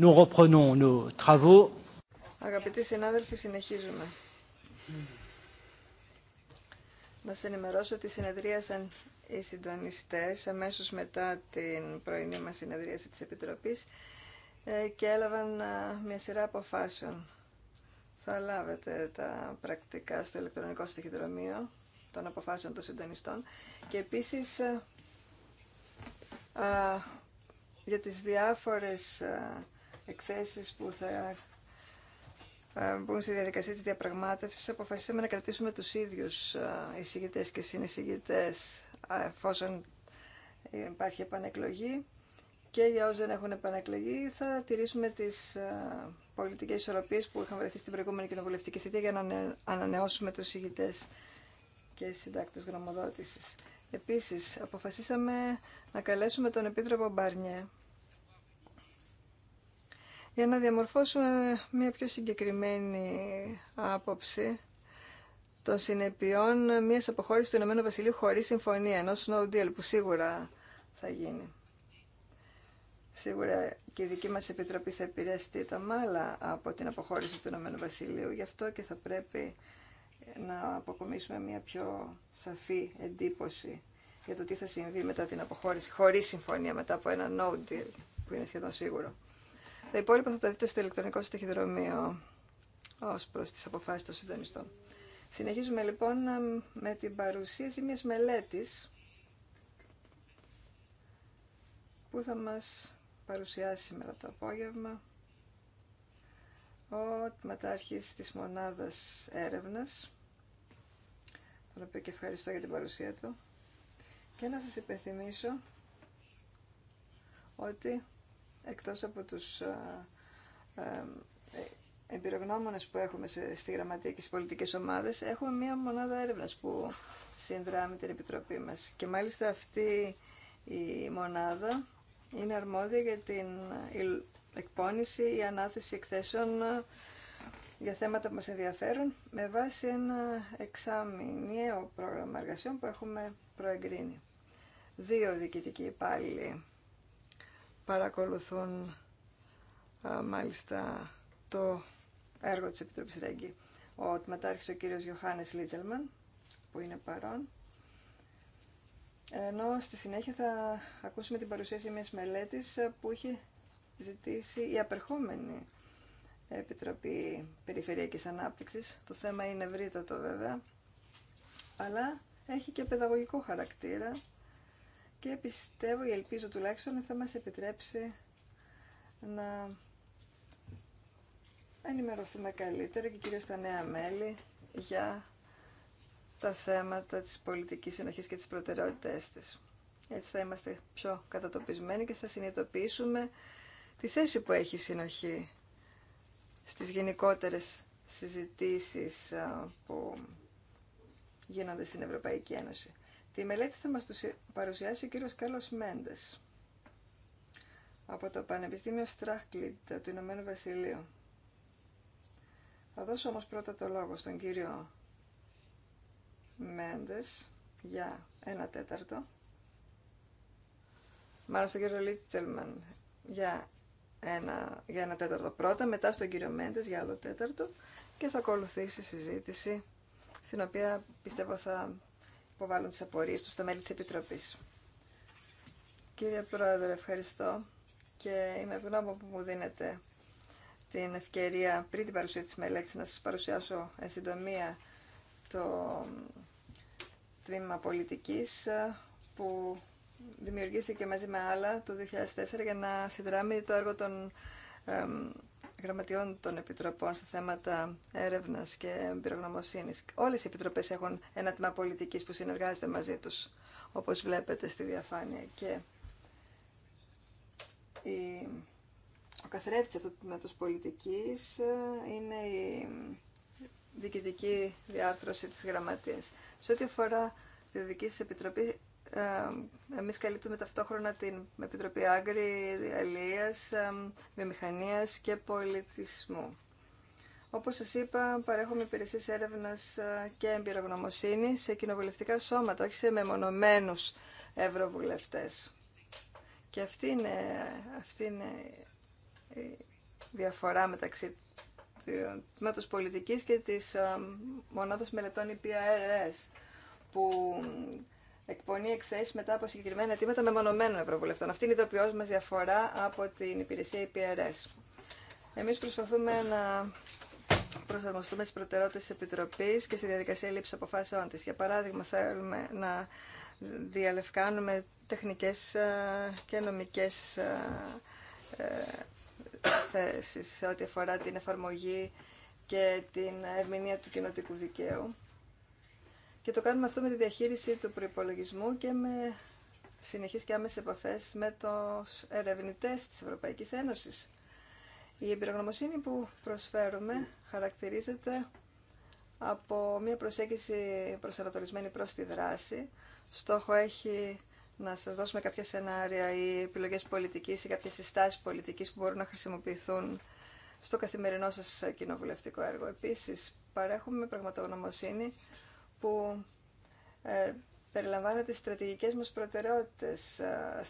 Nous reprenons Αγαπητοί συνάδελφοι, συνεχίζουμε. Να σας ενημερώσω ότι συνεδρίασαν οι συντονιστές αμέσως μετά την πρωινή μας συνεδρίαση της Επιτροπής ε, και έλαβαν ε, μια σειρά αποφάσεων. Θα λάβετε τα πρακτικά στο ηλεκτρονικό στοιχειοδρομείο των αποφάσεων των συντονιστών και επίσης ε, για τις διάφορες εκθέσεις που θα ε, μπουν στη διαδικασία της διαπραγμάτευσης, αποφασίσαμε να κρατήσουμε τους ίδιους ε, εισηγητές και συνεισηγητές ε, εφόσον υπάρχει επανεκλογή και για όσους δεν έχουν επανεκλογή θα τηρήσουμε τις πολιτικές ισορροπίες που είχαν βρεθεί στην προηγούμενη κοινοβουλευτική θητεία για να ανανεώσουμε τους εισηγητές και συντάκτες γνωμοδότησης. Επίσης, αποφασίσαμε να καλέσουμε τον Επίτροπο Μπαρνιέ για να διαμορφώσουμε μια πιο συγκεκριμένη άποψη των συνεπειών μιας αποχώρησης του Ηνωμένου Βασιλείου χωρίς συμφωνία, ενός no deal που σίγουρα θα γίνει. Σίγουρα και η δική μας Επιτροπή θα επηρεαστεί τα μάλα από την αποχώρηση του Ηνωμένου Βασιλείου. Γι' αυτό και θα πρέπει να αποκομίσουμε μια πιο σαφή εντύπωση για το τι θα συμβεί μετά την αποχώρηση χωρίς συμφωνία, μετά από ένα no deal που είναι σχεδόν σίγουρο. Τα υπόλοιπα θα τα δείτε στο ηλεκτρονικό στοιχειοδρομείο ως προς τις αποφάσεις των συντονιστών. Συνεχίζουμε λοιπόν με την παρουσίαση μιας μελέτης που θα μας παρουσιάσει σήμερα το απόγευμα ο τμήματάρχης της μονάδας έρευνας τον οποίο και ευχαριστώ για την παρουσία του και να σας υπενθυμίσω ότι εκτός από τους ε, ε, εμπειρογνώμονες που έχουμε στη Γραμματεία και στις πολιτικές ομάδες, έχουμε μία μονάδα έρευνας που συνδράμε την Επιτροπή μας. Και μάλιστα αυτή η μονάδα είναι αρμόδια για την ε, εκπόνηση ή ανάθεση εκθέσεων για θέματα που μας ενδιαφέρουν με βάση ένα εξάμηνιαίο πρόγραμμα εργασιών που έχουμε προεγκρίνει. Δύο διοικητικοί υπάλληλοι παρακολουθούν μάλιστα το έργο της Επιτροπής Ρέγγι. Ο τμετάρχης ο κύριος Ιωάννης Λίτζελμαν, που είναι παρόν. Ενώ στη συνέχεια θα ακούσουμε την παρουσίαση μιας μελέτης που είχε ζητήσει η απερχόμενη Επιτροπή Περιφερειακής Ανάπτυξης. Το θέμα είναι ευρύτατο βέβαια, αλλά έχει και παιδαγωγικό χαρακτήρα και πιστεύω ή ελπίζω τουλάχιστον θα μας επιτρέψει να ενημερωθούμε καλύτερα και κυρίως τα νέα μέλη για τα θέματα της πολιτικής συνοχής και της προτεραιότητές της. Έτσι θα είμαστε πιο κατατοπισμένοι και θα συνειδητοποιήσουμε τη θέση που έχει η συνοχή στις γενικότερες συζητήσεις ε, που γίνονται στην Ευρωπαϊκή Ένωση. Τη μελέτη θα μας παρουσιάσει ο κύριος Κάλλος Μέντες από το Πανεπιστήμιο Στράχκλιντ του Ηνωμένου Βασιλείου. Θα δώσω όμως πρώτα το λόγο στον κύριο Μέντες για ένα τέταρτο. Μάλλον στον κύριο Λίτσελμαν για ένα, για ένα τέταρτο πρώτα, μετά στον κύριο Μέντες για άλλο τέταρτο και θα ακολουθήσει η συζήτηση στην οποία πιστεύω θα υποβάλλουν τις απορίες τους στα μέλη της Επιτροπής. Κύριε Πρόεδρε, ευχαριστώ και είμαι ευγνώμων που μου δίνετε την ευκαιρία πριν την παρουσία της μελέτης να σας παρουσιάσω εν συντομία το τμήμα πολιτικής ε, που δημιουργήθηκε μαζί με άλλα το 2004 για να συνδράμει το έργο των γραμματιών των επιτροπών στα θέματα έρευνα και εμπειρογνωμοσύνη. Όλε οι επιτροπέ έχουν ένα τμήμα πολιτική που συνεργάζεται μαζί του, όπω βλέπετε στη διαφάνεια. Και η... ο καθρέφτη αυτού του τμήματο πολιτική ε, είναι η διοικητική διάρθρωση τη γραμματεία. Σε ό,τι αφορά τη δική σα επιτροπή, ε, εμείς καλύπτουμε ταυτόχρονα την Επιτροπή Άγκρη, Αλίας, ε, Βιομηχανίας και Πολιτισμού. Όπως σας είπα, παρέχουμε υπηρεσίες έρευνας ε, και εμπειρογνωμοσύνη σε κοινοβουλευτικά σώματα, όχι σε μεμονωμένους ευρωβουλευτές. Και αυτή είναι, η διαφορά μεταξύ του τμήματος πολιτικής και της μονάδας μελετών IPRS, που εκπονεί εκθέσει μετά από συγκεκριμένα αιτήματα μονομένων ευρωβουλευτών. Αυτή είναι η ειδοποιό μα διαφορά από την υπηρεσία EPRS. Εμεί προσπαθούμε να προσαρμοστούμε στι προτεραιότητε τη Επιτροπή και στη διαδικασία λήψη αποφάσεών τη. Για παράδειγμα, θέλουμε να διαλευκάνουμε τεχνικέ ε, και νομικέ ε, ε, θέσει σε ό,τι αφορά την εφαρμογή και την ερμηνεία του κοινοτικού δικαίου και το κάνουμε αυτό με τη διαχείριση του προπολογισμού και με συνεχείς και άμεσες επαφές με τους ερευνητές της Ευρωπαϊκής Ένωσης. Η εμπειρογνωμοσύνη που προσφέρουμε χαρακτηρίζεται από μια προσέγγιση προσανατολισμένη προς τη δράση. Στόχο έχει να σας δώσουμε κάποια σενάρια ή επιλογές πολιτικής ή κάποιες συστάσεις πολιτικής που μπορούν να χρησιμοποιηθούν στο καθημερινό σας κοινοβουλευτικό έργο. Επίσης, παρέχουμε πραγματογνωμοσύνη που ε, περιλαμβάνεται στις στρατηγικές μας προτεραιότητες, ε,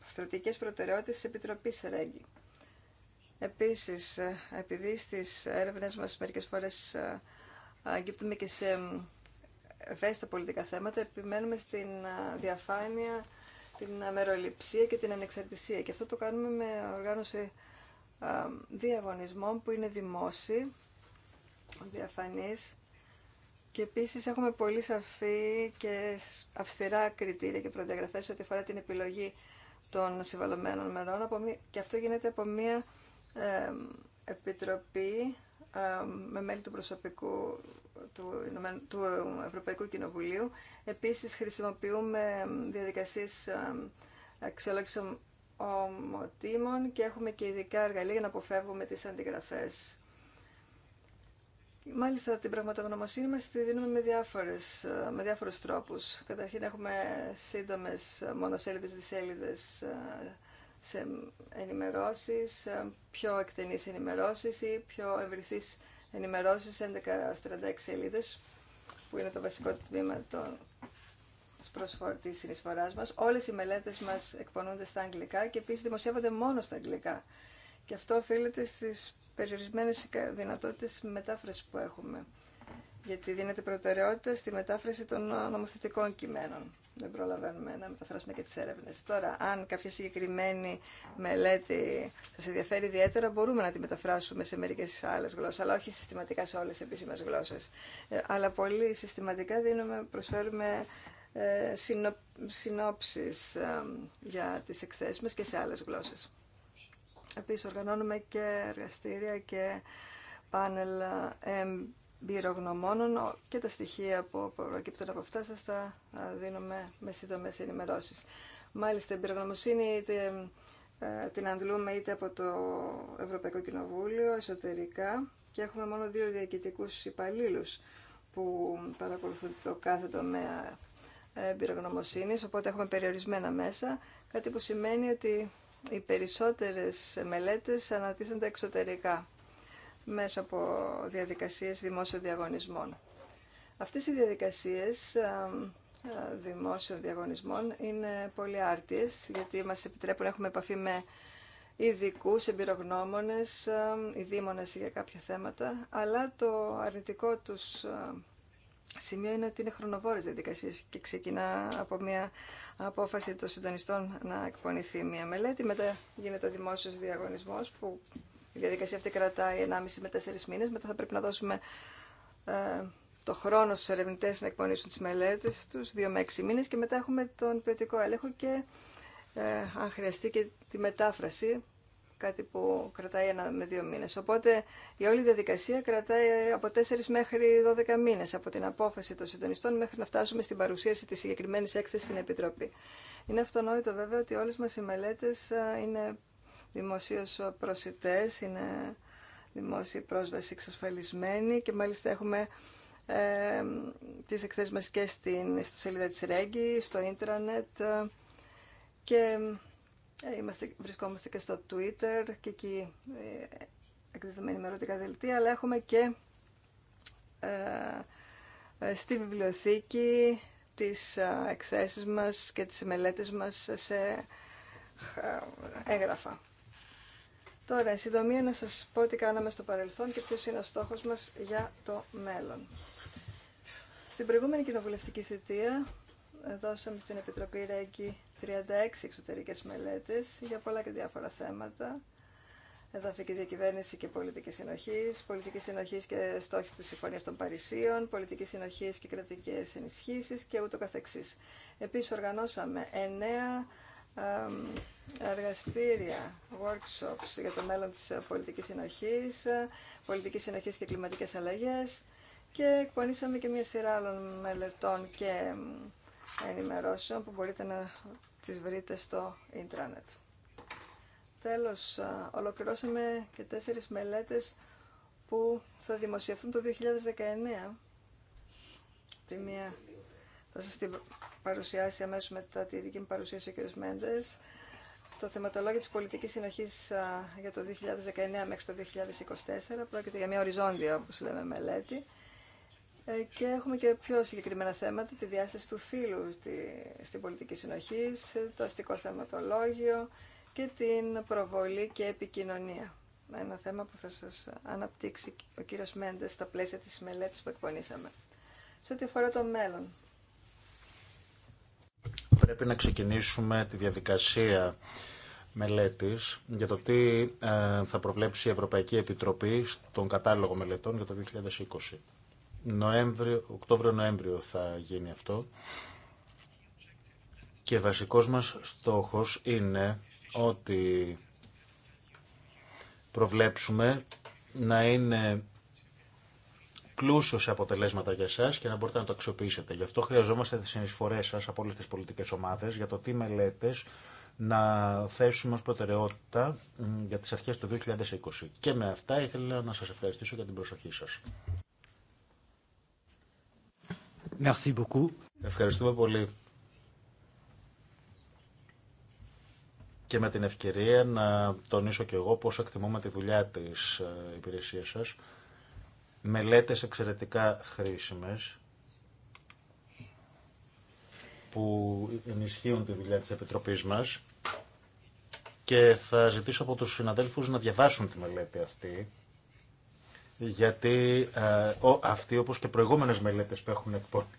στρατηγικές προτεραιότητες της Επιτροπής ΡΕΓΚΙ. Επίσης, ε, επειδή στις έρευνες μας μερικές φορές αγγίπτουμε και σε ευαίσθητα πολιτικά θέματα, επιμένουμε στην διαφάνεια, την αμεροληψία και την ανεξαρτησία. Και αυτό το κάνουμε με οργάνωση διαγωνισμών που είναι δημόσιοι, διαφανείς και επίσης έχουμε πολύ σαφή και αυστηρά κριτήρια και προδιαγραφές ό,τι αφορά την επιλογή των συμβαλωμένων μερών. Και αυτό γίνεται από μια επιτροπή με μέλη του προσωπικού του Ευρωπαϊκού Κοινοβουλίου. Επίσης χρησιμοποιούμε διαδικασίες αξιολόγηση ομοτήμων και έχουμε και ειδικά εργαλεία για να αποφεύγουμε τις αντιγραφές Μάλιστα, την πραγματογνωμοσύνη μας τη δίνουμε με, διάφορες, ε, με διάφορους τρόπους. Καταρχήν έχουμε σύντομες μονοσέλιδες, δισέλιδες ε, σε ενημερώσεις, ε, πιο εκτενείς ενημερώσεις ή πιο ευρυθείς ενημερώσεις, 11-36 σελίδες, που είναι το βασικό τμήμα των της, προσφορ... της συνεισφοράς μας. Όλες οι μελέτες μας εκπονούνται στα αγγλικά και επίσης δημοσιεύονται μόνο στα αγγλικά. Και αυτό οφείλεται στις περιορισμένες δυνατότητες μετάφρασης που έχουμε. Γιατί δίνεται προτεραιότητα στη μετάφραση των νομοθετικών κειμένων. Δεν προλαβαίνουμε να μεταφράσουμε και τις έρευνες. Τώρα, αν κάποια συγκεκριμένη μελέτη σας ενδιαφέρει ιδιαίτερα, μπορούμε να τη μεταφράσουμε σε μερικές άλλες γλώσσες, αλλά όχι συστηματικά σε όλες τις επίσημες γλώσσες. Ε, αλλά πολύ συστηματικά δίνουμε, προσφέρουμε ε, συνόψεις ε, για τις εκθέσεις μας και σε άλλες γλώσσες. Επίσης οργανώνουμε και εργαστήρια και πάνελ ε, εμπειρογνωμόνων και τα στοιχεία που προκύπτουν από αυτά σας τα ε, δίνουμε με σύντομες ενημερώσεις. Μάλιστα, εμπειρογνωμοσύνη ε, την αντλούμε είτε από το Ευρωπαϊκό Κοινοβούλιο εσωτερικά και έχουμε μόνο δύο διοικητικούς υπαλλήλου που παρακολουθούν το κάθε τομέα εμπειρογνωμοσύνης, οπότε έχουμε περιορισμένα μέσα, κάτι που σημαίνει ότι οι περισσότερες μελέτες ανατίθενται εξωτερικά μέσα από διαδικασίες δημόσιων διαγωνισμών. Αυτές οι διαδικασίες δημόσιων διαγωνισμών είναι πολύ άρτιες γιατί μας επιτρέπουν να έχουμε επαφή με ειδικού εμπειρογνώμονες, ειδήμονες για κάποια θέματα, αλλά το αρνητικό τους σημείο είναι ότι είναι χρονοβόρες διαδικασίε και ξεκινά από μια απόφαση των συντονιστών να εκπονηθεί μια μελέτη. Μετά γίνεται ο δημόσιος διαγωνισμός που η διαδικασία αυτή κρατάει 1,5 με 4 μήνες. Μετά θα πρέπει να δώσουμε ε, το χρόνο στους ερευνητές να εκπονήσουν τις μελέτες τους, 2 με 6 μήνες και μετά έχουμε τον ποιοτικό έλεγχο και ε, αν χρειαστεί και τη μετάφραση κάτι που κρατάει ένα με δύο μήνες. Οπότε η όλη διαδικασία κρατάει από 4 μέχρι 12 μήνες από την απόφαση των συντονιστών μέχρι να φτάσουμε στην παρουσίαση της συγκεκριμένης έκθεσης στην Επιτροπή. Είναι αυτονόητο βέβαια ότι όλες μας οι μελέτες είναι δημοσίως προσιτές, είναι δημόσια πρόσβαση εξασφαλισμένη και μάλιστα έχουμε ε, τις εκθέσεις μας και στην, στη σελίδα της Ρέγγι, στο ίντρανετ ε, και ε, είμαστε, βρισκόμαστε και στο Twitter και εκεί ε, εκδίδουμε ενημερωτικά δελτία, αλλά έχουμε και ε, ε στη βιβλιοθήκη τις εκθέσεις μας και τις μελέτες μας σε έγγραφα. Τώρα, εν συντομία να σας πω τι κάναμε στο παρελθόν και ποιος είναι ο στόχος μας για το μέλλον. Στην προηγούμενη κοινοβουλευτική θητεία δώσαμε στην Επιτροπή Ρέγκη 36 εξωτερικές μελέτες για πολλά και διάφορα θέματα. Εδαφική διακυβέρνηση και πολιτική συνοχή, πολιτική συνοχή και στόχοι τη Συμφωνία των Παρισίων, πολιτική συνοχή και κρατικέ ενισχύσει και ούτω καθεξή. Επίση, οργανώσαμε εννέα εργαστήρια, workshops για το μέλλον της πολιτικής συνοχή, Πολιτική συνοχή και κλιματικέ αλλαγέ και εκπονήσαμε και μια σειρά άλλων μελετών και ενημερώσεων που μπορείτε να τις βρείτε στο ίντρανετ. Τέλος, ολοκληρώσαμε και τέσσερις μελέτες που θα δημοσιευτούν το 2019. Τη μία θα σας την παρουσιάσει αμέσως μετά τη δική μου παρουσίαση ο κ. Μέντες. Το θεματολόγιο της πολιτικής συνοχής για το 2019 μέχρι το 2024 πρόκειται για μια οριζόντια, όπως λέμε, μελέτη ε, και έχουμε και πιο συγκεκριμένα θέματα, τη διάσταση του φύλου στη, στην πολιτική συνοχή, το αστικό θεματολόγιο και την προβολή και επικοινωνία. Ένα θέμα που θα σας αναπτύξει ο κύριος Μέντες στα πλαίσια της μελέτης που εκπονήσαμε. Σε ό,τι αφορά το μέλλον. Πρέπει να ξεκινήσουμε τη διαδικασία μελέτης για το τι ε, θα προβλέψει η Ευρωπαϊκή Επιτροπή στον κατάλογο μελετών για το 2020. Νοέμβριο, Οκτώβριο-Νοέμβριο θα γίνει αυτό. Και βασικός μας στόχος είναι ότι προβλέψουμε να είναι πλούσιο σε αποτελέσματα για εσά και να μπορείτε να το αξιοποιήσετε. Γι' αυτό χρειαζόμαστε τι συνεισφορέ σα από όλε τι πολιτικέ ομάδε για το τι μελέτε να θέσουμε ω προτεραιότητα για τι αρχέ του 2020. Και με αυτά ήθελα να σα ευχαριστήσω για την προσοχή σα. Merci Ευχαριστούμε πολύ. Και με την ευκαιρία να τονίσω και εγώ πώς εκτιμούμε τη δουλειά της ε, υπηρεσίας σας. Μελέτες εξαιρετικά χρήσιμες που ενισχύουν τη δουλειά της Επιτροπής μας και θα ζητήσω από τους συναδέλφους να διαβάσουν τη μελέτη αυτή γιατί ε, ο, αυτοί όπως και προηγούμενες μελέτες που έχουν εκπονηθεί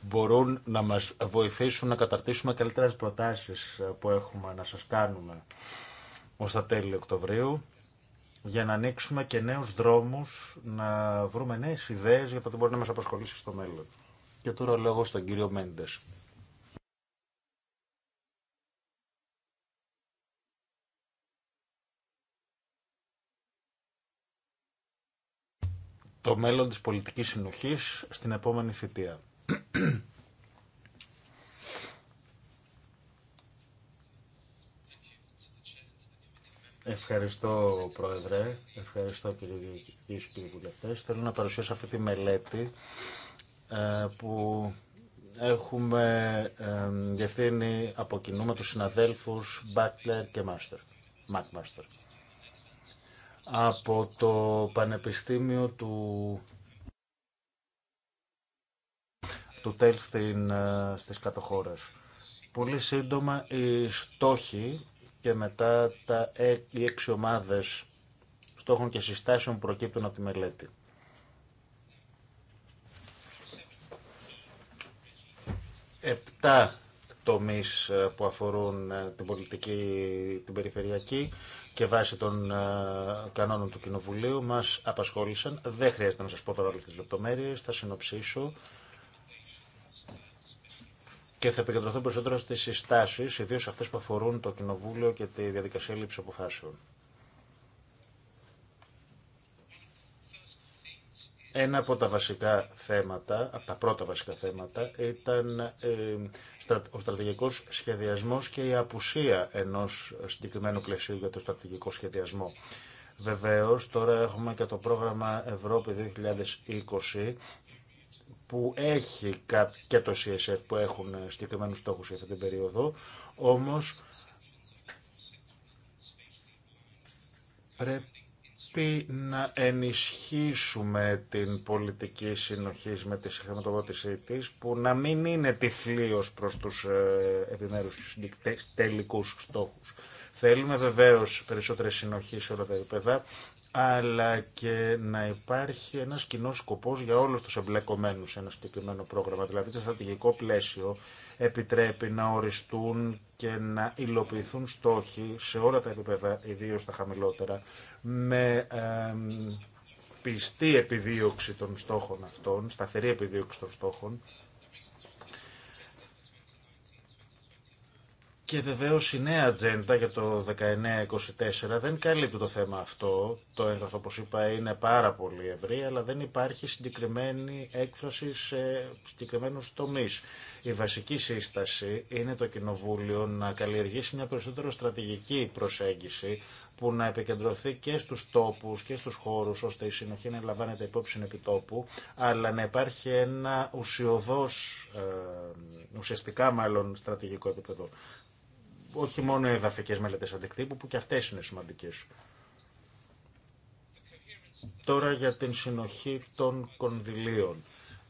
μπορούν να μας βοηθήσουν να καταρτήσουμε καλύτερες προτάσεις ε, που έχουμε να σας κάνουμε ως τα τέλη Οκτωβρίου για να ανοίξουμε και νέους δρόμους, να βρούμε νέες ιδέες για το τι μπορεί να μας απασχολήσει στο μέλλον. Και τώρα λόγω στον κύριο Μέντες. το μέλλον της πολιτικής συνοχής στην επόμενη θητεία. Ευχαριστώ, Πρόεδρε. Ευχαριστώ, κύριε και κύριοι βουλευτές. Θέλω να παρουσιάσω αυτή τη μελέτη ε, που έχουμε ε, διευθύνει από κοινού με τους συναδέλφους Μπάκλερ και Μάκ Μάστερ από το Πανεπιστήμιο του, του ΤΕΛ στην, ε, στις κατοχώρες. Πολύ σύντομα οι στόχοι και μετά τα, ε, οι έξι ομάδες στόχων και συστάσεων προκύπτουν από τη μελέτη. Επτά τομείς ε, που αφορούν ε, την πολιτική, την περιφερειακή και βάσει των ε, κανόνων του Κοινοβουλίου μας απασχόλησαν. Δεν χρειάζεται να σας πω τώρα όλες τις λεπτομέρειες, θα συνοψίσω και θα επικεντρωθώ περισσότερο στις συστάσεις, ιδίως αυτές που αφορούν το Κοινοβούλιο και τη διαδικασία λήψη αποφάσεων. Ένα από τα βασικά θέματα, από τα πρώτα βασικά θέματα, ήταν ε, ο στρατηγικός σχεδιασμός και η απουσία ενός συγκεκριμένου πλαισίου για το στρατηγικό σχεδιασμό. Βεβαίως, τώρα έχουμε και το πρόγραμμα Ευρώπη 2020, που έχει και το CSF που έχουν συγκεκριμένους στόχους για αυτή την περίοδο, όμως πρέπει να ενισχύσουμε την πολιτική συνοχή με τη συγχρηματοδότησή τη, που να μην είναι τυφλίω προ του ε, επιμέρου τελικού στόχου. Θέλουμε βεβαίω περισσότερη συνοχή σε όλα τα επίπεδα, αλλά και να υπάρχει ένα κοινό σκοπό για όλου του εμπλεκομένους σε ένα συγκεκριμένο πρόγραμμα, δηλαδή το στρατηγικό πλαίσιο επιτρέπει να οριστούν και να υλοποιηθούν στόχοι σε όλα τα επίπεδα, ιδίως τα χαμηλότερα, με πιστή επιδίωξη των στόχων αυτών, σταθερή επιδίωξη των στόχων, Και βεβαίω η νέα ατζέντα για το 1924 δεν καλύπτει το θέμα αυτό. Το έγγραφο, όπω είπα, είναι πάρα πολύ ευρύ, αλλά δεν υπάρχει συγκεκριμένη έκφραση σε συγκεκριμένου τομεί. Η βασική σύσταση είναι το Κοινοβούλιο να καλλιεργήσει μια περισσότερο στρατηγική προσέγγιση που να επικεντρωθεί και στου τόπου και στου χώρου, ώστε η συνοχή να λαμβάνεται υπόψη τόπου, αλλά να υπάρχει ένα ουσιοδό, ε, ουσιαστικά μάλλον στρατηγικό επίπεδο όχι μόνο οι εδαφικές μελέτες αντικτύπου, που και αυτές είναι σημαντικές. Τώρα για την συνοχή των κονδυλίων.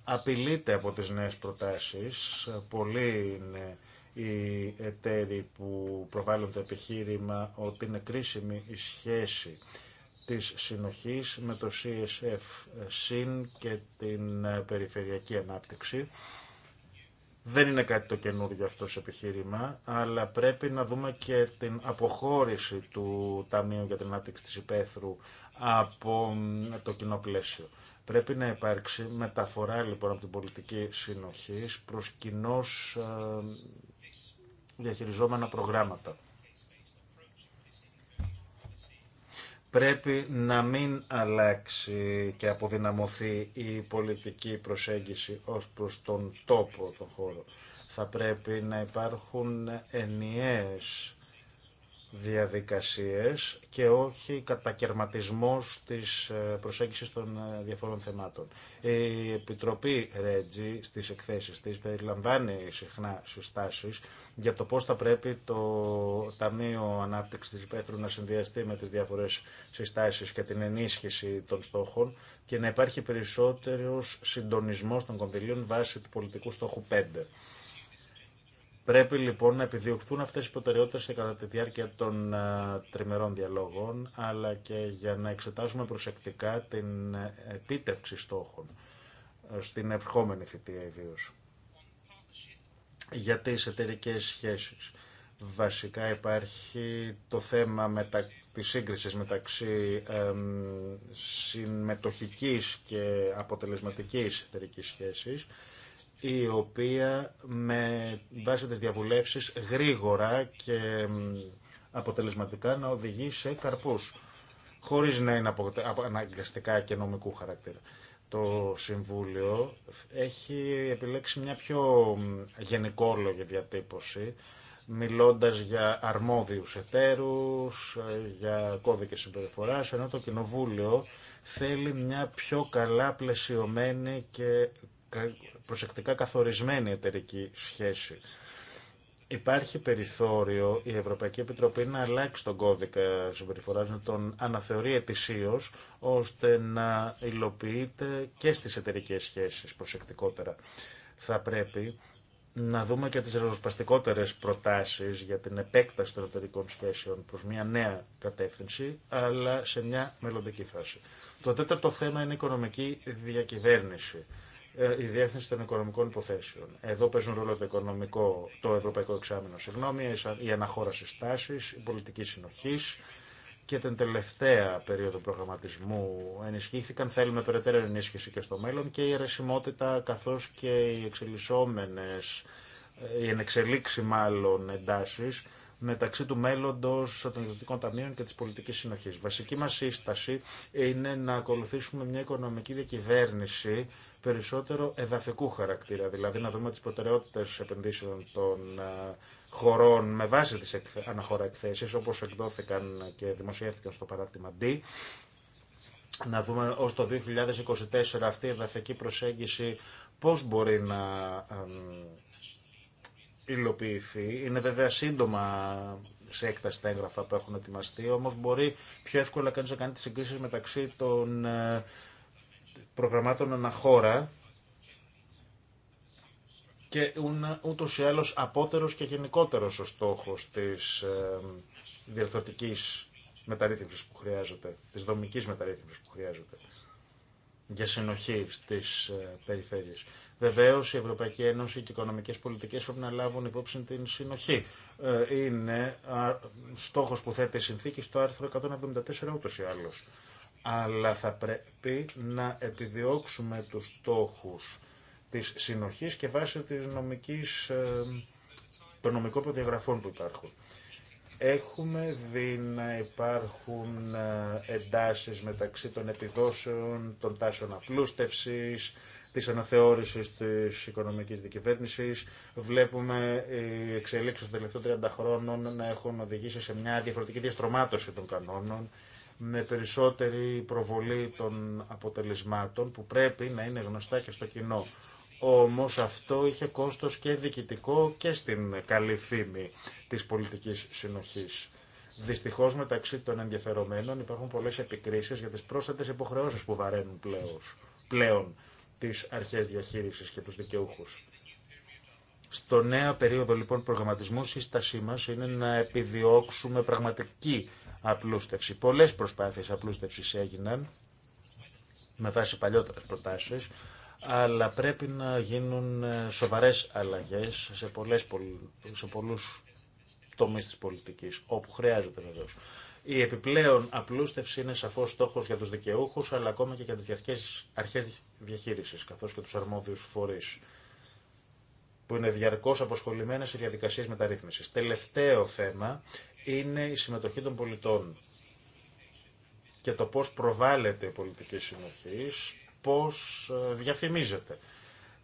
Απειλείται από τις νέες προτάσεις. Πολλοί είναι οι εταίροι που προβάλλουν το επιχείρημα ότι είναι κρίσιμη η σχέση της συνοχής με το CSF sin και την περιφερειακή ανάπτυξη δεν είναι κάτι το καινούργιο αυτό σε επιχείρημα, αλλά πρέπει να δούμε και την αποχώρηση του Ταμείου για την Ανάπτυξη της Υπέθρου από το κοινό πλαίσιο. Πρέπει να υπάρξει μεταφορά λοιπόν από την πολιτική συνοχής προς κοινώς ε, διαχειριζόμενα προγράμματα. πρέπει να μην αλλάξει και αποδυναμωθεί η πολιτική προσέγγιση ως προς τον τόπο, τον χώρο. Θα πρέπει να υπάρχουν ενιαίες διαδικασίες και όχι κατακαιρματισμός της ε, προσέγγισης των ε, διαφόρων θεμάτων. Η Επιτροπή Ρέτζι στις εκθέσεις της περιλαμβάνει συχνά συστάσεις για το πώς θα πρέπει το Ταμείο Ανάπτυξης της Πέθρου να συνδυαστεί με τις διάφορες συστάσεις και την ενίσχυση των στόχων και να υπάρχει περισσότερος συντονισμός των κονδυλίων βάσει του πολιτικού στόχου 5. Πρέπει λοιπόν να επιδιωχθούν αυτές οι προτεραιότητες κατά τη διάρκεια των ε, τριμερών διαλόγων, αλλά και για να εξετάσουμε προσεκτικά την επίτευξη στόχων ε, στην ερχόμενη θητεία ιδίω. Για τις εταιρικέ σχέσεις. Βασικά υπάρχει το θέμα μετα... της σύγκρισης μεταξύ ε, συμμετοχικής και αποτελεσματικής εταιρικής σχέσης η οποία με βάση τις διαβουλεύσεις γρήγορα και αποτελεσματικά να οδηγεί σε καρπούς, χωρίς να είναι αναγκαστικά και νομικού χαρακτήρα. Το Συμβούλιο έχει επιλέξει μια πιο γενικόλογη διατύπωση, μιλώντας για αρμόδιους εταίρους, για κώδικες συμπεριφοράς, ενώ το Κοινοβούλιο θέλει μια πιο καλά πλαισιωμένη και προσεκτικά καθορισμένη εταιρική σχέση. Υπάρχει περιθώριο η Ευρωπαϊκή Επιτροπή να αλλάξει τον κώδικα συμπεριφορά, να τον αναθεωρεί ετησίω, ώστε να υλοποιείται και στι εταιρικέ σχέσει προσεκτικότερα. Θα πρέπει να δούμε και τι ριζοσπαστικότερες προτάσει για την επέκταση των εταιρικών σχέσεων προ μια νέα κατεύθυνση, αλλά σε μια μελλοντική φάση. Το τέταρτο θέμα είναι η οικονομική διακυβέρνηση. Ε, η διεύθυνση των οικονομικών υποθέσεων. Εδώ παίζουν ρόλο το, οικονομικό, το ευρωπαϊκό εξάμεινο, συγγνώμη, η αναχώραση τάση, η πολιτική συνοχή και την τελευταία περίοδο προγραμματισμού ενισχύθηκαν. Θέλουμε περαιτέρω ενίσχυση και στο μέλλον και η αρεσιμότητα καθώς και οι εξελισσόμενε, ε, οι ενεξελίξει μάλλον εντάσει μεταξύ του μέλλοντο των ιδιωτικών ταμείων και τη πολιτική συνοχή. Βασική μα σύσταση είναι να ακολουθήσουμε μια οικονομική διακυβέρνηση περισσότερο εδαφικού χαρακτήρα, δηλαδή να δούμε τι προτεραιότητε επενδύσεων των ε, χωρών με βάση τι αναχώρα εκθέσει, όπω εκδόθηκαν και δημοσιεύθηκαν στο παράρτημα D, να δούμε ως το 2024 αυτή η εδαφική προσέγγιση πώς μπορεί να ε, υλοποιηθεί. Είναι βέβαια σύντομα σε έκταση τα έγγραφα που έχουν ετοιμαστεί, όμως μπορεί πιο εύκολα κανείς να κάνει τις συγκρίσεις μεταξύ των ε, προγραμμάτων αναχώρα και ούτως ή άλλως απότερος και γενικότερος ο στόχος της ε, διορθωτικής μεταρρύθμισης που χρειάζεται, της δομικής μεταρρύθμισης που χρειάζεται για συνοχή στι ε, περιφέρειες. Βεβαίως η Ευρωπαϊκή Ένωση και οι οικονομικέ πολιτικέ πρέπει να λάβουν υπόψη την συνοχή. Ε, είναι στόχος που θέτει η συνθήκη στο άρθρο 174 ούτω ή άλλω. Αλλά θα πρέπει να επιδιώξουμε τους στόχους της συνοχή και βάσει της νομικής, ε, των νομικών προδιαγραφών που υπάρχουν. Έχουμε δει να υπάρχουν ε, εντάσεις μεταξύ των επιδόσεων, των τάσεων απλούστευσης, της αναθεώρησης της οικονομικής δικυβέρνησης. Βλέπουμε ε, οι εξελίξεις των τελευταίων 30 χρόνων να έχουν οδηγήσει σε μια διαφορετική διαστρωμάτωση των κανόνων με περισσότερη προβολή των αποτελεσμάτων που πρέπει να είναι γνωστά και στο κοινό. Όμως αυτό είχε κόστος και διοικητικό και στην καλή φήμη της πολιτικής συνοχής. Δυστυχώς μεταξύ των ενδιαφερομένων υπάρχουν πολλές επικρίσεις για τις πρόσθετες υποχρεώσεις που βαραίνουν πλέον, πλέον τις αρχές διαχείρισης και τους δικαιούχους. Στο νέο περίοδο λοιπόν προγραμματισμού, η σύστασή μα είναι να επιδιώξουμε πραγματική απλούστευση. Πολλέ προσπάθειε απλούστευση έγιναν με βάση παλιότερε προτάσει, αλλά πρέπει να γίνουν ε, σοβαρές αλλαγές σε, πολλές, σε πολλούς τομείς της πολιτικής, όπου χρειάζεται βεβαίως. Η επιπλέον απλούστευση είναι σαφώ στόχος για τους δικαιούχους, αλλά ακόμα και για τι αρχές διαχείρισης, καθώς και τους αρμόδιους φορείς, που είναι διαρκώς αποσχολημένε σε διαδικασίε μεταρρύθμιση. Τελευταίο θέμα είναι η συμμετοχή των πολιτών και το πώ προβάλλεται η πολιτική συνοχή, πώς ε, διαφημίζεται.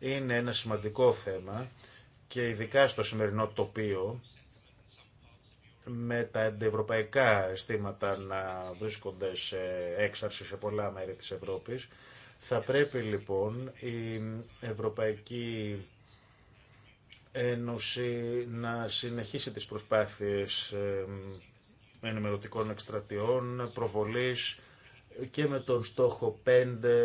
Είναι ένα σημαντικό θέμα και ειδικά στο σημερινό τοπίο με τα αντιευρωπαϊκά αισθήματα να βρίσκονται σε έξαρση σε πολλά μέρη της Ευρώπης. Θα πρέπει λοιπόν η Ευρωπαϊκή Ένωση να συνεχίσει τις προσπάθειες ε, ενημερωτικών εκστρατιών, προβολής και με τον στόχο 5,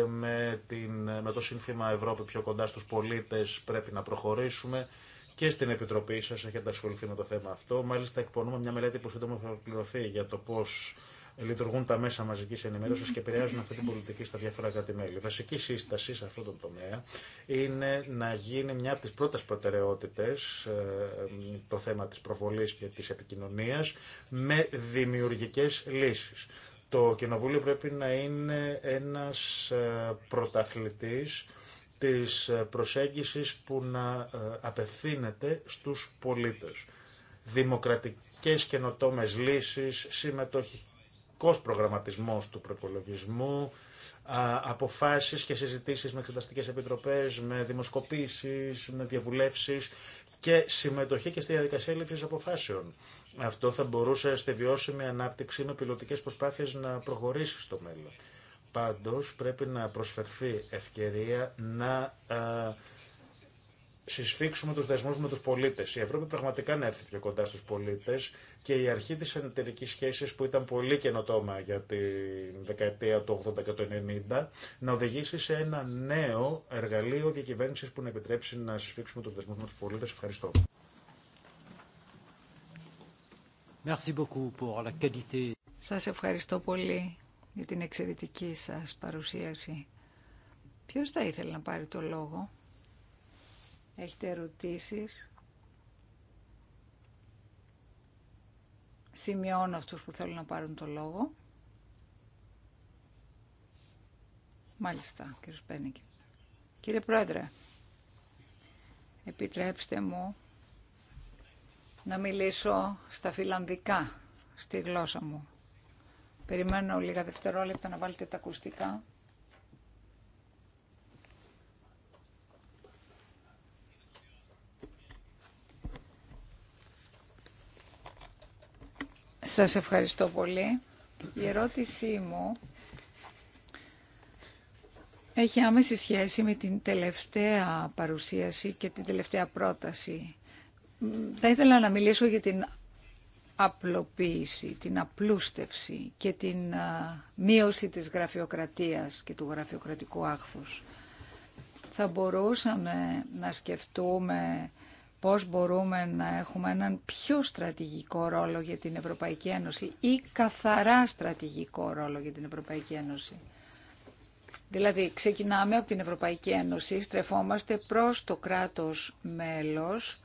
με, την, με το σύνθημα Ευρώπη πιο κοντά στους πολίτες πρέπει να προχωρήσουμε και στην Επιτροπή σας έχετε ασχοληθεί με το θέμα αυτό. Μάλιστα εκπονούμε μια μελέτη που σύντομα θα ολοκληρωθεί για το πώς λειτουργούν τα μέσα μαζική ενημέρωση και επηρεάζουν αυτή την πολιτική στα διάφορα κράτη-μέλη. Βασική σύσταση σε αυτό το τομέα είναι να γίνει μια από τι πρώτε προτεραιότητε ε, το θέμα τη προβολή και τη επικοινωνία με δημιουργικέ λύσει. Το Κοινοβούλιο πρέπει να είναι ένας ε, πρωταθλητής της ε, προσέγγισης που να ε, απευθύνεται στους πολίτες. Δημοκρατικές καινοτόμες λύσεις, συμμετοχικός προγραμματισμός του προπολογισμού, αποφάσεις και συζητήσεις με εξεταστικές επιτροπές, με δημοσκοπήσεις, με διαβουλεύσεις και συμμετοχή και στη διαδικασία λήψης αποφάσεων. Αυτό θα μπορούσε στη βιώσιμη ανάπτυξη με πιλωτικέ προσπάθειες να προχωρήσει στο μέλλον. Πάντω πρέπει να προσφερθεί ευκαιρία να συσφίξουμε του δεσμού με του πολίτε. Η Ευρώπη πραγματικά να έρθει πιο κοντά στου πολίτε και η αρχή τη ενεταιρικής σχέση που ήταν πολύ καινοτόμα για τη δεκαετία του 80 και του 90 να οδηγήσει σε ένα νέο εργαλείο διακυβέρνηση που να επιτρέψει να συσφίξουμε του δεσμού με του πολίτε. Ευχαριστώ. Σας ευχαριστώ πολύ για την εξαιρετική σας παρουσίαση. Ποιος θα ήθελε να πάρει το λόγο. Έχετε ερωτήσεις. Σημειώνω αυτούς που θέλουν να πάρουν το λόγο. Μάλιστα, κύριε Σπένικη. Κύριε Πρόεδρε, επιτρέψτε μου να μιλήσω στα φιλανδικά, στη γλώσσα μου. Περιμένω λίγα δευτερόλεπτα να βάλετε τα ακουστικά. Σας ευχαριστώ πολύ. Η ερώτησή μου έχει άμεση σχέση με την τελευταία παρουσίαση και την τελευταία πρόταση θα ήθελα να μιλήσω για την απλοποίηση, την απλούστευση και την μείωση της γραφειοκρατίας και του γραφειοκρατικού άχθους. Θα μπορούσαμε να σκεφτούμε πώς μπορούμε να έχουμε έναν πιο στρατηγικό ρόλο για την Ευρωπαϊκή Ένωση ή καθαρά στρατηγικό ρόλο για την Ευρωπαϊκή Ένωση. Δηλαδή, ξεκινάμε από την Ευρωπαϊκή Ένωση, στρεφόμαστε προς το κράτος μέλος,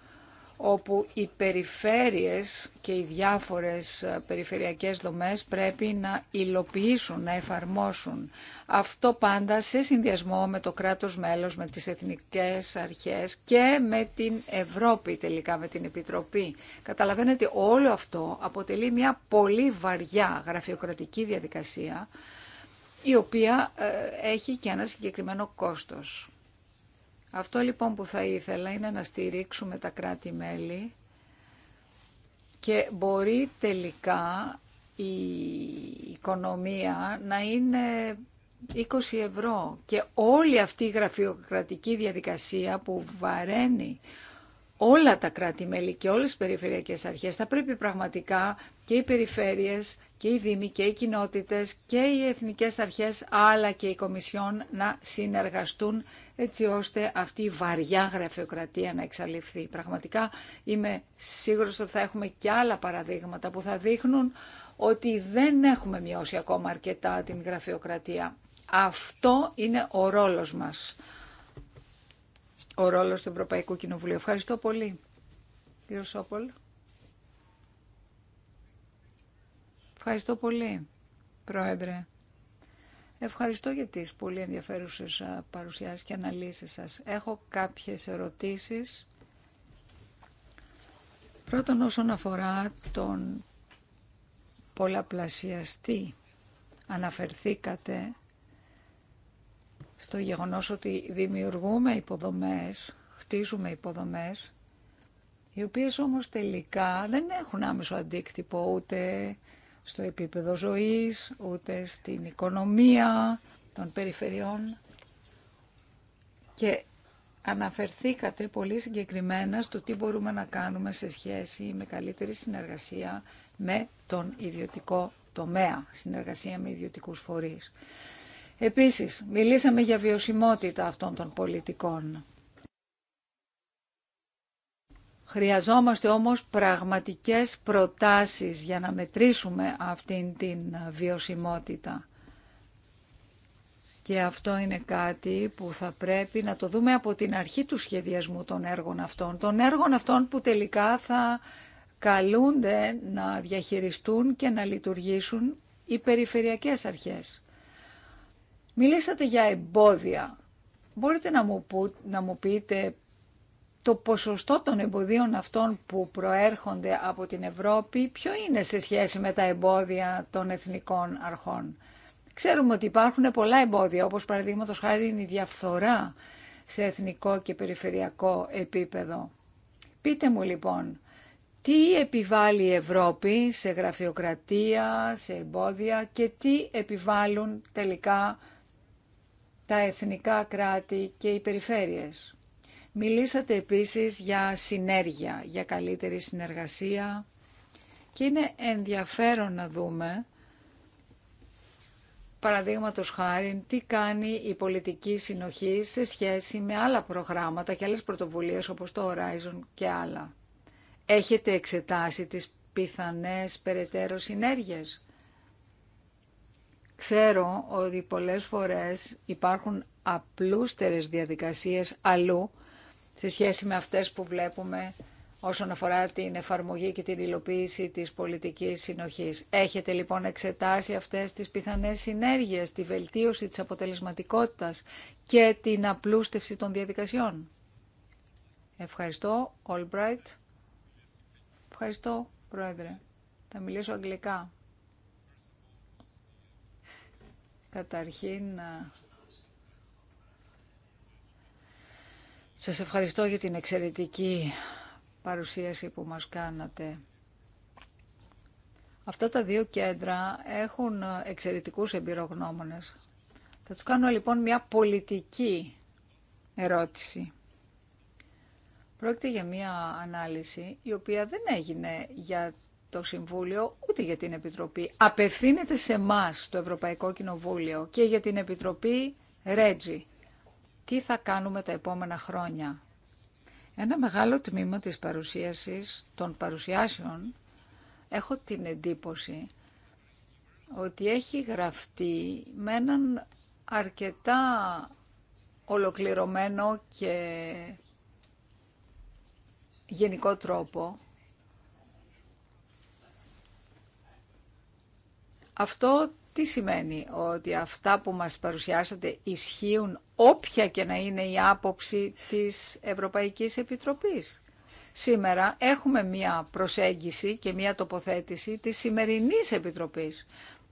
όπου οι περιφέρειες και οι διάφορες ε, περιφερειακές δομές πρέπει να υλοποιήσουν, να εφαρμόσουν. Αυτό πάντα σε συνδυασμό με το κράτος μέλος, με τις εθνικές αρχές και με την Ευρώπη τελικά, με την Επιτροπή. Καταλαβαίνετε όλο αυτό αποτελεί μια πολύ βαριά γραφειοκρατική διαδικασία η οποία ε, έχει και ένα συγκεκριμένο κόστος. Αυτό λοιπόν που θα ήθελα είναι να στηρίξουμε τα κράτη-μέλη και μπορεί τελικά η οικονομία να είναι 20 ευρώ και όλη αυτή η γραφειοκρατική διαδικασία που βαραίνει όλα τα κράτη-μέλη και όλες τις περιφερειακές αρχές θα πρέπει πραγματικά και οι περιφέρειες και οι δήμοι και οι κοινότητες και οι εθνικές αρχές αλλά και οι κομισιόν να συνεργαστούν έτσι ώστε αυτή η βαριά γραφειοκρατία να εξαλειφθεί. Πραγματικά είμαι σίγουρος ότι θα έχουμε και άλλα παραδείγματα που θα δείχνουν ότι δεν έχουμε μειώσει ακόμα αρκετά την γραφειοκρατία. Αυτό είναι ο ρόλος μας. Ο ρόλος του Ευρωπαϊκού Κοινοβουλίου. Ευχαριστώ πολύ. Κύριο Σόπολ. Ευχαριστώ πολύ, Πρόεδρε. Ευχαριστώ για τις πολύ ενδιαφέρουσες παρουσιάσεις και αναλύσεις σας. Έχω κάποιες ερωτήσεις. Πρώτον όσον αφορά τον πολλαπλασιαστή. Αναφερθήκατε στο γεγονός ότι δημιουργούμε υποδομές, χτίζουμε υποδομές, οι οποίες όμως τελικά δεν έχουν άμεσο αντίκτυπο ούτε στο επίπεδο ζωής, ούτε στην οικονομία των περιφερειών. Και αναφερθήκατε πολύ συγκεκριμένα στο τι μπορούμε να κάνουμε σε σχέση με καλύτερη συνεργασία με τον ιδιωτικό τομέα, συνεργασία με ιδιωτικούς φορείς. Επίσης, μιλήσαμε για βιωσιμότητα αυτών των πολιτικών. Χρειαζόμαστε όμως πραγματικές προτάσεις για να μετρήσουμε αυτήν την βιωσιμότητα. Και αυτό είναι κάτι που θα πρέπει να το δούμε από την αρχή του σχεδιασμού των έργων αυτών. Των έργων αυτών που τελικά θα καλούνται να διαχειριστούν και να λειτουργήσουν οι περιφερειακές αρχές. Μιλήσατε για εμπόδια. Μπορείτε να μου, που, να μου πείτε το ποσοστό των εμποδίων αυτών που προέρχονται από την Ευρώπη ποιο είναι σε σχέση με τα εμπόδια των εθνικών αρχών. Ξέρουμε ότι υπάρχουν πολλά εμπόδια, όπως παραδείγματος χάρη είναι η διαφθορά σε εθνικό και περιφερειακό επίπεδο. Πείτε μου λοιπόν, τι επιβάλλει η Ευρώπη σε γραφειοκρατία, σε εμπόδια και τι επιβάλλουν τελικά τα εθνικά κράτη και οι περιφέρειες. Μιλήσατε επίσης για συνέργεια, για καλύτερη συνεργασία και είναι ενδιαφέρον να δούμε παραδείγματος χάρη τι κάνει η πολιτική συνοχή σε σχέση με άλλα προγράμματα και άλλες πρωτοβουλίες όπως το Horizon και άλλα. Έχετε εξετάσει τις πιθανές περαιτέρω συνέργειες. Ξέρω ότι πολλές φορές υπάρχουν απλούστερες διαδικασίες αλλού σε σχέση με αυτές που βλέπουμε όσον αφορά την εφαρμογή και την υλοποίηση της πολιτικής συνοχής. Έχετε λοιπόν εξετάσει αυτές τις πιθανές συνέργειες, τη βελτίωση της αποτελεσματικότητας και την απλούστευση των διαδικασιών. Ευχαριστώ, Ολμπράιτ. Ευχαριστώ, Πρόεδρε. Θα μιλήσω αγγλικά. Καταρχήν, Σας ευχαριστώ για την εξαιρετική παρουσίαση που μας κάνατε. Αυτά τα δύο κέντρα έχουν εξαιρετικούς εμπειρογνώμονες. Θα τους κάνω λοιπόν μια πολιτική ερώτηση. Πρόκειται για μια ανάλυση η οποία δεν έγινε για το Συμβούλιο ούτε για την Επιτροπή. Απευθύνεται σε εμά το Ευρωπαϊκό Κοινοβούλιο και για την Επιτροπή Ρέτζι τι θα κάνουμε τα επόμενα χρόνια. Ένα μεγάλο τμήμα της παρουσίασης των παρουσιάσεων έχω την εντύπωση ότι έχει γραφτεί με έναν αρκετά ολοκληρωμένο και γενικό τρόπο. Αυτό τι σημαίνει ότι αυτά που μας παρουσιάσατε ισχύουν όποια και να είναι η άποψη της Ευρωπαϊκής Επιτροπής. Σήμερα έχουμε μία προσέγγιση και μία τοποθέτηση της σημερινής Επιτροπής.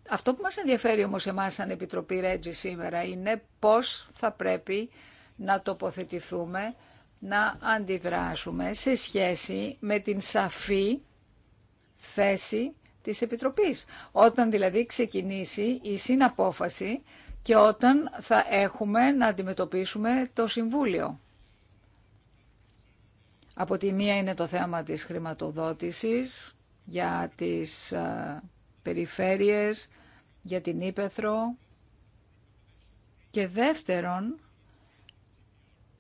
Αυτό που μας ενδιαφέρει όμως εμάς σαν Επιτροπή Ρέτζη σήμερα είναι πώς θα πρέπει να τοποθετηθούμε, να αντιδράσουμε σε σχέση με την σαφή θέση της Επιτροπής. Όταν δηλαδή ξεκινήσει η συναπόφαση και όταν θα έχουμε να αντιμετωπίσουμε το Συμβούλιο. Από τη μία είναι το θέμα της χρηματοδότησης για τις ε, περιφέρειες, για την Ήπεθρο και δεύτερον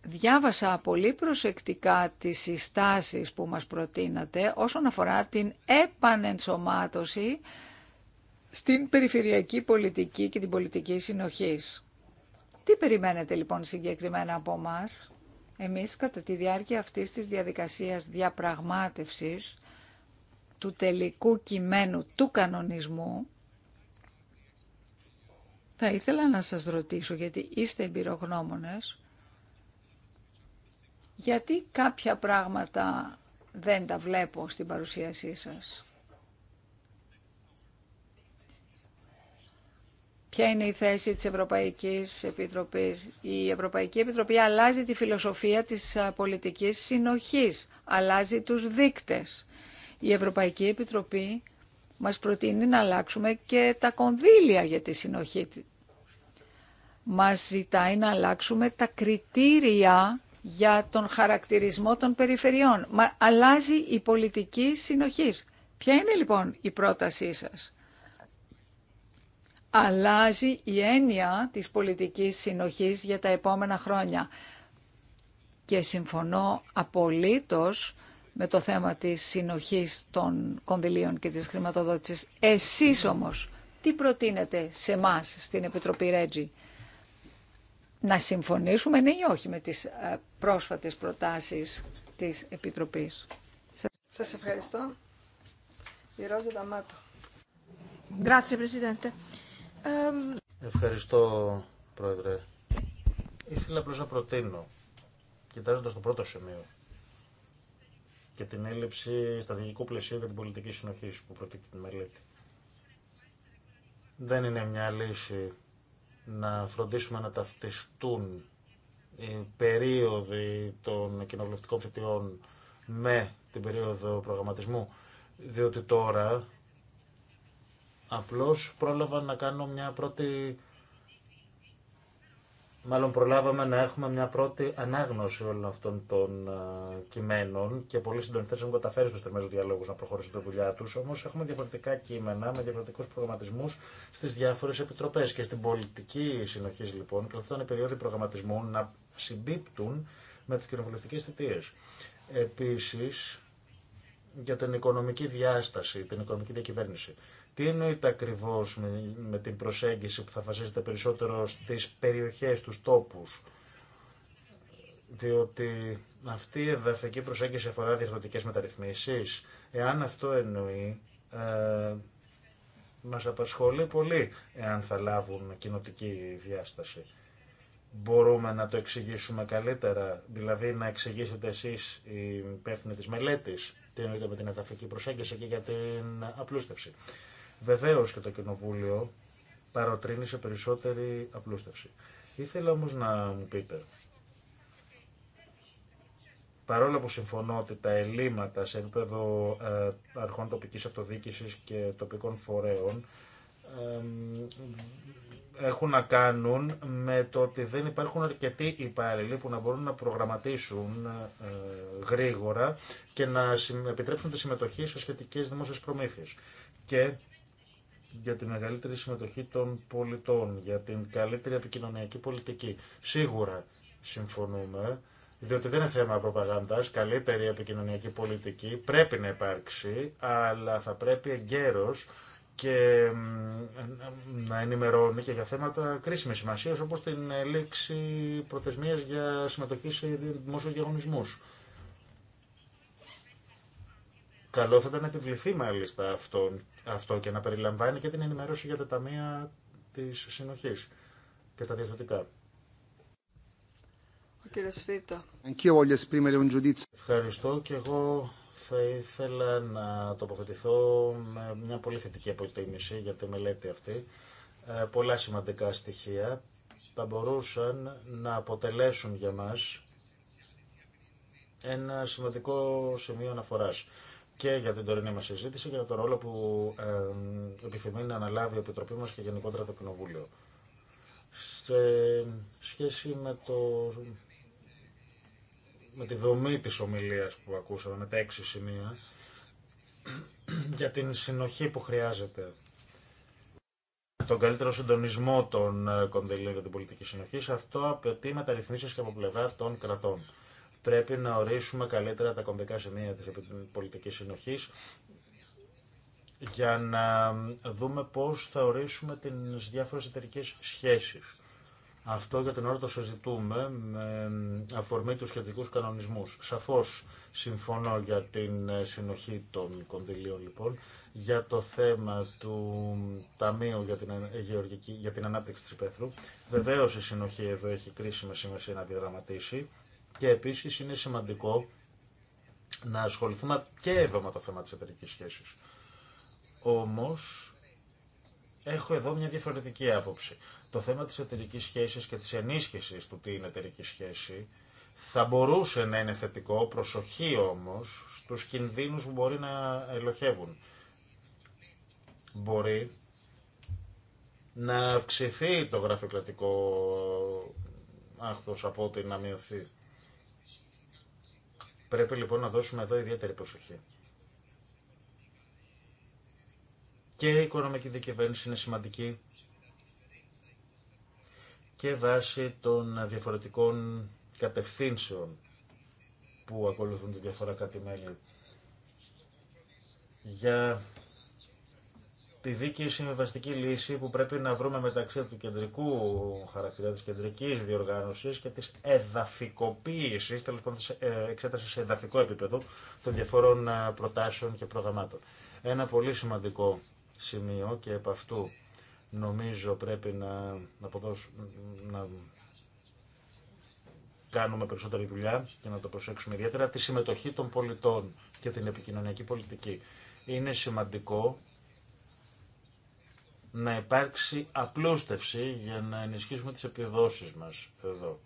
διάβασα πολύ προσεκτικά τις συστάσεις που μας προτείνατε όσον αφορά την επανενσωμάτωση στην περιφερειακή πολιτική και την πολιτική συνοχής. Τι περιμένετε λοιπόν συγκεκριμένα από μας, εμείς κατά τη διάρκεια αυτής της διαδικασίας διαπραγμάτευσης του τελικού κειμένου του κανονισμού, θα ήθελα να σας ρωτήσω, γιατί είστε εμπειρογνώμονες, γιατί κάποια πράγματα δεν τα βλέπω στην παρουσίασή σας. Ποια είναι η θέση της Ευρωπαϊκής Επιτροπής. Η Ευρωπαϊκή Επιτροπή αλλάζει τη φιλοσοφία της πολιτικής συνοχής, αλλάζει τους δίκτες. Η Ευρωπαϊκή Επιτροπή μας προτείνει να αλλάξουμε και τα κονδύλια για τη συνοχή. Μας ζητάει να αλλάξουμε τα κριτήρια για τον χαρακτηρισμό των περιφερειών. Μα αλλάζει η πολιτική συνοχής. Ποια είναι λοιπόν η πρότασή σας. Αλλάζει η έννοια της πολιτικής συνοχής για τα επόμενα χρόνια. Και συμφωνώ απολύτως με το θέμα της συνοχής των κονδυλίων και της χρηματοδότησης. Εσείς όμως, τι προτείνετε σε μας στην Επιτροπή Ρέτζη να συμφωνήσουμε ναι ή όχι με τις ε, πρόσφατες προτάσεις της Επιτροπής. Σας ευχαριστώ. Η Ρόζα Ευχαριστώ, Πρόεδρε. Ήθελα απλώ να προτείνω, κοιτάζοντα το πρώτο σημείο και την έλλειψη στρατηγικού πλαισίου για την πολιτική συνοχή που προκύπτει τη μελέτη. Δεν είναι μια λύση να φροντίσουμε να ταυτιστούν οι περίοδοι των κοινοβουλευτικών θητιών με την περίοδο προγραμματισμού, διότι τώρα απλώς πρόλαβα να κάνω μια πρώτη Μάλλον προλάβαμε να έχουμε μια πρώτη ανάγνωση όλων αυτών των ε, κειμένων και πολλοί συντονιστέ έχουν καταφέρει στου τριμμένου διαλόγου να προχωρήσουν τη δουλειά του. Όμω έχουμε διαφορετικά κείμενα με διαφορετικού προγραμματισμού στι διάφορε επιτροπέ. Και στην πολιτική συνοχή, λοιπόν, κλαθούν οι περιόδοι προγραμματισμού να συμπίπτουν με τι κοινοβουλευτικέ θητείε. Επίση, για την οικονομική διάσταση, την οικονομική διακυβέρνηση. Τι εννοείται ακριβώ με, την προσέγγιση που θα βασίζεται περισσότερο στι περιοχές, στους τόπους. Διότι αυτή η εδαφική προσέγγιση αφορά διαρθρωτικές μεταρρυθμίσεις. Εάν αυτό εννοεί, ε, μας απασχολεί πολύ εάν θα λάβουν κοινοτική διάσταση. Μπορούμε να το εξηγήσουμε καλύτερα, δηλαδή να εξηγήσετε εσείς οι υπεύθυνοι τη μελέτη, τι εννοείται με την εδαφική προσέγγιση και για την απλούστευση. Βεβαίω και το Κοινοβούλιο παροτρύνει σε περισσότερη απλούστευση. Ήθελα όμω να μου πείτε, παρόλο που συμφωνώ ότι τα ελλείμματα σε επίπεδο ε, αρχών τοπική αυτοδιοίκηση και τοπικών φορέων έχουν να κάνουν με το ότι δεν υπάρχουν αρκετοί υπάλληλοι που να μπορούν να προγραμματίσουν ε, γρήγορα και να επιτρέψουν τη συμμετοχή σε σχετικές δημόσιες προμήθειες. Και για τη μεγαλύτερη συμμετοχή των πολιτών, για την καλύτερη επικοινωνιακή πολιτική. Σίγουρα συμφωνούμε, διότι δεν είναι θέμα προπαγάνδας, καλύτερη επικοινωνιακή πολιτική πρέπει να υπάρξει, αλλά θα πρέπει εγκαίρως και να ενημερώνει και για θέματα κρίσιμης σημασίας, όπως την λήξη προθεσμίας για συμμετοχή σε δημόσιους Καλό θα ήταν να επιβληθεί μάλιστα αυτό, αυτό και να περιλαμβάνει και την ενημέρωση για τα ταμεία της συνοχής και τα διαστατικά. Ευχαριστώ και εγώ θα ήθελα να τοποθετηθώ με μια πολύ θετική αποτίμηση για τη μελέτη αυτή. Ε, πολλά σημαντικά στοιχεία θα μπορούσαν να αποτελέσουν για μας ένα σημαντικό σημείο αναφοράς και για την τωρινή μα συζήτηση και για τον ρόλο που επιθυμεί να αναλάβει η Επιτροπή μα και γενικότερα το Κοινοβούλιο. Σε σχέση με, το, με τη δομή της ομιλίας που ακούσαμε, με τα έξι σημεία, για την συνοχή που χρειάζεται τον καλύτερο συντονισμό των ε, κονδυλίων για την πολιτική συνοχή. Αυτό απαιτεί μεταρρυθμίσει και από πλευρά των κρατών. Πρέπει να ορίσουμε καλύτερα τα κομβικά σημεία της πολιτικής συνοχής για να δούμε πώς θα ορίσουμε τις διάφορες εταιρικέ σχέσεις. Αυτό για την ώρα το συζητούμε με αφορμή τους σχετικούς κανονισμούς. Σαφώς συμφωνώ για την συνοχή των κονδυλίων λοιπόν, για το θέμα του Ταμείου για την, για την Ανάπτυξη της Υπέθρου. Βεβαίως η συνοχή εδώ έχει κρίσιμη σημασία να διαδραματίσει και επίσης είναι σημαντικό να ασχοληθούμε και εδώ με το θέμα της εταιρική σχέσης. Όμως, έχω εδώ μια διαφορετική άποψη. Το θέμα της εταιρική σχέσης και της ενίσχυση του τι είναι εταιρική σχέση θα μπορούσε να είναι θετικό, προσοχή όμως, στους κινδύνους που μπορεί να ελοχεύουν. Μπορεί να αυξηθεί το γραφειοκρατικό άχθος από ότι να μειωθεί. Πρέπει λοιπόν να δώσουμε εδώ ιδιαίτερη προσοχή. Και η οικονομική διακυβέρνηση είναι σημαντική και βάσει των διαφορετικών κατευθύνσεων που ακολουθούν τη διαφορά κάτι μέλη. Για τη δίκαιη συμβιβαστική λύση που πρέπει να βρούμε μεταξύ του κεντρικού χαρακτήρα, τη κεντρική διοργάνωση και της εδαφικοποίηση, τέλος πάντων της ε, εξέτασης σε εδαφικό επίπεδο των διαφορών ε, προτάσεων και προγραμμάτων. Ένα πολύ σημαντικό σημείο και επ' αυτού νομίζω πρέπει να, να, να κάνουμε περισσότερη δουλειά και να το προσέξουμε ιδιαίτερα, τη συμμετοχή των πολιτών και την επικοινωνιακή πολιτική. Είναι σημαντικό να υπάρξει απλούστευση για να ενισχύσουμε τις επιδόσεις μας εδώ.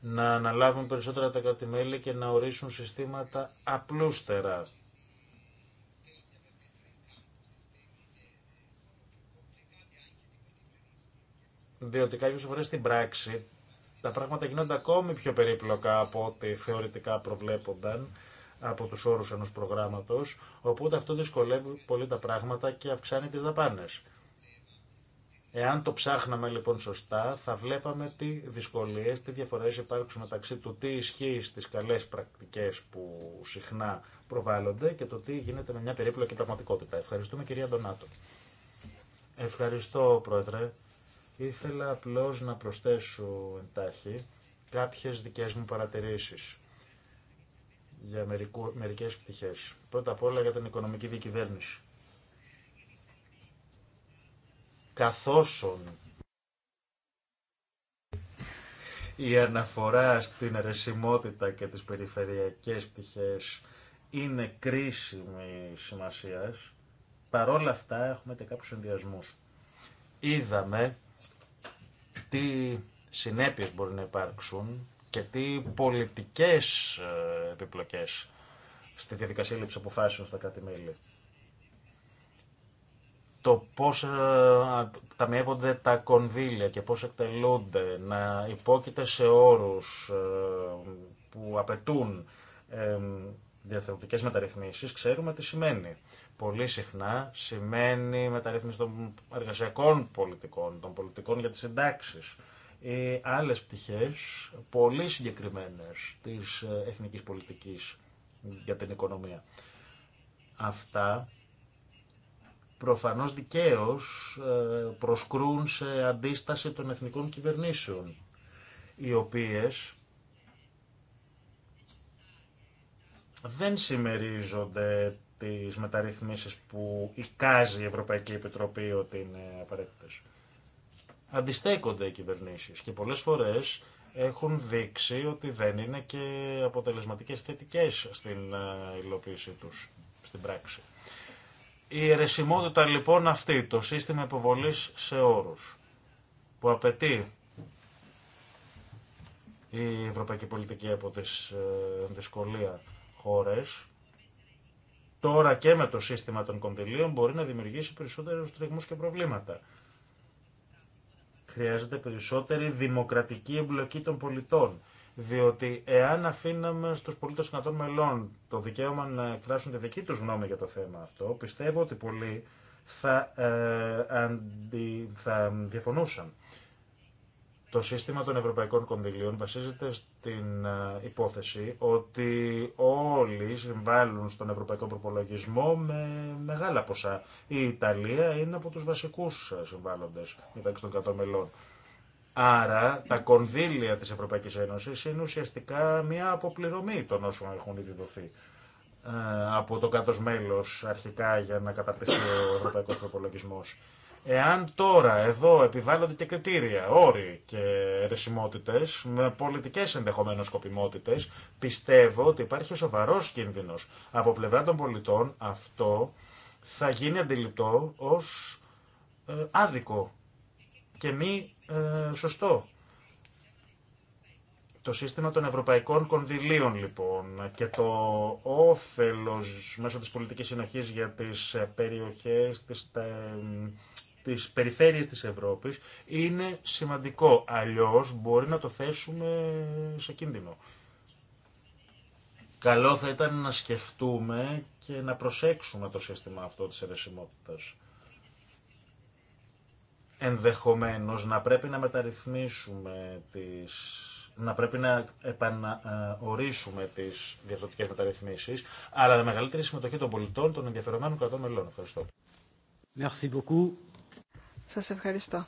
Να αναλάβουν περισσότερα τα κρατη και να ορίσουν συστήματα απλούστερα. Διότι κάποιες φορές στην πράξη τα πράγματα γίνονται ακόμη πιο περίπλοκα από ό,τι θεωρητικά προβλέπονταν από τους όρους ενός προγράμματος, οπότε αυτό δυσκολεύει πολύ τα πράγματα και αυξάνει τις δαπάνες. Εάν το ψάχναμε λοιπόν σωστά, θα βλέπαμε τι δυσκολίες, τι διαφορές υπάρχουν μεταξύ του τι ισχύει στις καλές πρακτικές που συχνά προβάλλονται και το τι γίνεται με μια περίπλοκη πραγματικότητα. Ευχαριστούμε κυρία Ντονάτο. Ευχαριστώ πρόεδρε. Ήθελα απλώς να προσθέσω εντάχει κάποιες δικές μου παρατηρήσεις για μερικέ μερικές πτυχές. Πρώτα απ' όλα για την οικονομική διακυβέρνηση. Καθόσον η αναφορά στην αιρεσιμότητα και τις περιφερειακές πτυχές είναι κρίσιμη σημασίας, παρόλα αυτά έχουμε και κάποιους συνδυασμού. Είδαμε τι συνέπειες μπορεί να υπάρξουν και τι πολιτικές ε, επιπλοκές στη διαδικασία λήψη αποφάσεων στα κάτι μέλη. Το πώς ε, ταμιεύονται τα κονδύλια και πώς εκτελούνται, να υπόκειται σε όρους ε, που απαιτούν διαθεωτικές μεταρρυθμίσεις, ξέρουμε τι σημαίνει. Πολύ συχνά σημαίνει μεταρρύθμιση των εργασιακών πολιτικών, των πολιτικών για τις συντάξεις, οι ε, άλλες πτυχές, πολύ συγκεκριμένες της ε, εθνικής πολιτικής για την οικονομία. Αυτά προφανώς δικαίως ε, προσκρούν σε αντίσταση των εθνικών κυβερνήσεων, οι οποίες δεν συμμερίζονται τις μεταρρυθμίσεις που εικάζει η Ευρωπαϊκή Επιτροπή ότι είναι απαραίτητες αντιστέκονται οι κυβερνήσεις και πολλές φορές έχουν δείξει ότι δεν είναι και αποτελεσματικές θετικές στην ε, υλοποίησή τους, στην πράξη. Η αιρεσιμότητα λοιπόν αυτή, το σύστημα υποβολής σε όρους, που απαιτεί η ευρωπαϊκή πολιτική από τις ε, δυσκολία χώρες, τώρα και με το σύστημα των κονδυλίων μπορεί να δημιουργήσει περισσότερους τριγμούς και προβλήματα χρειάζεται περισσότερη δημοκρατική εμπλοκή των πολιτών. Διότι εάν αφήναμε στου πολίτε των μελών το δικαίωμα να εκφράσουν τη δική του γνώμη για το θέμα αυτό, πιστεύω ότι πολλοί θα ε, διαφωνούσαν. Το σύστημα των ευρωπαϊκών κονδυλίων βασίζεται στην ε, υπόθεση ότι όλοι συμβάλλουν στον ευρωπαϊκό προπολογισμό με μεγάλα ποσά. Η Ιταλία είναι από τους βασικούς ε, συμβάλλοντες μεταξύ των 100 μελών. Άρα τα κονδύλια της Ευρωπαϊκής Ένωσης είναι ουσιαστικά μια αποπληρωμή των όσων έχουν ήδη δοθεί ε, από το κάτω μέλος αρχικά για να καταρτήσει ο ευρωπαϊκός προπολογισμός. Εάν τώρα εδώ επιβάλλονται και κριτήρια, όροι και ρεσιμότητε, με πολιτικέ ενδεχομένω σκοπιμότητε, πιστεύω ότι υπάρχει σοβαρό κίνδυνο από πλευρά των πολιτών αυτό θα γίνει αντιληπτό ω ε, άδικο και μη ε, σωστό. Το σύστημα των ευρωπαϊκών κονδυλίων λοιπόν και το όφελος μέσω της πολιτικής συνοχής για τις ε, περιοχές, τις, τις περιφέρειες της Ευρώπης είναι σημαντικό. Αλλιώς μπορεί να το θέσουμε σε κίνδυνο. Καλό θα ήταν να σκεφτούμε και να προσέξουμε το σύστημα αυτό της ερεσιμότητας Ενδεχομένως να πρέπει να μεταρρυθμίσουμε τις να πρέπει να επαναορίσουμε τι διαφορετικέ μεταρρυθμίσει, αλλά με μεγαλύτερη συμμετοχή των πολιτών, των ενδιαφερομένων κρατών μελών. Ευχαριστώ. Merci beaucoup. Σας ευχαριστώ.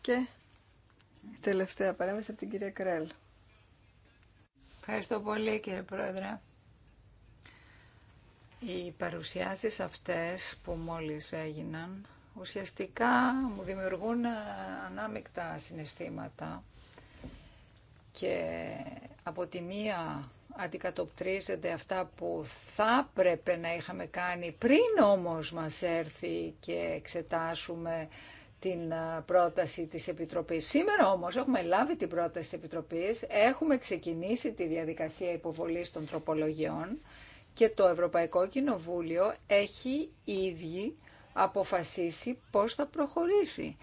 Και η τελευταία παρέμβαση από την κυρία Κρέλ. Ευχαριστώ πολύ κύριε Πρόεδρε. Οι παρουσιάσεις αυτές που μόλις έγιναν ουσιαστικά μου δημιουργούν ε, ανάμεικτα συναισθήματα και από τη μία Αντικατοπτρίζεται αυτά που θα πρέπει να είχαμε κάνει πριν όμως μας έρθει και εξετάσουμε την πρόταση της Επιτροπής. Σήμερα όμως έχουμε λάβει την πρόταση της Επιτροπής, έχουμε ξεκινήσει τη διαδικασία υποβολής των τροπολογιών και το Ευρωπαϊκό Κοινοβούλιο έχει ήδη αποφασίσει πώς θα προχωρήσει.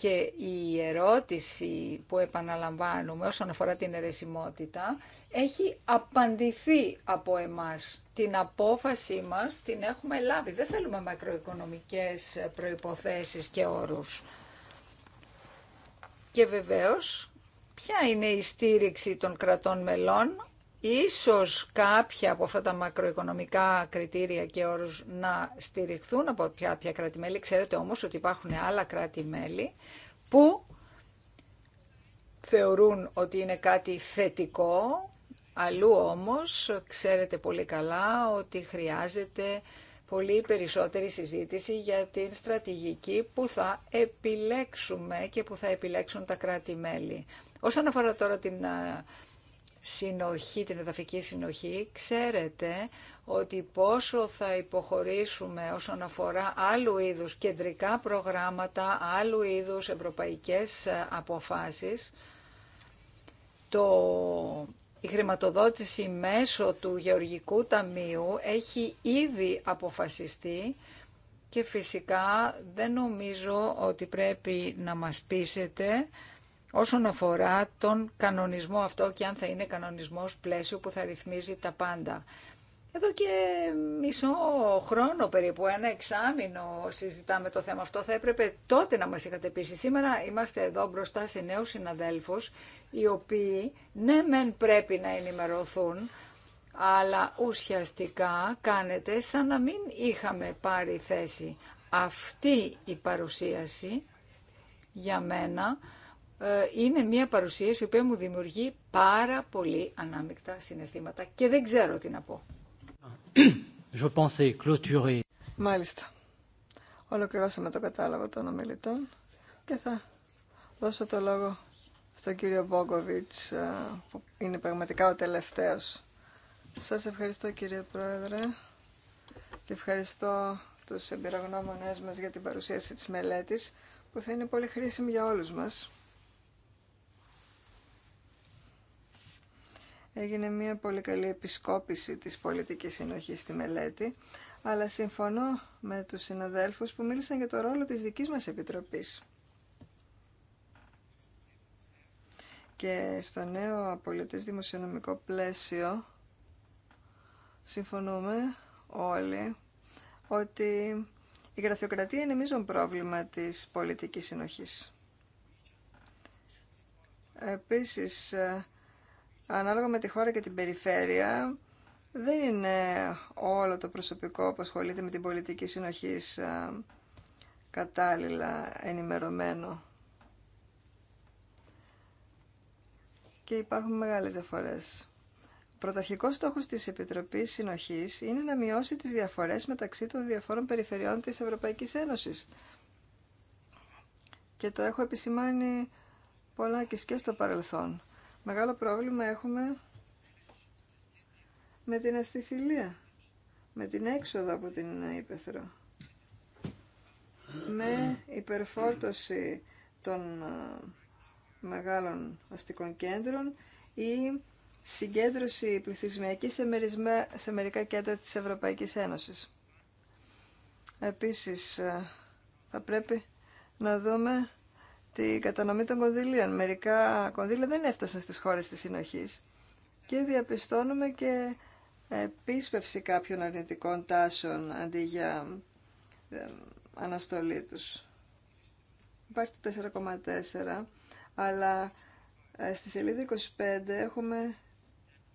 Και η ερώτηση που επαναλαμβάνουμε όσον αφορά την αιρεσιμότητα έχει απαντηθεί από εμάς. Την απόφαση μας την έχουμε λάβει. Δεν θέλουμε μακροοικονομικές προϋποθέσεις και όρους. Και βεβαίως, ποια είναι η στήριξη των κρατών μελών Ίσως κάποια από αυτά τα μακροοικονομικά κριτήρια και όρους να στηριχθούν από κάποια κράτη-μέλη. Ξέρετε όμως ότι υπάρχουν άλλα κράτη-μέλη που θεωρούν ότι είναι κάτι θετικό, αλλού όμως ξέρετε πολύ καλά ότι χρειάζεται πολύ περισσότερη συζήτηση για την στρατηγική που θα επιλέξουμε και που θα επιλέξουν τα κράτη-μέλη. Όσον αφορά τώρα την συνοχή, την εδαφική συνοχή, ξέρετε ότι πόσο θα υποχωρήσουμε όσον αφορά άλλου είδους κεντρικά προγράμματα, άλλου είδους ευρωπαϊκές αποφάσεις, το... Η χρηματοδότηση μέσω του Γεωργικού Ταμείου έχει ήδη αποφασιστεί και φυσικά δεν νομίζω ότι πρέπει να μας πείσετε όσον αφορά τον κανονισμό αυτό και αν θα είναι κανονισμός πλαίσιο που θα ρυθμίζει τα πάντα. Εδώ και μισό χρόνο περίπου, ένα εξάμεινο συζητάμε το θέμα αυτό. Θα έπρεπε τότε να μας είχατε πείσει. Σήμερα είμαστε εδώ μπροστά σε νέους συναδέλφους, οι οποίοι ναι μεν πρέπει να ενημερωθούν, αλλά ουσιαστικά κάνετε σαν να μην είχαμε πάρει θέση. Αυτή η παρουσίαση για μένα ε, είναι μια παρουσίαση που μου δημιουργεί πάρα πολύ ανάμεικτα συναισθήματα και δεν ξέρω τι να πω. Μάλιστα. Ολοκληρώσαμε το κατάλογο των ομιλητών και θα δώσω το λόγο στον κύριο Μπόγκοβιτς ε, που είναι πραγματικά ο τελευταίος. Σας ευχαριστώ κύριε Πρόεδρε και ευχαριστώ τους εμπειρογνώμονές μας για την παρουσίαση της μελέτης που θα είναι πολύ χρήσιμη για όλους μας. Έγινε μια πολύ καλή επισκόπηση της πολιτικής συνοχής στη μελέτη, αλλά συμφωνώ με τους συναδέλφους που μίλησαν για το ρόλο της δικής μας Επιτροπής. Και στο νέο απολυτής δημοσιονομικό πλαίσιο συμφωνούμε όλοι ότι η γραφειοκρατία είναι μείζον πρόβλημα της πολιτικής συνοχής. Επίσης, ανάλογα με τη χώρα και την περιφέρεια, δεν είναι όλο το προσωπικό που ασχολείται με την πολιτική συνοχή κατάλληλα ενημερωμένο. Και υπάρχουν μεγάλες διαφορές. Ο πρωταρχικός στόχος της Επιτροπής Συνοχής είναι να μειώσει τις διαφορές μεταξύ των διαφόρων περιφερειών της Ευρωπαϊκής Ένωσης. Και το έχω επισημάνει πολλά και στο παρελθόν. Μεγάλο πρόβλημα έχουμε με την αστιφιλία, με την έξοδο από την Ήπεθρο, με υπερφόρτωση των ε, μεγάλων αστικών κέντρων ή συγκέντρωση πληθυσμιακή σε, σε μερικά κέντρα της Ευρωπαϊκής Ένωσης. Επίσης, ε, θα πρέπει να δούμε την κατανομή των κονδυλίων. Μερικά κονδύλια δεν έφτασαν στις χώρες της συνοχής και διαπιστώνουμε και επίσπευση κάποιων αρνητικών τάσεων αντί για ε, αναστολή τους. Υπάρχει το 4,4, αλλά ε, στη σελίδα 25 έχουμε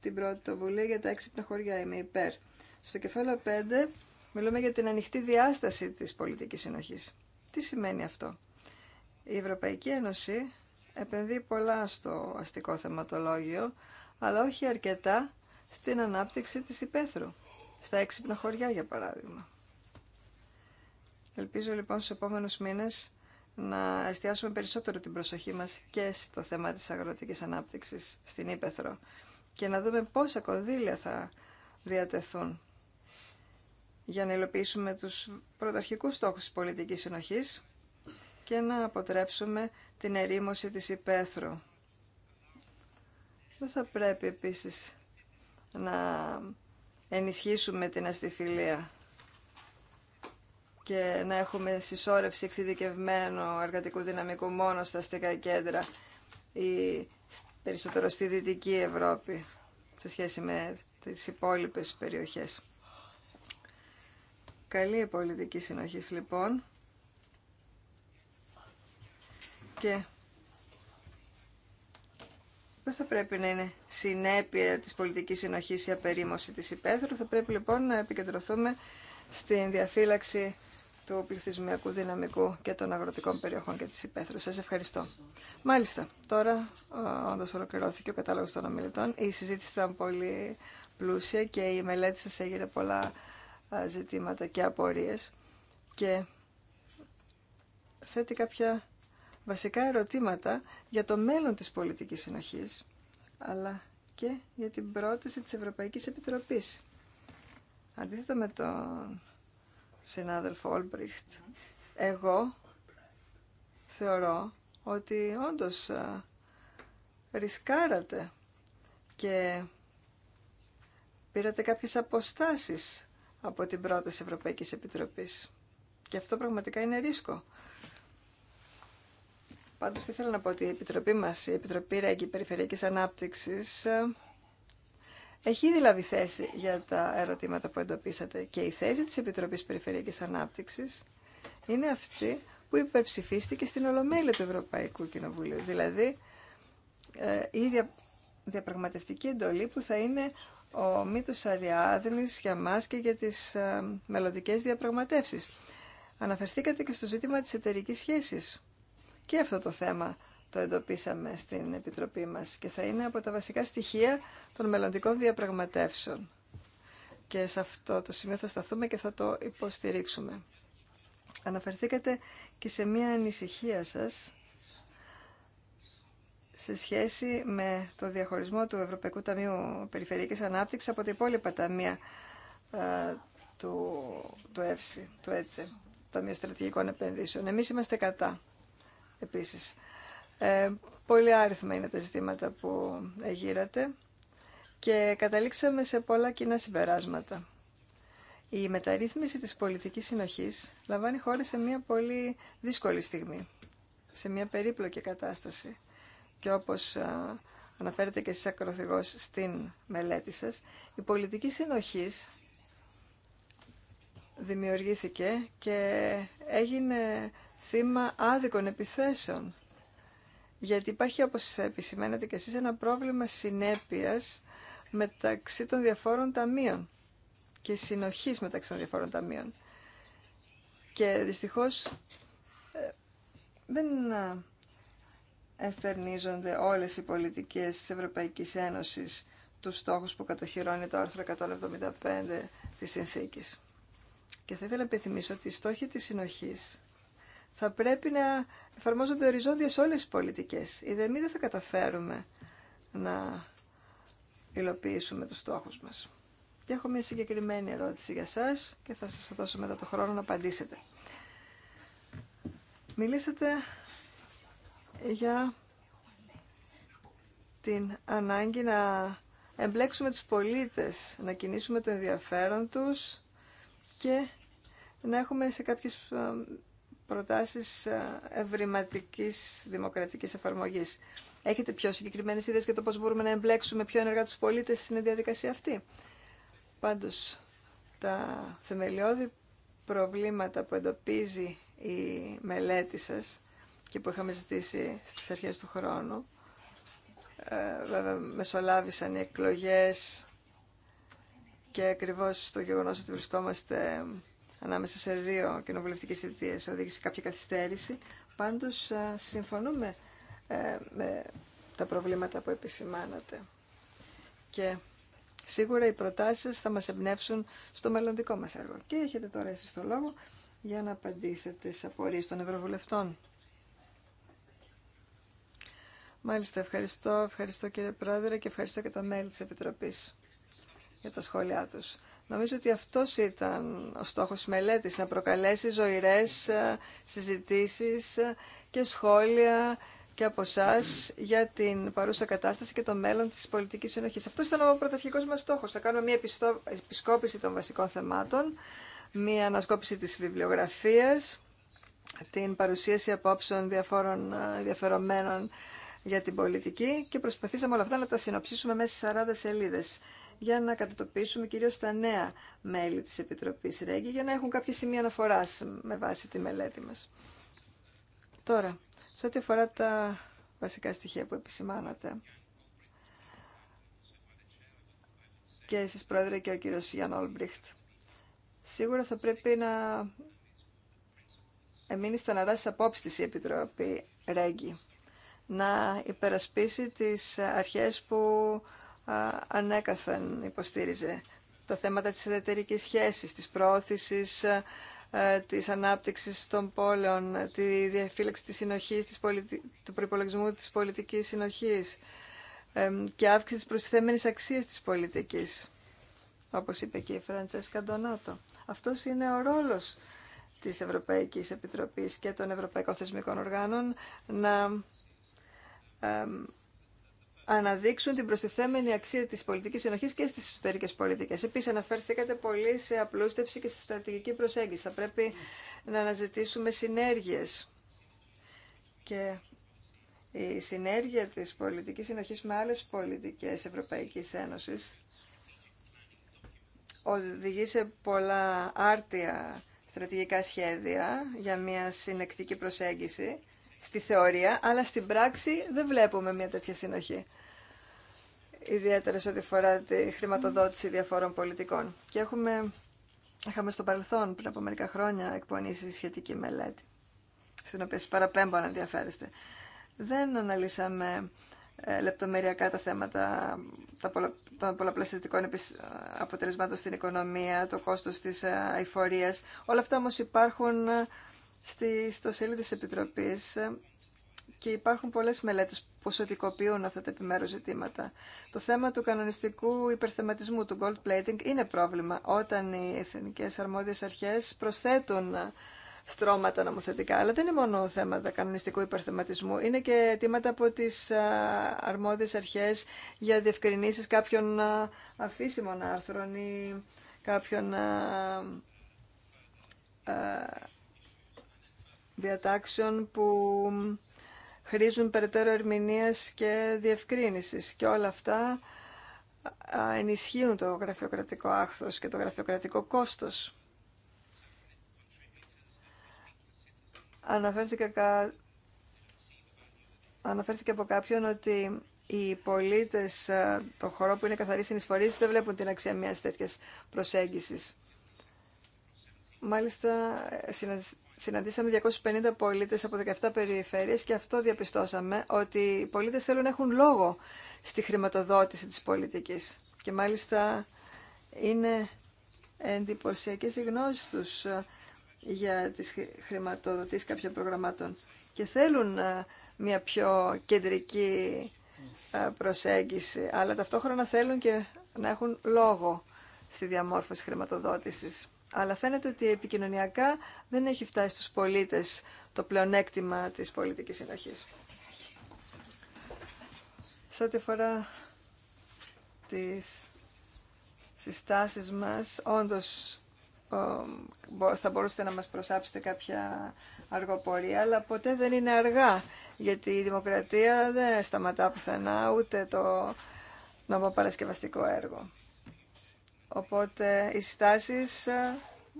την βουλή για τα έξυπνα χωριά, είμαι υπέρ. Στο κεφάλαιο 5 μιλούμε για την ανοιχτή διάσταση της πολιτικής συνοχής. Τι σημαίνει αυτό. Η Ευρωπαϊκή Ένωση επενδύει πολλά στο αστικό θεματολόγιο, αλλά όχι αρκετά στην ανάπτυξη της υπαίθρου, στα έξυπνα χωριά για παράδειγμα. Ελπίζω λοιπόν στους επόμενους μήνες να εστιάσουμε περισσότερο την προσοχή μας και στο θέμα της αγροτικής ανάπτυξης στην Ήπεθρο και να δούμε πόσα κονδύλια θα διατεθούν για να υλοποιήσουμε τους πρωταρχικούς στόχους της πολιτικής συνοχής και να αποτρέψουμε την ερήμωση της υπαίθρου. Δεν θα πρέπει επίσης να ενισχύσουμε την αστιφιλία και να έχουμε συσσόρευση εξειδικευμένου εργατικού δυναμικού μόνο στα αστικά κέντρα ή περισσότερο στη Δυτική Ευρώπη σε σχέση με τις υπόλοιπες περιοχές. Καλή πολιτική συνοχής λοιπόν και δεν θα πρέπει να είναι συνέπεια της πολιτικής συνοχής η απερίμωση της υπαίθρου, θα πρέπει λοιπόν να επικεντρωθούμε στην διαφύλαξη του πληθυσμιακού δυναμικού και των αγροτικών περιοχών και της υπαίθρου. Σας ευχαριστώ. Μάλιστα, τώρα όντως ολοκληρώθηκε ο κατάλογος των ομιλητών. Η συζήτηση ήταν πολύ πλούσια και η μελέτη σας έγινε πολλά ζητήματα και απορίες και θέτει κάποια βασικά ερωτήματα για το μέλλον της πολιτικής συνοχής, αλλά και για την πρόταση της Ευρωπαϊκής Επιτροπής. Αντίθετα με τον συνάδελφο Όλμπριχτ, εγώ θεωρώ ότι όντως ρισκάρατε και πήρατε κάποιες αποστάσεις από την πρόταση Ευρωπαϊκής Επιτροπής. Και αυτό πραγματικά είναι ρίσκο. Πάντως ήθελα να πω ότι η Επιτροπή μας, η Επιτροπή Ρέγκη Περιφερειακής Ανάπτυξης, ε, έχει ήδη λάβει θέση για τα ερωτήματα που εντοπίσατε και η θέση της Επιτροπής Περιφερειακής Ανάπτυξης είναι αυτή που υπερψηφίστηκε στην Ολομέλεια του Ευρωπαϊκού Κοινοβουλίου. Δηλαδή, ε, η διαπραγματευτική εντολή που θα είναι ο μύτος Αριάδνης για μας και για τις ε, μελλοντικές διαπραγματεύσεις. Αναφερθήκατε και στο ζήτημα της εταιρική σχέσης. Και αυτό το θέμα το εντοπίσαμε στην Επιτροπή μας και θα είναι από τα βασικά στοιχεία των μελλοντικών διαπραγματεύσεων. Και σε αυτό το σημείο θα σταθούμε και θα το υποστηρίξουμε. Αναφερθήκατε και σε μία ανησυχία σας σε σχέση με το διαχωρισμό του Ευρωπαϊκού Ταμείου Περιφερειακής Ανάπτυξης από την υπόλοιπα ταμεία ε, του, του ΕΦΣΙ, του ΕΤΣΕ, Ταμείου Στρατηγικών Επενδύσεων. Εμείς είμαστε κατά επίσης. Ε, πολύ άριθμα είναι τα ζητήματα που εγείρατε και καταλήξαμε σε πολλά κοινά συμπεράσματα. Η μεταρρύθμιση της πολιτικής συνοχής λαμβάνει χώρα σε μια πολύ δύσκολη στιγμή, σε μια περίπλοκη κατάσταση. Και όπως ε, αναφέρετε και εσείς ακροθυγός στην μελέτη σας, η πολιτική συνοχής δημιουργήθηκε και έγινε θύμα άδικων επιθέσεων. Γιατί υπάρχει, όπως επισημαίνετε και εσείς, ένα πρόβλημα συνέπειας μεταξύ των διαφόρων ταμείων και συνοχής μεταξύ των διαφόρων ταμείων. Και δυστυχώς ε, δεν ε, εστερνίζονται όλες οι πολιτικές της Ευρωπαϊκής Ένωσης τους στόχους που κατοχυρώνει το άρθρο 175 της Συνθήκης. Και θα ήθελα να επιθυμίσω ότι οι στόχοι της συνοχής θα πρέπει να εφαρμόζονται οριζόντια σε όλες τις πολιτικές. Η δεν θα καταφέρουμε να υλοποιήσουμε τους στόχους μας. Και έχω μια συγκεκριμένη ερώτηση για σας και θα σας δώσω μετά το χρόνο να απαντήσετε. Μιλήσατε για την ανάγκη να εμπλέξουμε τους πολίτες, να κινήσουμε το ενδιαφέρον τους και να έχουμε σε κάποιες προτάσεις ε, ευρηματικής δημοκρατικής εφαρμογής. Έχετε πιο συγκεκριμένες ιδέες για το πώς μπορούμε να εμπλέξουμε πιο ενεργά τους πολίτες στην διαδικασία αυτή. Πάντως, τα θεμελιώδη προβλήματα που εντοπίζει η μελέτη σας και που είχαμε ζητήσει στις αρχές του χρόνου, ε, βέβαια μεσολάβησαν οι εκλογές και ακριβώς το γεγονός ότι βρισκόμαστε ανάμεσα σε δύο κοινοβουλευτικές θητείες οδήγησε κάποια καθυστέρηση. Πάντως ε, συμφωνούμε ε, με τα προβλήματα που επισημάνατε. Και σίγουρα οι προτάσεις θα μας εμπνεύσουν στο μελλοντικό μας έργο. Και έχετε τώρα εσείς το λόγο για να απαντήσετε στις απορίες των Ευρωβουλευτών. Μάλιστα, ευχαριστώ. Ευχαριστώ κύριε Πρόεδρε και ευχαριστώ και τα μέλη της Επιτροπής για τα σχόλιά τους. Νομίζω ότι αυτός ήταν ο στόχος της μελέτης, να προκαλέσει ζωηρές ε, συζητήσεις ε, και σχόλια και από εσά για την παρούσα κατάσταση και το μέλλον της πολιτικής συνοχής. Αυτός ήταν ο πρωταρχικός μας στόχος. Θα κάνουμε μια επισκόπηση των βασικών θεμάτων, μια ανασκόπηση της βιβλιογραφίας, την παρουσίαση απόψεων διαφόρων ε, ενδιαφερομένων για την πολιτική και προσπαθήσαμε όλα αυτά να τα συνοψίσουμε μέσα σε 40 σελίδες για να κατατοπίσουμε κυρίως τα νέα μέλη της Επιτροπής ΡΕΓΚΙ για να έχουν κάποια σημεία αναφοράς με βάση τη μελέτη μας. Τώρα, σε ό,τι αφορά τα βασικά στοιχεία που επισημάνατε και εσείς πρόεδρε και ο κύριος Γιάνν Όλμπριχτ, σίγουρα θα πρέπει να εμείνει στα ναρά απόψη η Επιτροπή ΡΕΓΚΙ να υπερασπίσει τις αρχές που ανέκαθεν υποστήριζε τα θέματα της εταιρικής σχέσης, της πρόθεσης, της ανάπτυξης των πόλεων, τη διαφύλαξη της συνοχής, του προϋπολογισμού της πολιτικής συνοχής και αύξηση της προσθέμενης αξίας της πολιτικής, όπως είπε και η Φραντσέσκα Ντονάτο. Αυτός είναι ο ρόλος της Ευρωπαϊκής Επιτροπής και των Ευρωπαϊκών Θεσμικών Οργάνων να αναδείξουν την προστιθέμενη αξία της πολιτικής συνοχής και στις εσωτερικές πολιτικές. Επίσης αναφερθήκατε πολύ σε απλούστευση και στη στρατηγική προσέγγιση. Θα πρέπει να αναζητήσουμε συνέργειες και η συνέργεια της πολιτικής συνοχής με άλλες πολιτικές Ευρωπαϊκής Ένωσης οδηγεί σε πολλά άρτια στρατηγικά σχέδια για μια συνεκτική προσέγγιση στη θεωρία, αλλά στην πράξη δεν βλέπουμε μια τέτοια συνοχή. Ιδιαίτερα σε ό,τι φορά τη χρηματοδότηση διαφόρων πολιτικών. Και έχουμε, είχαμε στο παρελθόν πριν από μερικά χρόνια εκπονήσει σχετική μελέτη, στην οποία σα παραπέμπω ενδιαφέρεστε. Δεν αναλύσαμε ε, λεπτομεριακά τα θέματα των πολλαπλασιαστικών ε, αποτελεσμάτων στην οικονομία, το κόστος της ε, αηφορίας. Όλα αυτά όμως υπάρχουν στη στοσέλη της Επιτροπής ε, και υπάρχουν πολλές μελέτες που ποσοτικοποιούν αυτά τα επιμέρους ζητήματα. Το θέμα του κανονιστικού υπερθεματισμού, του gold plating, είναι πρόβλημα όταν οι εθνικές αρμόδιες αρχές προσθέτουν ε, στρώματα νομοθετικά. Αλλά δεν είναι μόνο θέματα κανονιστικού υπερθεματισμού. Είναι και αιτήματα από τις ε, αρμόδιες αρχές για διευκρινήσεις κάποιων αφήσιμων άρθρων ή κάποιων διατάξεων που χρήζουν περαιτέρω ερμηνείας και διευκρίνησης. Και όλα αυτά ενισχύουν το γραφειοκρατικό άχθος και το γραφειοκρατικό κόστος. Αναφέρθηκε, κα... από κάποιον ότι οι πολίτες, το χώρο που είναι καθαρή συνεισφορής, δεν βλέπουν την αξία μιας τέτοιας προσέγγισης. Μάλιστα, συναντήσαμε 250 πολίτες από 17 περιφέρειες και αυτό διαπιστώσαμε ότι οι πολίτες θέλουν να έχουν λόγο στη χρηματοδότηση της πολιτικής. Και μάλιστα είναι εντυπωσιακέ οι γνώσεις τους ε, για τις χρηματοδοτήσεις κάποιων προγραμμάτων και θέλουν ε, μια πιο κεντρική ε, προσέγγιση, αλλά ταυτόχρονα θέλουν και να έχουν λόγο στη διαμόρφωση χρηματοδότησης αλλά φαίνεται ότι επικοινωνιακά δεν έχει φτάσει στους πολίτες το πλεονέκτημα της πολιτικής συνοχής. Σε ό,τι αφορά τις συστάσεις μας, όντως θα μπορούσατε να μας προσάψετε κάποια αργοπορία, αλλά ποτέ δεν είναι αργά, γιατί η δημοκρατία δεν σταματά πουθενά, ούτε το νομοπαρασκευαστικό έργο. Οπότε οι στάσει ε,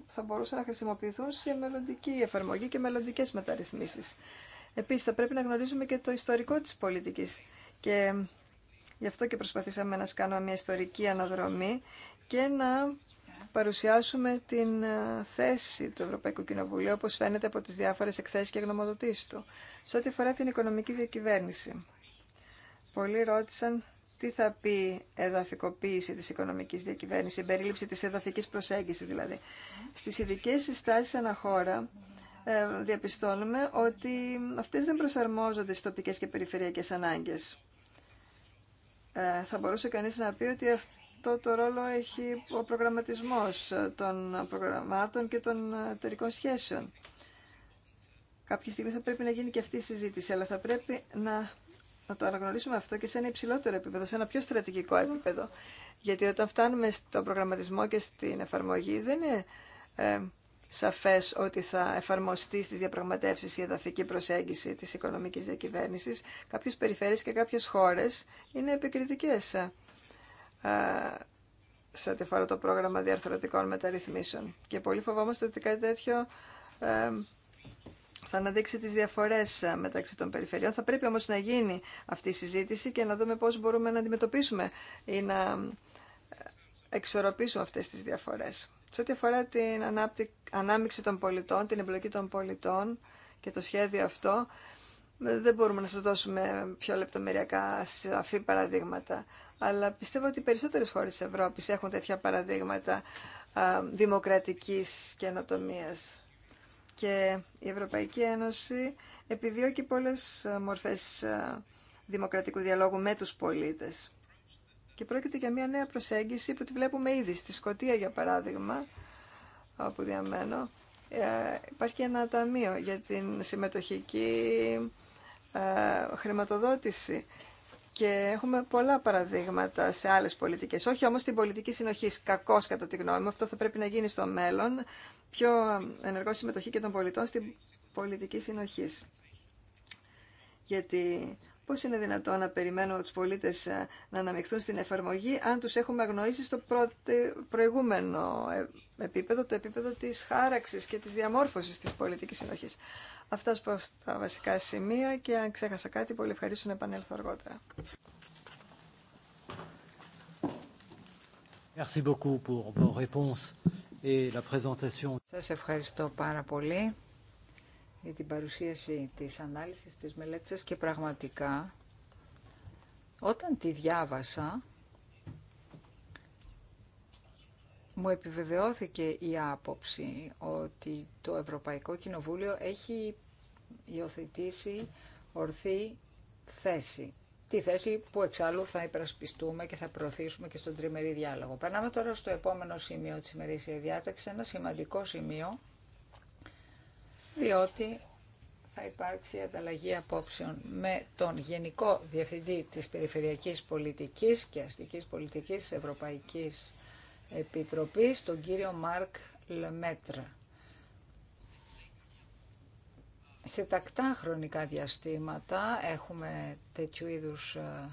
θα μπορούσαν να χρησιμοποιηθούν σε μελλοντική εφαρμογή και μελλοντικέ μεταρρυθμίσει. Επίσης θα πρέπει να γνωρίζουμε και το ιστορικό της πολιτικής και ε, γι' αυτό και προσπαθήσαμε να κάνουμε μια ιστορική αναδρομή και να παρουσιάσουμε την ε, θέση του Ευρωπαϊκού Κοινοβουλίου όπως φαίνεται από τις διάφορες εκθέσεις και γνωμοδοτήσεις του. Σε ό,τι αφορά την οικονομική διακυβέρνηση. Πολλοί ρώτησαν τι θα πει εδαφικοποίηση της οικονομικής διακυβέρνησης, η περίληψη της εδαφικής προσέγγισης δηλαδή. Στις ειδικέ συστάσεις αναχώρα ε, διαπιστώνουμε ότι αυτές δεν προσαρμόζονται στις τοπικές και περιφερειακές ανάγκες. Ε, θα μπορούσε κανείς να πει ότι αυτό το ρόλο έχει ο προγραμματισμός των προγραμμάτων και των εταιρικών σχέσεων. Κάποια στιγμή θα πρέπει να γίνει και αυτή η συζήτηση, αλλά θα πρέπει να να το αναγνωρίσουμε αυτό και σε ένα υψηλότερο επίπεδο, σε ένα πιο στρατηγικό επίπεδο. Γιατί όταν φτάνουμε στον προγραμματισμό και στην εφαρμογή δεν είναι ε, σαφές ότι θα εφαρμοστεί στις διαπραγματεύσεις η εδαφική προσέγγιση της οικονομικής διακυβέρνηση. Κάποιες περιφέρειες και κάποιες χώρε είναι επικριτικές ε, ε, σε ό,τι αφορά το πρόγραμμα διαρθρωτικών μεταρρυθμίσεων. Και πολύ φοβόμαστε ότι κάτι τέτοιο ε, θα αναδείξει τις διαφορές ε, μεταξύ των περιφερειών. Θα πρέπει όμως να γίνει αυτή η συζήτηση και να δούμε πώς μπορούμε να αντιμετωπίσουμε ή να ε, εξορροπήσουμε αυτές τις διαφορές. Σε ό,τι αφορά την ανάμειξη των πολιτών, την εμπλοκή των πολιτών και το σχέδιο αυτό, ε, δεν μπορούμε να σας δώσουμε πιο λεπτομεριακά σαφή παραδείγματα. Αλλά πιστεύω ότι οι περισσότερες χώρες της Ευρώπης έχουν τέτοια παραδείγματα δημοκρατικής καινοτομίας. Και η Ευρωπαϊκή Ένωση επιδιώκει πολλές ε, μορφές ε, δημοκρατικού διαλόγου με τους πολίτες. Και πρόκειται για μια νέα προσέγγιση που τη βλέπουμε ήδη. Στη Σκωτία, για παράδειγμα, όπου διαμένω, ε, υπάρχει ένα ταμείο για την συμμετοχική χρηματοδότηση. Και έχουμε πολλά παραδείγματα σε άλλες πολιτικές. Όχι όμω την πολιτική συνοχή. Κακώ, κατά τη γνώμη μου, αυτό θα πρέπει να γίνει στο μέλλον, πιο ενεργό συμμετοχή και των πολιτών στην πολιτική συνοχή. Γιατί πώς είναι δυνατόν να περιμένουμε τους πολίτες ε, να αναμειχθούν στην εφαρμογή αν τους έχουμε αγνοήσει στο προηγούμενο ε, επίπεδο, το επίπεδο της χάραξης και της διαμόρφωσης της πολιτικής συνοχής. Αυτά προ τα βασικά σημεία και αν ξέχασα κάτι, πολύ ευχαρίστω να επανέλθω αργότερα. Merci beaucoup pour vos réponses. Σας ευχαριστώ πάρα πολύ για την παρουσίαση της ανάλυσης της μελέτης σας και πραγματικά όταν τη διάβασα μου επιβεβαιώθηκε η άποψη ότι το Ευρωπαϊκό Κοινοβούλιο έχει υιοθετήσει ορθή θέση τη θέση που εξάλλου θα υπερασπιστούμε και θα προωθήσουμε και στον τριμερή διάλογο. Περνάμε τώρα στο επόμενο σημείο της ημερήσιας διάταξης, ένα σημαντικό σημείο, διότι θα υπάρξει ανταλλαγή απόψεων με τον Γενικό Διευθυντή της Περιφερειακής Πολιτικής και Αστικής Πολιτικής Ευρωπαϊκής Επιτροπής, τον κύριο Μάρκ Λεμέτρα σε τακτά χρονικά διαστήματα έχουμε τέτοιου είδους ε,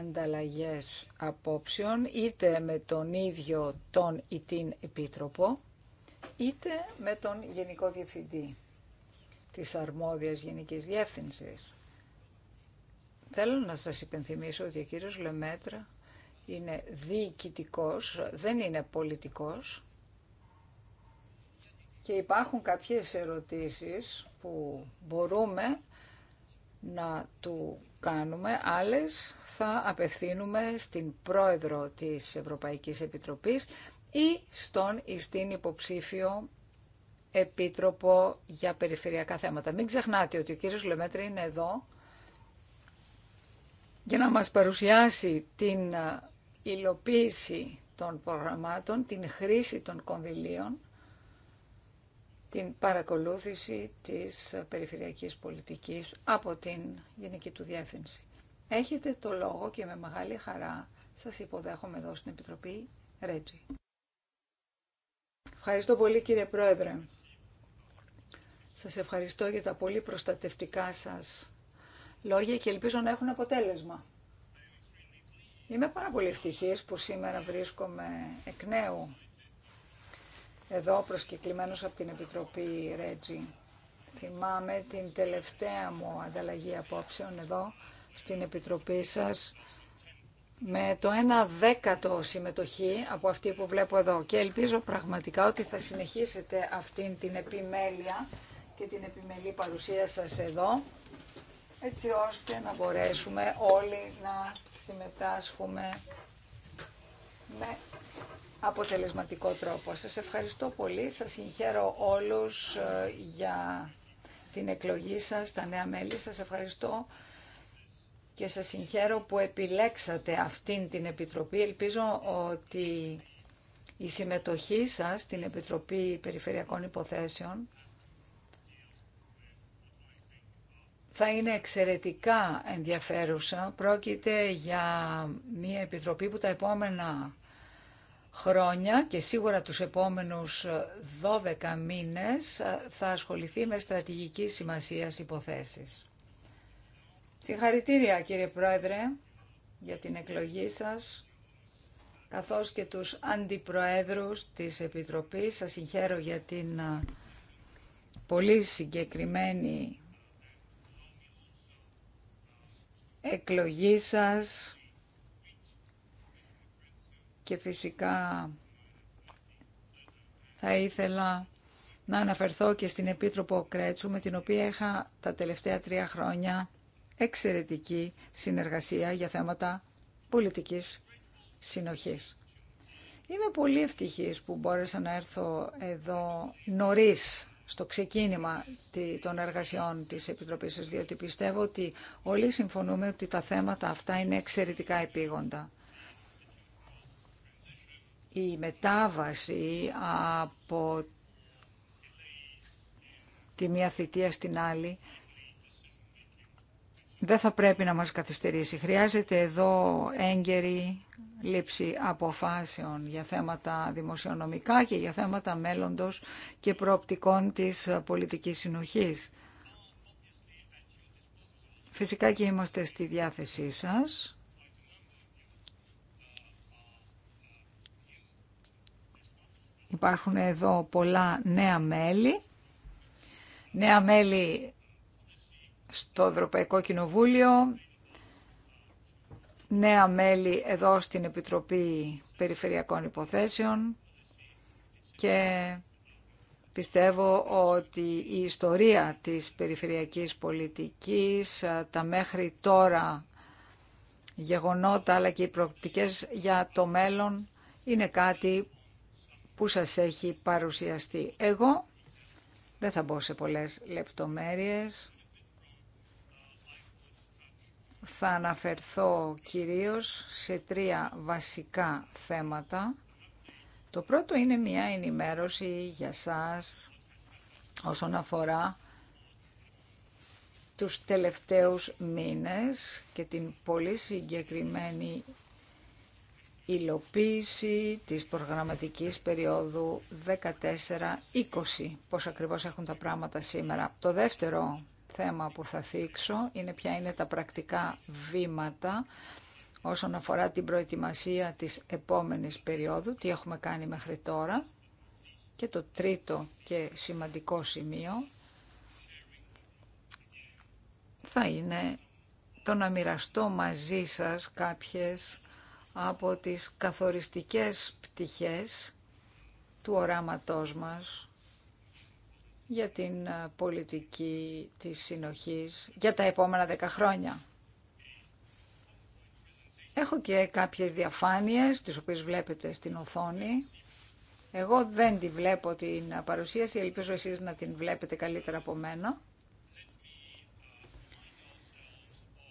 ανταλλαγές απόψεων είτε με τον ίδιο τον ή την Επίτροπο είτε με τον Γενικό Διευθυντή της Αρμόδιας Γενικής Διεύθυνσης. Θέλω να σας υπενθυμίσω ότι ο κύριος Λεμέτρα είναι διοικητικός, δεν είναι πολιτικός και υπάρχουν κάποιες ερωτήσεις που μπορούμε να του κάνουμε, άλλες θα απευθύνουμε στην πρόεδρο της Ευρωπαϊκής Επιτροπής ή στον ή υποψήφιο επίτροπο για περιφερειακά θέματα. Μην ξεχνάτε ότι ο κύριος Λεμέτρη είναι εδώ για να μας παρουσιάσει την ε, υλοποίηση των προγραμμάτων, την χρήση των κονδυλίων την παρακολούθηση της περιφερειακής πολιτικής από την Γενική του Διεύθυνση. Έχετε το λόγο και με μεγάλη χαρά σας υποδέχομαι εδώ στην Επιτροπή Ρέτζι. Ευχαριστώ πολύ κύριε Πρόεδρε. Σας ευχαριστώ για τα πολύ προστατευτικά σας λόγια και ελπίζω να έχουν αποτέλεσμα. Είμαι πάρα πολύ ευτυχής που σήμερα βρίσκομαι εκ νέου εδώ προσκεκλημένος από την Επιτροπή Ρέτζι. Θυμάμαι την τελευταία μου ανταλλαγή απόψεων εδώ στην Επιτροπή σας με το ένα δέκατο συμμετοχή από αυτή που βλέπω εδώ και ελπίζω πραγματικά ότι θα συνεχίσετε αυτήν την επιμέλεια και την επιμελή παρουσία σας εδώ έτσι ώστε να μπορέσουμε όλοι να συμμετάσχουμε με αποτελεσματικό τρόπο. Σας ευχαριστώ πολύ. Σας συγχαίρω όλους ε, για την εκλογή σας, τα νέα μέλη. Σας ευχαριστώ και σας συγχαίρω που επιλέξατε αυτήν την Επιτροπή. Ελπίζω ότι η συμμετοχή σας στην Επιτροπή Περιφερειακών Υποθέσεων θα είναι εξαιρετικά ενδιαφέρουσα. Πρόκειται για μια Επιτροπή που τα επόμενα χρόνια και σίγουρα τους επόμενους 12 ε, μήνες ε, θα ασχοληθεί με στρατηγική σημασία υποθέσεις. Συγχαρητήρια κύριε Πρόεδρε για την εκλογή σας, καθώς και τους αντιπροέδρους της Επιτροπής. Σας συγχαίρω για την ε, πολύ συγκεκριμένη εκλογή σας και φυσικά θα ήθελα να αναφερθώ και στην Επίτροπο Κρέτσου με την οποία είχα τα τελευταία τρία χρόνια εξαιρετική συνεργασία για θέματα πολιτικής συνοχής. Είμαι πολύ ευτυχής που μπόρεσα να έρθω εδώ νωρίς στο ξεκίνημα των εργασιών της Επιτροπής σας, διότι πιστεύω ότι όλοι συμφωνούμε ότι τα θέματα αυτά είναι εξαιρετικά επίγοντα η μετάβαση από τη μία θητεία στην άλλη δεν θα πρέπει να μας καθυστερήσει. Χρειάζεται εδώ έγκαιρη λήψη αποφάσεων για θέματα δημοσιονομικά και για θέματα μέλλοντος και προοπτικών της πολιτικής συνοχής. Φυσικά και είμαστε στη διάθεσή σας. Υπάρχουν εδώ πολλά νέα μέλη. Νέα μέλη στο Ευρωπαϊκό Κοινοβούλιο, νέα μέλη εδώ στην Επιτροπή Περιφερειακών Υποθέσεων και πιστεύω ότι η ιστορία της περιφερειακής πολιτικής, τα μέχρι τώρα γεγονότα αλλά και οι προοπτικές για το μέλλον είναι κάτι που σας έχει παρουσιαστεί. Εγώ δεν θα μπω σε πολλές λεπτομέρειες. Θα αναφερθώ κυρίως σε τρία βασικά θέματα. Το πρώτο είναι μια ενημέρωση για σας όσον αφορά τους τελευταίους μήνες και την πολύ συγκεκριμένη υλοποίηση της προγραμματικής περίοδου 14-20, πώς ακριβώς έχουν τα πράγματα σήμερα. Το δεύτερο θέμα που θα θίξω είναι ποια είναι τα πρακτικά βήματα όσον αφορά την προετοιμασία της επόμενης περίοδου, τι έχουμε κάνει μέχρι τώρα. Και το τρίτο και σημαντικό σημείο θα είναι το να μοιραστώ μαζί σας κάποιες από τις καθοριστικές πτυχές του οράματός μας για την ε, πολιτική της συνοχής για τα επόμενα δέκα χρόνια. Έχω και κάποιες διαφάνειες, τις οποίες βλέπετε στην οθόνη. Εγώ δεν τη βλέπω την παρουσίαση, ελπίζω εσείς να την βλέπετε καλύτερα από μένα.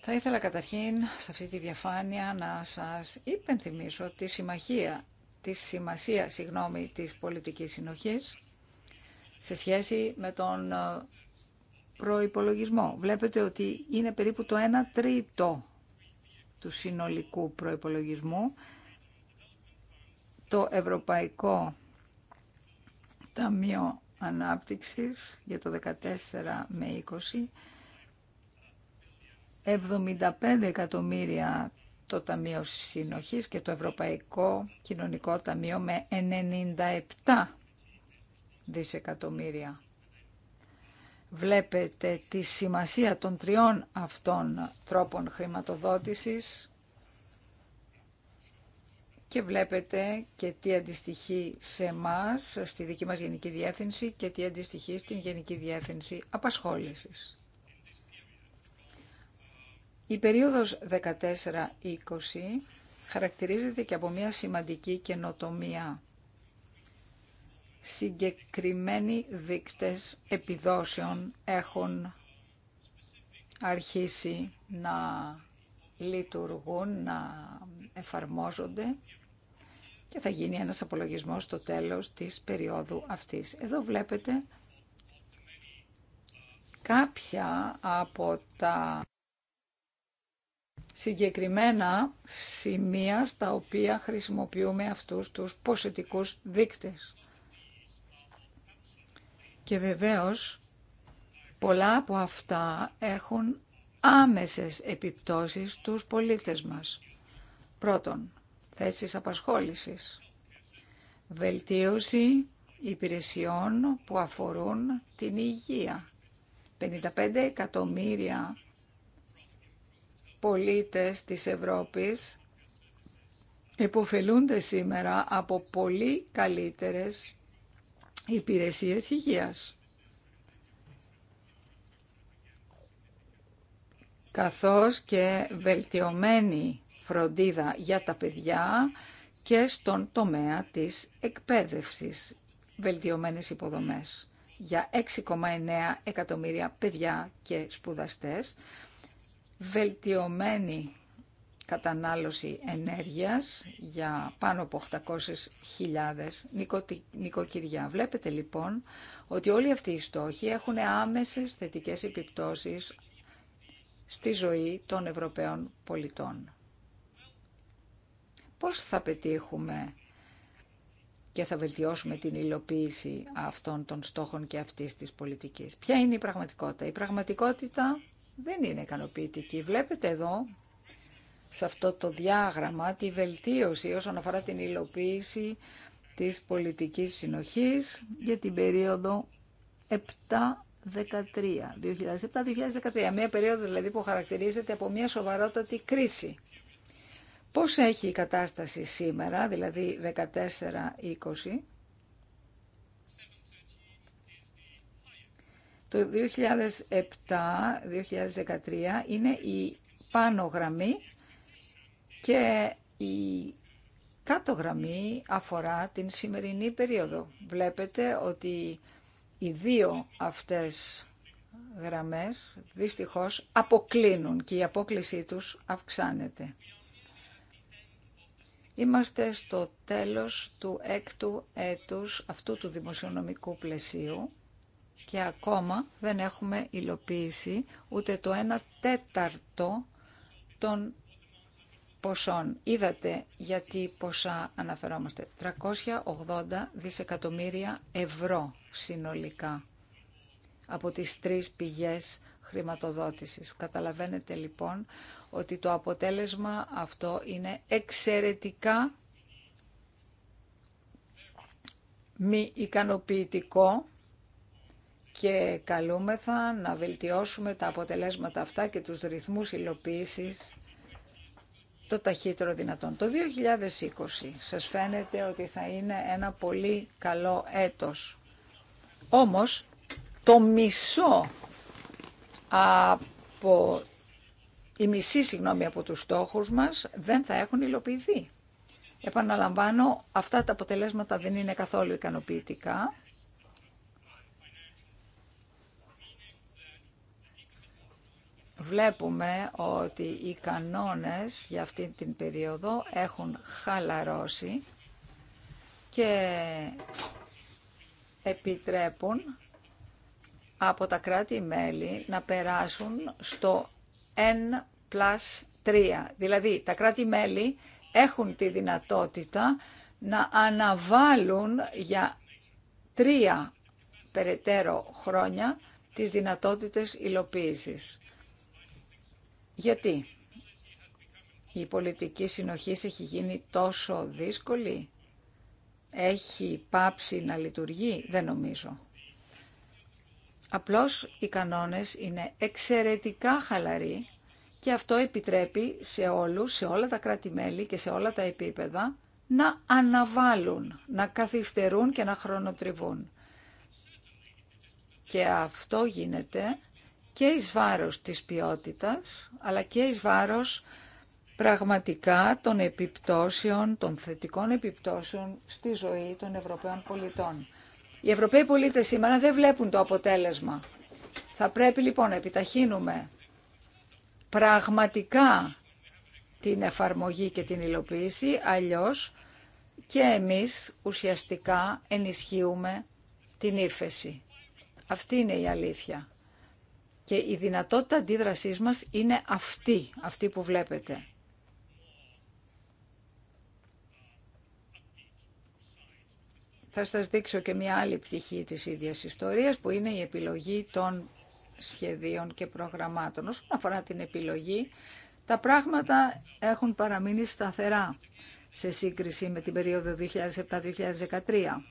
Θα ήθελα καταρχήν σε αυτή τη διαφάνεια να σας υπενθυμίσω τη συμμαχία, τη σημασία, συγγνώμη, της πολιτικής συνοχής σε σχέση με τον ε, προϋπολογισμό. Βλέπετε ότι είναι περίπου το 1 τρίτο του συνολικού προϋπολογισμού. Το Ευρωπαϊκό Ταμείο Ανάπτυξης για το 14 με 75 εκατομμύρια το Ταμείο Συνοχής και το Ευρωπαϊκό Κοινωνικό Ταμείο με 97 δισεκατομμύρια. Βλέπετε τη σημασία των τριών αυτών τρόπων χρηματοδότησης και βλέπετε και τι αντιστοιχεί σε εμά στη δική μας Γενική Διεύθυνση και τι αντιστοιχεί στην Γενική Διεύθυνση Απασχόλησης. Η περίοδος 14-20 χαρακτηρίζεται και από μια σημαντική καινοτομία. Συγκεκριμένοι δείκτες επιδόσεων έχουν αρχίσει να λειτουργούν, να εφαρμόζονται και θα γίνει ένας απολογισμός στο τέλος της περίοδου αυτής. Εδώ βλέπετε κάποια από τα συγκεκριμένα σημεία στα οποία χρησιμοποιούμε αυτούς τους ποσοτικούς δείκτες. Και βεβαίως πολλά από αυτά έχουν άμεσες επιπτώσεις στους πολίτες μας. Πρώτον, θέσεις απασχόλησης, βελτίωση υπηρεσιών που αφορούν την υγεία. 55 εκατομμύρια πολίτες της Ευρώπης υποφελούνται σήμερα από πολύ καλύτερες υπηρεσίες υγείας. καθώς και βελτιωμένη φροντίδα για τα παιδιά και στον τομέα της εκπαίδευσης, βελτιωμένες υποδομές για 6,9 εκατομμύρια παιδιά και σπουδαστές βελτιωμένη κατανάλωση ενέργειας για πάνω από 800.000 νοικοκυριά. Βλέπετε λοιπόν ότι όλοι αυτοί οι στόχοι έχουν άμεσες θετικές επιπτώσεις στη ζωή των Ευρωπαίων πολιτών. Πώς θα πετύχουμε και θα βελτιώσουμε την υλοποίηση αυτών των στόχων και αυτής της πολιτικής. Ποια είναι η πραγματικότητα. Η πραγματικότητα δεν είναι ικανοποιητική. Βλέπετε εδώ, σε αυτό το διάγραμμα, τη βελτίωση όσον αφορά την υλοποίηση της πολιτικής συνοχής για την περίοδο 7-13, 2007-2013, μια περίοδο δηλαδή που χαρακτηρίζεται από μια σοβαρότατη κρίση. Πώς έχει η κατάσταση σήμερα, δηλαδή 14-20, Το 2007-2013 είναι η πάνω γραμμή και η κάτω γραμμή αφορά την σημερινή περίοδο. Βλέπετε ότι οι δύο αυτές γραμμές δυστυχώς αποκλίνουν και η απόκλησή τους αυξάνεται. Είμαστε στο τέλος του έκτου έτους αυτού του δημοσιονομικού πλαισίου και ακόμα δεν έχουμε υλοποιήσει ούτε το 1 τέταρτο των ποσών. Είδατε γιατί ποσά αναφερόμαστε. 380 δισεκατομμύρια ευρώ συνολικά από τις τρεις πηγές χρηματοδότησης. Καταλαβαίνετε λοιπόν ότι το αποτέλεσμα αυτό είναι εξαιρετικά μη ικανοποιητικό και καλούμεθα να βελτιώσουμε τα αποτελέσματα αυτά και τους ρυθμούς υλοποίησης το ταχύτερο δυνατόν. Το 2020 σας φαίνεται ότι θα είναι ένα πολύ καλό έτος. Όμως το μισό από η μισή από τους στόχους μας δεν θα έχουν υλοποιηθεί. Επαναλαμβάνω, αυτά τα αποτελέσματα δεν είναι καθόλου ικανοποιητικά βλέπουμε ότι οι κανόνες για αυτή την περίοδο έχουν χαλαρώσει και επιτρέπουν από τα κράτη-μέλη να περάσουν στο N plus 3. Δηλαδή τα κράτη-μέλη έχουν τη δυνατότητα να αναβάλουν για τρία περαιτέρω χρόνια τις δυνατότητες υλοποίησης. Γιατί η πολιτική συνοχή έχει γίνει τόσο δύσκολη, έχει πάψει να λειτουργεί, δεν νομίζω. Απλώς οι κανόνες είναι εξαιρετικά χαλαροί και αυτό επιτρέπει σε όλους, σε όλα τα κράτη-μέλη και σε όλα τα επίπεδα να αναβάλουν, να καθυστερούν και να χρονοτριβούν. Και αυτό γίνεται και εις βάρος της ποιότητας, αλλά και εις βάρος πραγματικά των επιπτώσεων, των θετικών επιπτώσεων στη ζωή των Ευρωπαίων πολιτών. Οι Ευρωπαίοι πολίτες σήμερα δεν βλέπουν το αποτέλεσμα. Θα πρέπει λοιπόν να επιταχύνουμε πραγματικά την εφαρμογή και την υλοποίηση, αλλιώς και εμείς ουσιαστικά ενισχύουμε την ύφεση. Αυτή είναι η αλήθεια. Και η δυνατότητα αντίδρασής μας είναι αυτή, αυτή που βλέπετε. Θα σας δείξω και μια άλλη πτυχή της ίδιας ιστορίας που είναι η επιλογή των σχεδίων και προγραμμάτων. Όσον αφορά την επιλογή, τα πράγματα έχουν παραμείνει σταθερά σε σύγκριση με την περίοδο 2007-2013.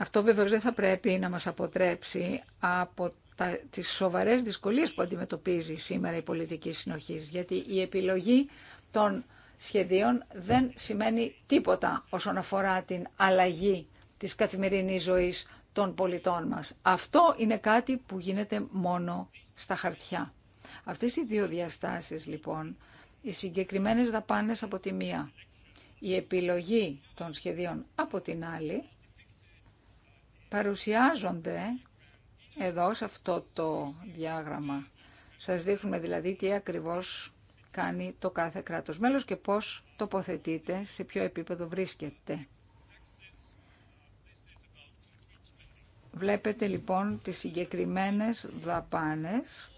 Αυτό βεβαίως δεν θα πρέπει να μας αποτρέψει από τα, τις σοβαρές δυσκολίες που αντιμετωπίζει σήμερα η πολιτική συνοχή, γιατί η επιλογή των σχεδίων δεν σημαίνει τίποτα όσον αφορά την αλλαγή της καθημερινής ζωής των πολιτών μας. Αυτό είναι κάτι που γίνεται μόνο στα χαρτιά. Αυτές οι δύο διαστάσεις λοιπόν, οι συγκεκριμένες δαπάνες από τη μία, η επιλογή των σχεδίων από την άλλη, παρουσιάζονται εδώ σε αυτό το διάγραμμα. Σας δείχνουμε δηλαδή τι ακριβώς κάνει το κάθε κράτος μέλος και πώς τοποθετείται, σε ποιο επίπεδο βρίσκεται. Βλέπετε λοιπόν τις συγκεκριμένες δαπάνες.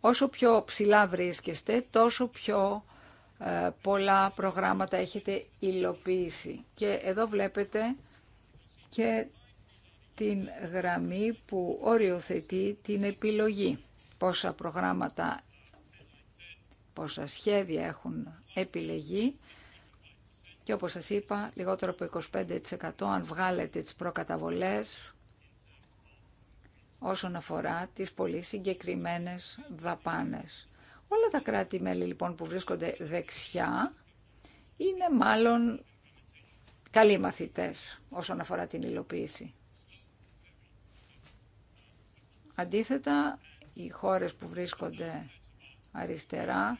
Όσο πιο ψηλά βρίσκεστε, τόσο πιο ε, πολλά προγράμματα έχετε υλοποίησει. Και εδώ βλέπετε και την γραμμή που οριοθετεί την επιλογή. Πόσα προγράμματα, πόσα σχέδια έχουν επιλεγεί και όπως σας είπα, λιγότερο από 25% αν βγάλετε τις προκαταβολές όσον αφορά τις πολύ συγκεκριμένες δαπάνες. Όλα τα κράτη-μέλη λοιπόν που βρίσκονται δεξιά είναι μάλλον καλοί μαθητές όσον αφορά την υλοποίηση. Αντίθετα, οι χώρες που βρίσκονται αριστερά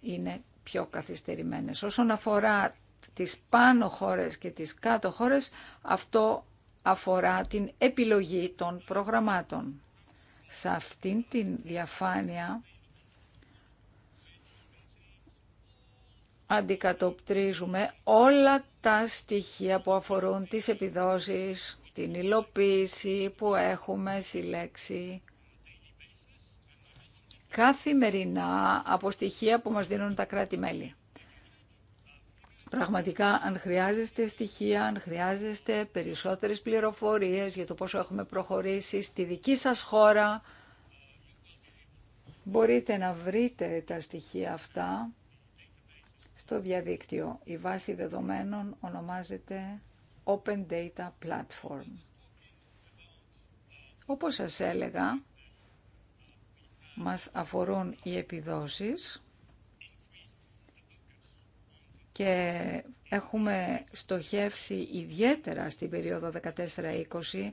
είναι πιο καθυστερημένες. Όσον αφορά τις πάνω χώρες και τις κάτω χώρες, αυτό αφορά την επιλογή των προγραμμάτων. Σε αυτήν την διαφάνεια αντικατοπτρίζουμε όλα τα στοιχεία που αφορούν τις επιδόσεις, την υλοποίηση που έχουμε συλλέξει καθημερινά από στοιχεία που μας δίνουν τα κράτη-μέλη. Πραγματικά, αν χρειάζεστε στοιχεία, αν χρειάζεστε περισσότερες πληροφορίες για το πόσο έχουμε προχωρήσει στη δική σας χώρα, μπορείτε να βρείτε τα στοιχεία αυτά στο διαδίκτυο. Η βάση δεδομένων ονομάζεται Open Data Platform. Όπως σας έλεγα, μας αφορούν οι επιδόσεις και έχουμε στοχεύσει ιδιαίτερα στην περίοδο 14-20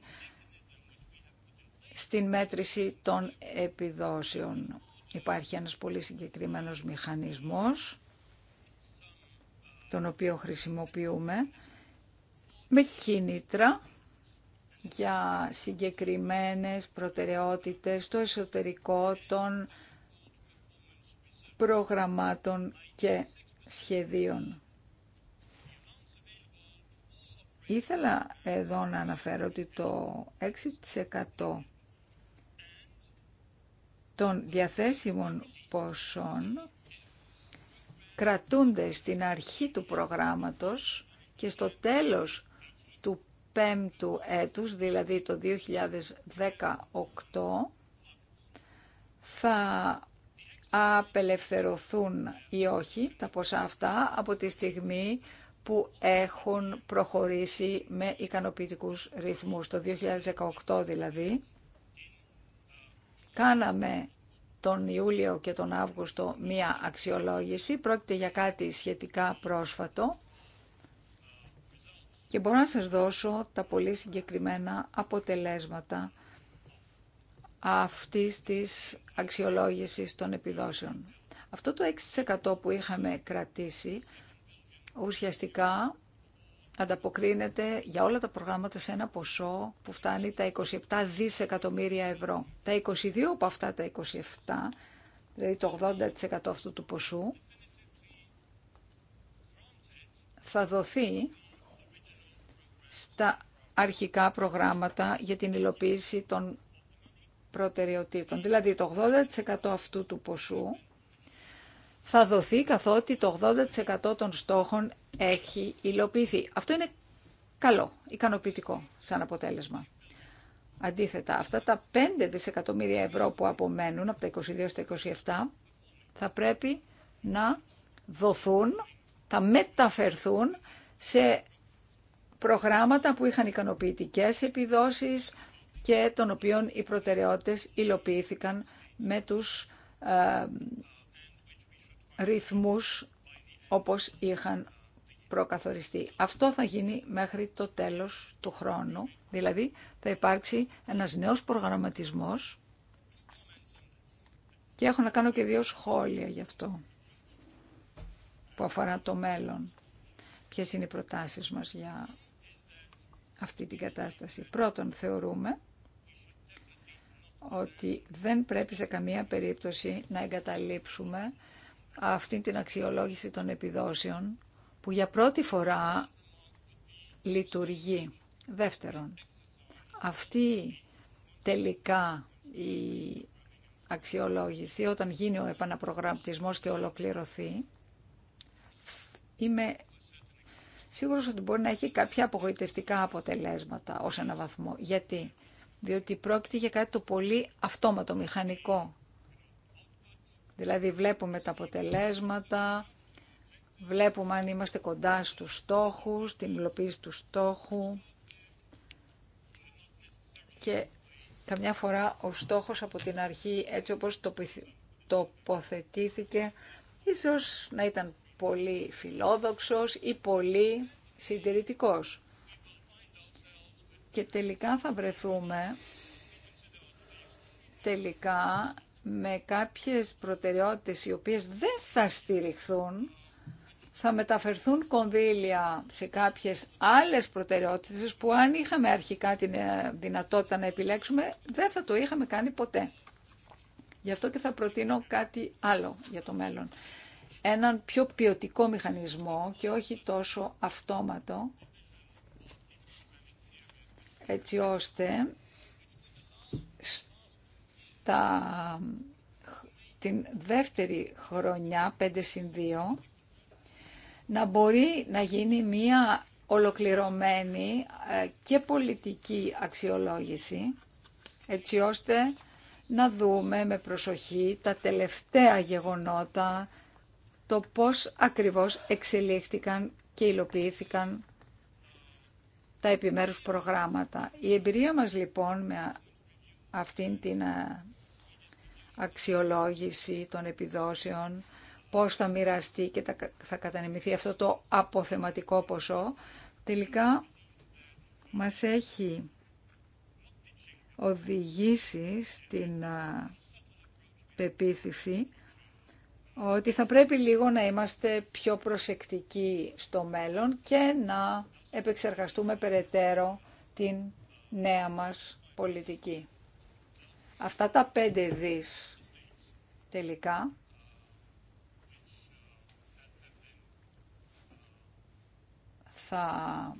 στην μέτρηση των επιδόσεων. Υπάρχει ένας πολύ συγκεκριμένος μηχανισμός τον οποίο χρησιμοποιούμε με κίνητρα για συγκεκριμένες προτεραιότητες στο εσωτερικό των προγραμμάτων και σχεδίων. Ήθελα εδώ να αναφέρω ότι το 6% των διαθέσιμων ποσών κρατούνται στην αρχή του προγράμματος και στο τέλος του πέμπτου έτους, δηλαδή το 2018, θα απελευθερωθούν ή όχι τα ποσά αυτά από τη στιγμή που έχουν προχωρήσει με ικανοποιητικούς ρυθμούς. Το 2018 δηλαδή κάναμε τον Ιούλιο και τον Αύγουστο μία αξιολόγηση. Πρόκειται για κάτι σχετικά πρόσφατο και μπορώ να σας δώσω τα πολύ συγκεκριμένα αποτελέσματα αυτής της αξιολόγησης των επιδόσεων. Αυτό το 6% που είχαμε κρατήσει ουσιαστικά ανταποκρίνεται για όλα τα προγράμματα σε ένα ποσό που φτάνει τα 27 δισεκατομμύρια ευρώ. Τα 22 από αυτά τα 27, δηλαδή το 80% αυτού του ποσού, θα δοθεί στα αρχικά προγράμματα για την υλοποίηση των προτεραιοτήτων. Δηλαδή το 80% αυτού του ποσού θα δοθεί καθότι το 80% των στόχων έχει υλοποιηθεί. Αυτό είναι καλό, ικανοποιητικό σαν αποτέλεσμα. Αντίθετα, αυτά τα 5 δισεκατομμύρια ευρώ που απομένουν από τα 22 στα 27 θα πρέπει να δοθούν, θα μεταφερθούν σε προγράμματα που είχαν ικανοποιητικές επιδόσεις και των οποίων οι προτεραιότητες υλοποιήθηκαν με τους ε, ρυθμούς όπως είχαν προκαθοριστεί. Αυτό θα γίνει μέχρι το τέλος του χρόνου, δηλαδή θα υπάρξει ένας νέος προγραμματισμός και έχω να κάνω και δύο σχόλια γι' αυτό που αφορά το μέλλον. Ποιες είναι οι προτάσεις μας για αυτή την κατάσταση. Πρώτον, θεωρούμε ότι δεν πρέπει σε καμία περίπτωση να εγκαταλείψουμε αυτή την αξιολόγηση των επιδόσεων που για πρώτη φορά λειτουργεί. Δεύτερον, αυτή τελικά η αξιολόγηση όταν γίνει ο επαναπρογραμματισμός και ολοκληρωθεί είμαι σίγουρος ότι μπορεί να έχει κάποια απογοητευτικά αποτελέσματα ως ένα βαθμό. Γιατί? Διότι πρόκειται για κάτι το πολύ αυτόματο, μηχανικό. Δηλαδή βλέπουμε τα αποτελέσματα, βλέπουμε αν είμαστε κοντά στους στόχους, την υλοποίηση του στόχου και καμιά φορά ο στόχος από την αρχή έτσι όπως τοποθετήθηκε ίσως να ήταν πολύ φιλόδοξος ή πολύ συντηρητικός. Και τελικά θα βρεθούμε τελικά με κάποιες προτεραιότητες οι οποίες δεν θα στηριχθούν, θα μεταφερθούν κονδύλια σε κάποιες άλλες προτεραιότητες που αν είχαμε αρχικά την ε, δυνατότητα να επιλέξουμε, δεν θα το είχαμε κάνει ποτέ. Γι' αυτό και θα προτείνω κάτι άλλο για το μέλλον. Έναν πιο ποιοτικό μηχανισμό και όχι τόσο αυτόματο, έτσι ώστε τα, την δεύτερη χρονιά 5 συν 2 να μπορεί να γίνει μία ολοκληρωμένη ε, και πολιτική αξιολόγηση έτσι ώστε να δούμε με προσοχή τα τελευταία γεγονότα, το πώς ακριβώς εξελίχθηκαν και υλοποιήθηκαν τα επιμέρους προγράμματα. Η εμπειρία μας λοιπόν με αυτήν την ε, αξιολόγηση των επιδόσεων, πώς θα μοιραστεί και θα κατανεμηθεί αυτό το αποθεματικό ποσό, τελικά μας έχει οδηγήσει στην πεποίθηση ότι θα πρέπει λίγο να είμαστε πιο προσεκτικοί στο μέλλον και να επεξεργαστούμε περαιτέρω την νέα μας πολιτική. Αυτά τα πέντε δις τελικά θα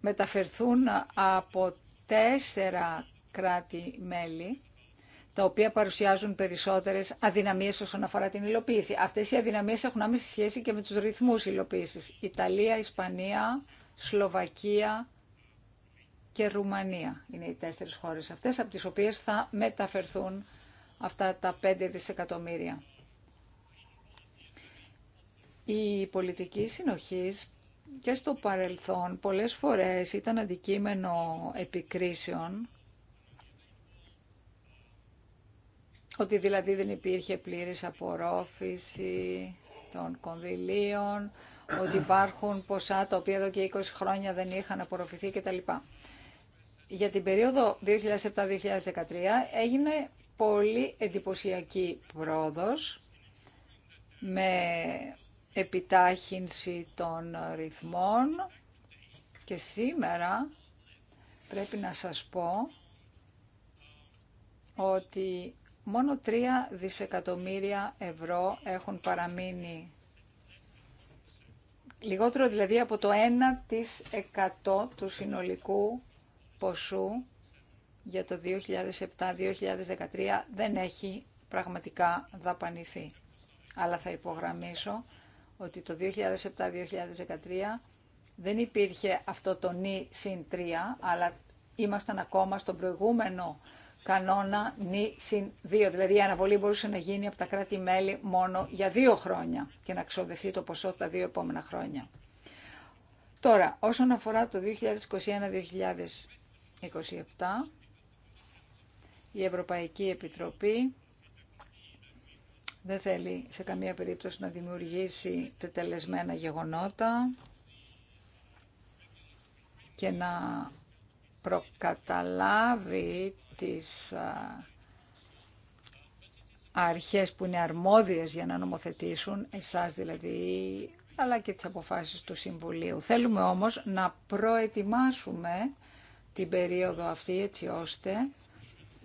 μεταφερθούν από τέσσερα κράτη-μέλη τα οποία παρουσιάζουν περισσότερες αδυναμίες όσον αφορά την υλοποίηση. Αυτές οι αδυναμίες έχουν άμεση σχέση και με τους ρυθμούς υλοποίησης. Ιταλία, Ισπανία, Σλοβακία, και Ρουμανία. Είναι οι τέσσερις χώρες αυτές από τις οποίες θα μεταφερθούν αυτά τα 5 δισεκατομμύρια. Η πολιτική συνοχής και στο παρελθόν πολλές φορές ήταν αντικείμενο επικρίσεων ότι δηλαδή δεν υπήρχε πλήρης απορρόφηση των κονδυλίων, ότι υπάρχουν ποσά τα οποία εδώ και 20 χρόνια δεν είχαν απορροφηθεί κτλ για την περίοδο 2007-2013 έγινε πολύ εντυπωσιακή πρόοδος με επιτάχυνση των ρυθμών και σήμερα πρέπει να σας πω ότι μόνο 3 δισεκατομμύρια ευρώ έχουν παραμείνει λιγότερο δηλαδή από το 1% του συνολικού ποσού για το 2007-2013 δεν έχει πραγματικά δαπανηθεί. Αλλά θα υπογραμμίσω ότι το 2007-2013 δεν υπήρχε αυτό το νη συν 3, αλλά ήμασταν ακόμα στον προηγούμενο κανόνα νη συν 2. Δηλαδή η αναβολή μπορούσε να γίνει από τα κράτη-μέλη μόνο για δύο χρόνια και να ξοδευτεί το ποσό τα δύο επόμενα χρόνια. Τώρα, όσον αφορά το 2021 27 η Ευρωπαϊκή Επιτροπή δεν θέλει σε καμία περίπτωση να δημιουργήσει τετελεσμένα γεγονότα και να προκαταλάβει τις αρχές που είναι αρμόδιες για να νομοθετήσουν, εσάς δηλαδή, αλλά και τις αποφάσεις του Συμβουλίου. Θέλουμε όμως να προετοιμάσουμε την περίοδο αυτή έτσι ώστε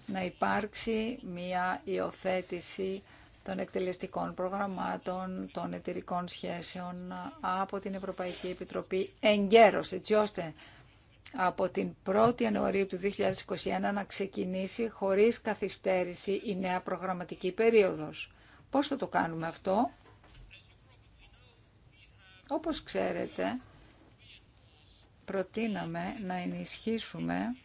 να υπάρξει μία υιοθέτηση των εκτελεστικών προγραμμάτων, των εταιρικών σχέσεων από την Ευρωπαϊκή Επιτροπή εγκαίρως, έτσι ώστε από την 1η Ιανουαρίου του 2021 να ξεκινήσει χωρίς καθυστέρηση η νέα προγραμματική περίοδος. Πώς θα το κάνουμε αυτό? Όπως ξέρετε, προτείναμε να ενισχύσουμε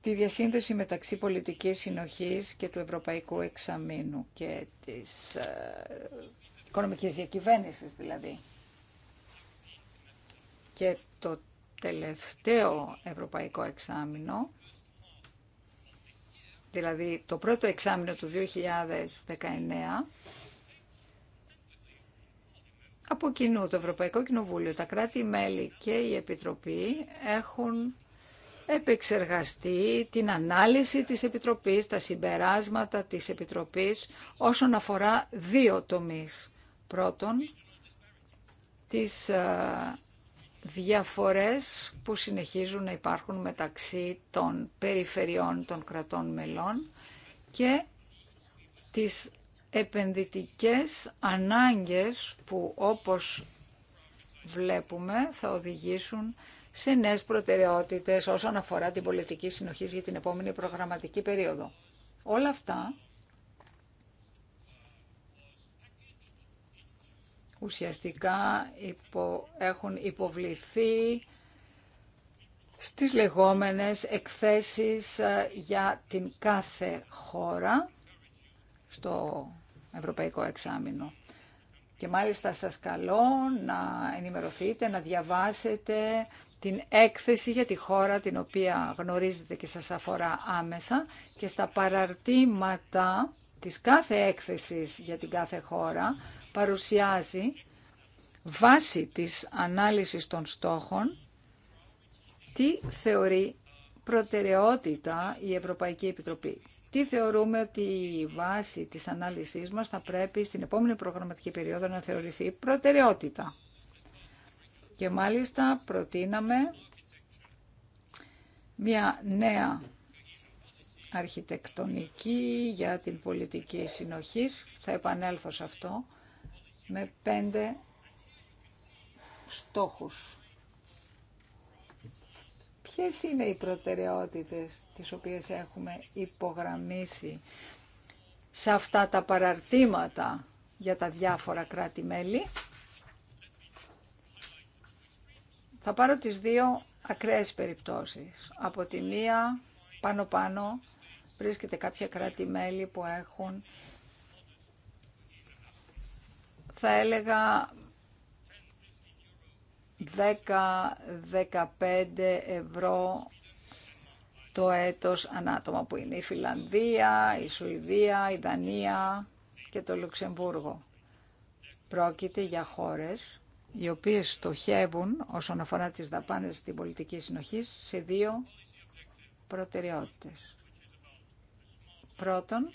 τη διασύνδεση μεταξύ πολιτικής συνοχής και του Ευρωπαϊκού Εξαμήνου και της ε, οικονομικής διακυβέρνησης δηλαδή. Και το τελευταίο Ευρωπαϊκό Εξάμεινο, δηλαδή το πρώτο εξάμεινο του 2019, από κοινού το Ευρωπαϊκό Κοινοβούλιο, τα κράτη-μέλη και η Επιτροπή έχουν επεξεργαστεί την ανάλυση της Επιτροπής, τα συμπεράσματα της Επιτροπής όσον αφορά δύο τομείς. Πρώτον, τις ε, διαφορές που συνεχίζουν να υπάρχουν μεταξύ των περιφερειών των κρατών μελών και τις επενδυτικές ανάγκες που όπως βλέπουμε θα οδηγήσουν σε νέες προτεραιότητες όσον αφορά την πολιτική συνοχή για την επόμενη προγραμματική περίοδο. Όλα αυτά ουσιαστικά έχουν υποβληθεί στις λεγόμενες εκθέσεις ε, για την κάθε χώρα στο Ευρωπαϊκό Εξάμεινο. Και μάλιστα σας καλώ να ενημερωθείτε, να διαβάσετε την έκθεση για τη χώρα την οποία γνωρίζετε και σας αφορά άμεσα και στα παραρτήματα της κάθε έκθεσης για την κάθε χώρα παρουσιάζει βάση της ανάλυσης των στόχων τι θεωρεί προτεραιότητα η Ευρωπαϊκή Επιτροπή τι θεωρούμε ότι η βάση της ανάλυσής μας θα πρέπει στην επόμενη προγραμματική περίοδο να θεωρηθεί προτεραιότητα. Και μάλιστα προτείναμε μια νέα αρχιτεκτονική για την πολιτική συνοχής. Θα επανέλθω σε αυτό με πέντε στόχους ποιες είναι οι προτεραιότητες τις οποίες έχουμε υπογραμμίσει σε αυτά τα παραρτήματα για τα διάφορα κράτη-μέλη. Θα πάρω τις δύο ακραίες περιπτώσεις. Από τη μία πάνω-πάνω βρίσκεται κάποια κράτη-μέλη που έχουν θα έλεγα 10-15 ευρώ το έτος ανάτομα που είναι η Φιλανδία, η Σουηδία, η Δανία και το Λουξεμβούργο. Πρόκειται για χώρες οι οποίες στοχεύουν όσον αφορά τις δαπάνες στην πολιτική συνοχή σε δύο προτεραιότητες. Πρώτον,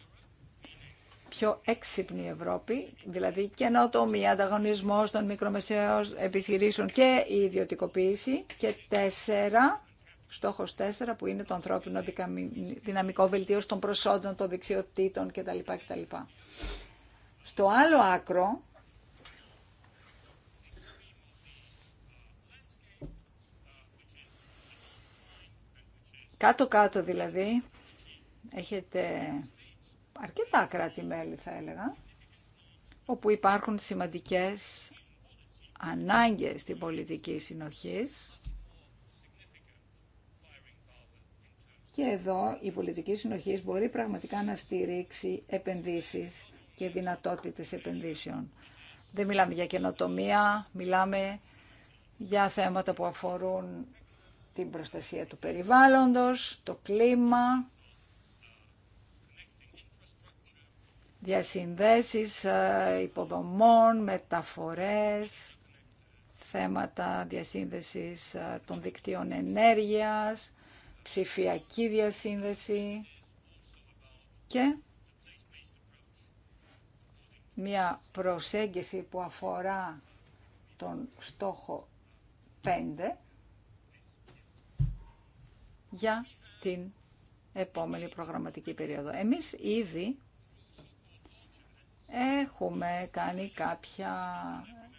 πιο έξυπνη Ευρώπη, δηλαδή καινοτομία, ανταγωνισμό των μικρομεσαίων επιχειρήσεων και η ιδιωτικοποίηση. Και τέσσερα, στόχος τέσσερα που είναι το ανθρώπινο δυναμικό βελτίωση των προσόντων, των δεξιοτήτων κτλ. κτλ. Στο άλλο άκρο, κάτω-κάτω δηλαδή, έχετε αρκετά κράτη-μέλη θα έλεγα, όπου υπάρχουν σημαντικές ανάγκες στην πολιτική συνοχής. Και εδώ η πολιτική συνοχής μπορεί πραγματικά να στηρίξει επενδύσεις και δυνατότητες επενδύσεων. Δεν μιλάμε για καινοτομία, μιλάμε για θέματα που αφορούν την προστασία του περιβάλλοντος, το κλίμα, διασυνδέσεις ε, υποδομών, μεταφορές, θέματα διασύνδεσης ε, των δικτύων ενέργειας, ψηφιακή διασύνδεση και μια προσέγγιση που αφορά τον στόχο 5 για την επόμενη προγραμματική περίοδο. Εμείς ήδη Έχουμε κάνει κάποια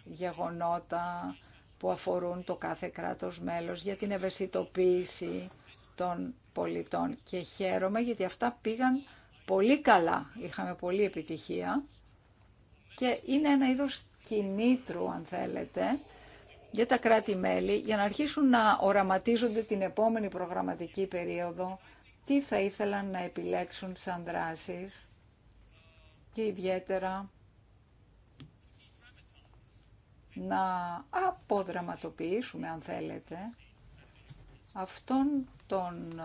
γεγονότα που αφορούν το κάθε κράτος μέλος για την ευαισθητοποίηση των πολιτών και χαίρομαι γιατί αυτά πήγαν πολύ καλά, είχαμε πολύ επιτυχία και είναι ένα είδος κινήτρου αν θέλετε για τα κράτη-μέλη για να αρχίσουν να οραματίζονται την επόμενη προγραμματική περίοδο τι θα ήθελαν να επιλέξουν σαν δράσεις και ιδιαίτερα να αποδραματοποιήσουμε, αν θέλετε, αυτόν τον ε,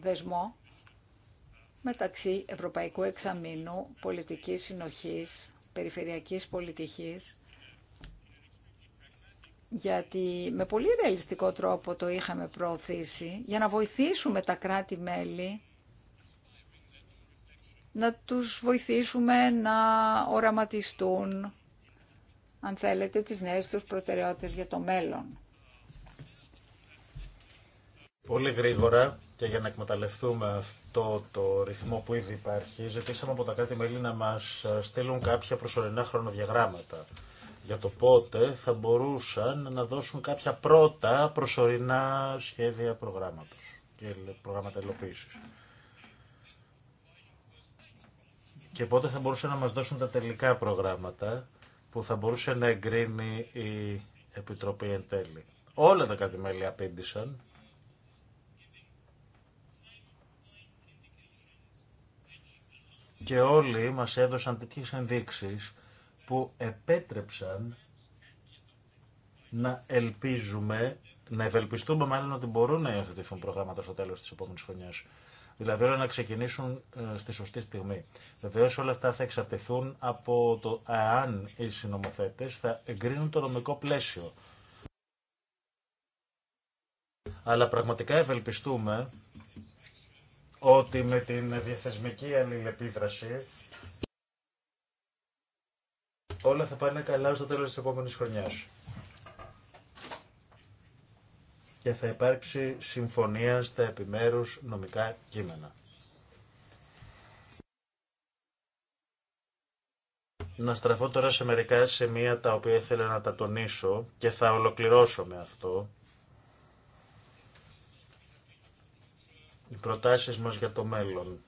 δεσμό μεταξύ Ευρωπαϊκού Εξαμήνου, Πολιτικής Συνοχής, Περιφερειακής Πολιτικής, γιατί με πολύ ρεαλιστικό τρόπο το είχαμε προωθήσει, για να βοηθήσουμε τα κράτη-μέλη να τους βοηθήσουμε να οραματιστούν, αν θέλετε, τις νέες τους προτεραιότητες για το μέλλον. Πολύ γρήγορα και για να εκμεταλλευτούμε αυτό το ρυθμό που ήδη υπάρχει, ζητήσαμε από τα κράτη-μέλη να μας στείλουν κάποια προσωρινά χρονοδιαγράμματα για το πότε θα μπορούσαν να δώσουν κάποια πρώτα προσωρινά σχέδια προγράμματος και προγράμματα υλοποίησης. Και πότε θα μπορούσαν να μας δώσουν τα τελικά προγράμματα που θα μπορούσε να εγκρίνει η Επιτροπή εν τέλει. Όλα τα κατημέλια απήντησαν. Και όλοι μας έδωσαν τέτοιες ενδείξεις που επέτρεψαν να ελπίζουμε, να ευελπιστούμε μάλλον ότι μπορούν να υιοθετηθούν προγράμματα στο τέλος της επόμενης χρονιάς. Δηλαδή όλα να ξεκινήσουν ε, στη σωστή στιγμή. Βεβαίω όλα αυτά θα εξαρτηθούν από το αν οι συνομοθέτε θα εγκρίνουν το νομικό πλαίσιο. Αλλά πραγματικά ευελπιστούμε ότι με την διαθεσμική αλληλεπίδραση όλα θα πάνε καλά στο τέλος της επόμενης χρονιάς και θα υπάρξει συμφωνία στα επιμέρους νομικά κείμενα. Να στραφώ τώρα σε μερικά σημεία τα οποία ήθελα να τα τονίσω και θα ολοκληρώσω με αυτό. Οι προτάσεις μας για το μέλλον.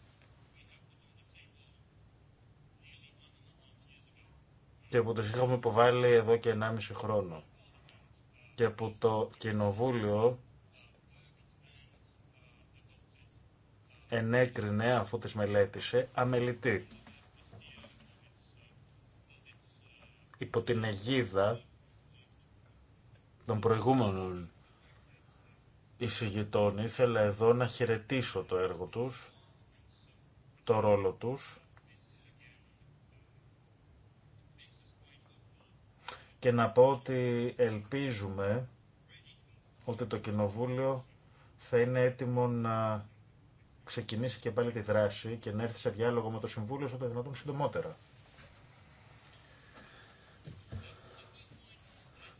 Και που τις είχαμε υποβάλει εδώ και 1,5 χρόνο και που το Κοινοβούλιο ενέκρινε αφού τις μελέτησε αμελητή. Υπό την αιγίδα των προηγούμενων εισηγητών ήθελα εδώ να χαιρετήσω το έργο τους, το ρόλο τους και να πω ότι ελπίζουμε ότι το Κοινοβούλιο θα είναι έτοιμο να ξεκινήσει και πάλι τη δράση και να έρθει σε διάλογο με το Συμβούλιο όσο το δυνατόν συντομότερα.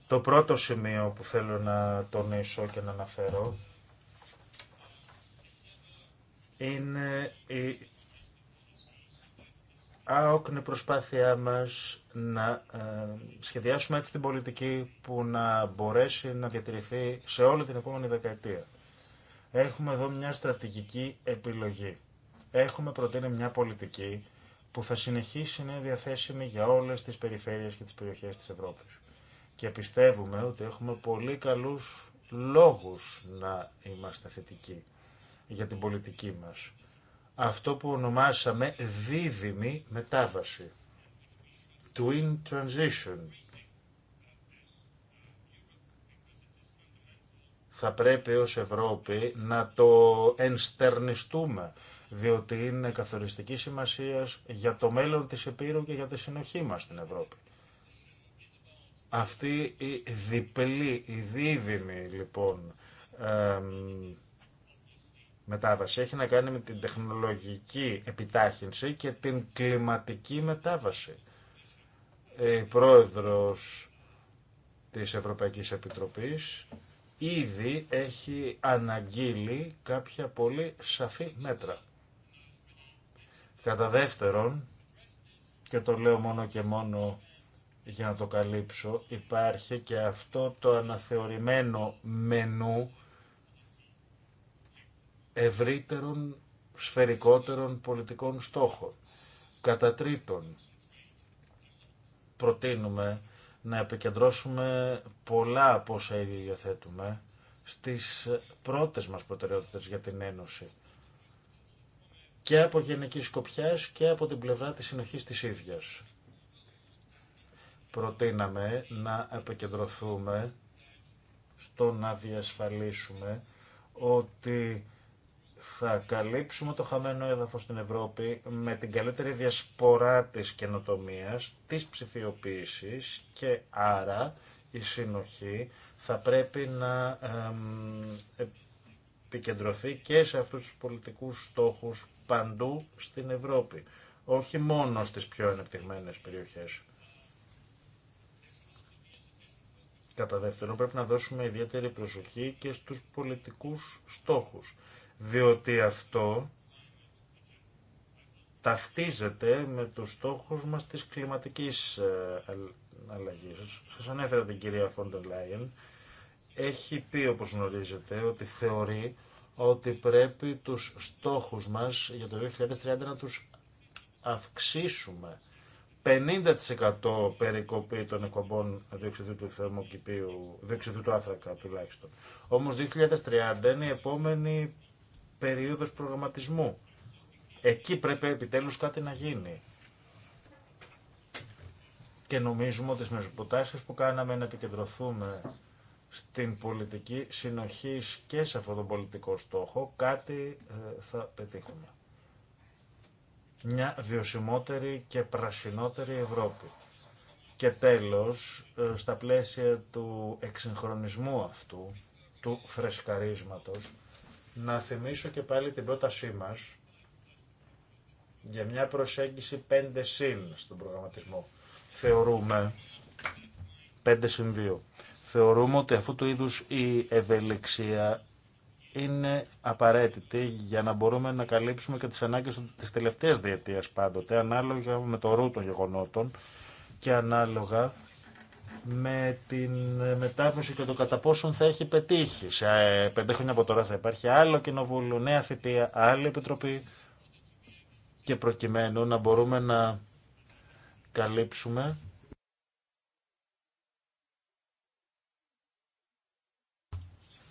Το πρώτο σημείο που θέλω να τονίσω και να αναφέρω είναι η άοκνη προσπάθειά μας να ε, σχεδιάσουμε έτσι την πολιτική που να μπορέσει να διατηρηθεί σε όλη την επόμενη δεκαετία. Έχουμε εδώ μια στρατηγική επιλογή. Έχουμε προτείνει μια πολιτική που θα συνεχίσει να είναι διαθέσιμη για όλες τις περιφέρειες και τις περιοχές της Ευρώπης. Και πιστεύουμε ότι έχουμε πολύ καλούς λόγους να είμαστε θετικοί για την πολιτική μας αυτό που ονομάσαμε δίδυμη μετάβαση. Twin transition. Θα πρέπει ως Ευρώπη να το ενστερνιστούμε, διότι είναι καθοριστική σημασία για το μέλλον της Επίρου και για τη συνοχή μας στην Ευρώπη. Αυτή η διπλή, η δίδυμη λοιπόν, μετάβαση έχει να κάνει με την τεχνολογική επιτάχυνση και την κλιματική μετάβαση. Η ε, πρόεδρος της Ευρωπαϊκής Επιτροπής ήδη έχει αναγγείλει κάποια πολύ σαφή μέτρα. Κατά δεύτερον, και το λέω μόνο και μόνο για να το καλύψω, υπάρχει και αυτό το αναθεωρημένο μενού ευρύτερων, σφαιρικότερων πολιτικών στόχων. Κατά τρίτον, προτείνουμε να επικεντρώσουμε πολλά από όσα ήδη διαθέτουμε στις πρώτες μας προτεραιότητες για την Ένωση και από γενική σκοπιά και από την πλευρά της συνοχής της ίδιας. Προτείναμε να επικεντρωθούμε στο να διασφαλίσουμε ότι θα καλύψουμε το χαμένο έδαφος στην Ευρώπη με την καλύτερη διασπορά της καινοτομίας, της ψηφιοποίησης και άρα η συνοχή θα πρέπει να επικεντρωθεί και σε αυτούς τους πολιτικούς στόχους παντού στην Ευρώπη, όχι μόνο στις πιο ανεπτυγμένες περιοχές. Κατά δεύτερον, πρέπει να δώσουμε ιδιαίτερη προσοχή και στους πολιτικούς στόχους διότι αυτό ταυτίζεται με τους στόχους μας της κλιματικής ε, αλλαγής. Σας ανέφερα την κυρία Φόντερ Λάιεν. Έχει πει, όπως γνωρίζετε, ότι θεωρεί ότι πρέπει τους στόχους μας για το 2030 να τους αυξήσουμε. 50% περικοπή των εκπομπών διοξιδίου του θερμοκηπίου, διοξιδίου του άνθρακα τουλάχιστον. Όμως 2030 είναι η επόμενη περίοδος προγραμματισμού. Εκεί πρέπει επιτέλους κάτι να γίνει. Και νομίζουμε ότι στις μεσοποτάσεις που κάναμε να επικεντρωθούμε στην πολιτική συνοχή και σε αυτόν τον πολιτικό στόχο, κάτι ε, θα πετύχουμε. Μια βιωσιμότερη και πρασινότερη Ευρώπη. Και τέλος, ε, στα πλαίσια του εξυγχρονισμού αυτού, του φρεσκαρίσματος, να θυμίσω και πάλι την πρότασή μας για μια προσέγγιση 5 συν στον προγραμματισμό. Θεωρούμε 5 συν 2. Θεωρούμε ότι αυτού του είδους η ευελιξία είναι απαραίτητη για να μπορούμε να καλύψουμε και τις ανάγκες της τελευταίας διετίας πάντοτε, ανάλογα με το ρού των γεγονότων και ανάλογα με την μετάφραση και το κατά πόσον θα έχει πετύχει. Σε ε, πέντε χρόνια από τώρα θα υπάρχει άλλο κοινοβούλιο, νέα θητεία, άλλη επιτροπή και προκειμένου να μπορούμε να καλύψουμε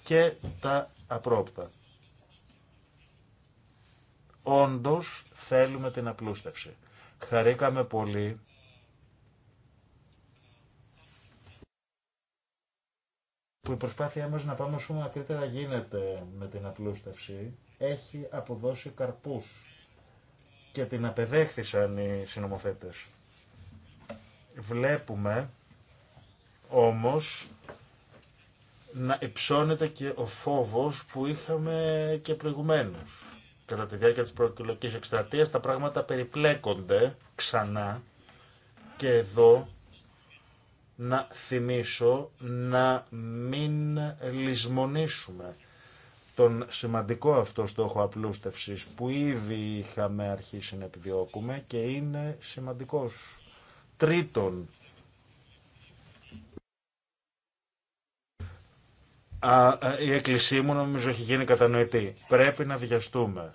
και τα απρόπτα. Όντως θέλουμε την απλούστευση. Χαρήκαμε πολύ που η προσπάθειά μας να πάμε όσο μακρύτερα γίνεται με την απλούστευση έχει αποδώσει καρπούς και την απεδέχθησαν οι συνομοθέτες. Βλέπουμε όμως να υψώνεται και ο φόβος που είχαμε και προηγουμένως. Κατά τη διάρκεια της προεκλογικής εκστρατείας τα πράγματα περιπλέκονται ξανά και εδώ να θυμίσω να μην λησμονήσουμε τον σημαντικό αυτό στόχο απλούστευσης που ήδη είχαμε αρχίσει να επιδιώκουμε και είναι σημαντικός. Τρίτον, η εκκλησία μου νομίζω έχει γίνει κατανοητή. Πρέπει να βιαστούμε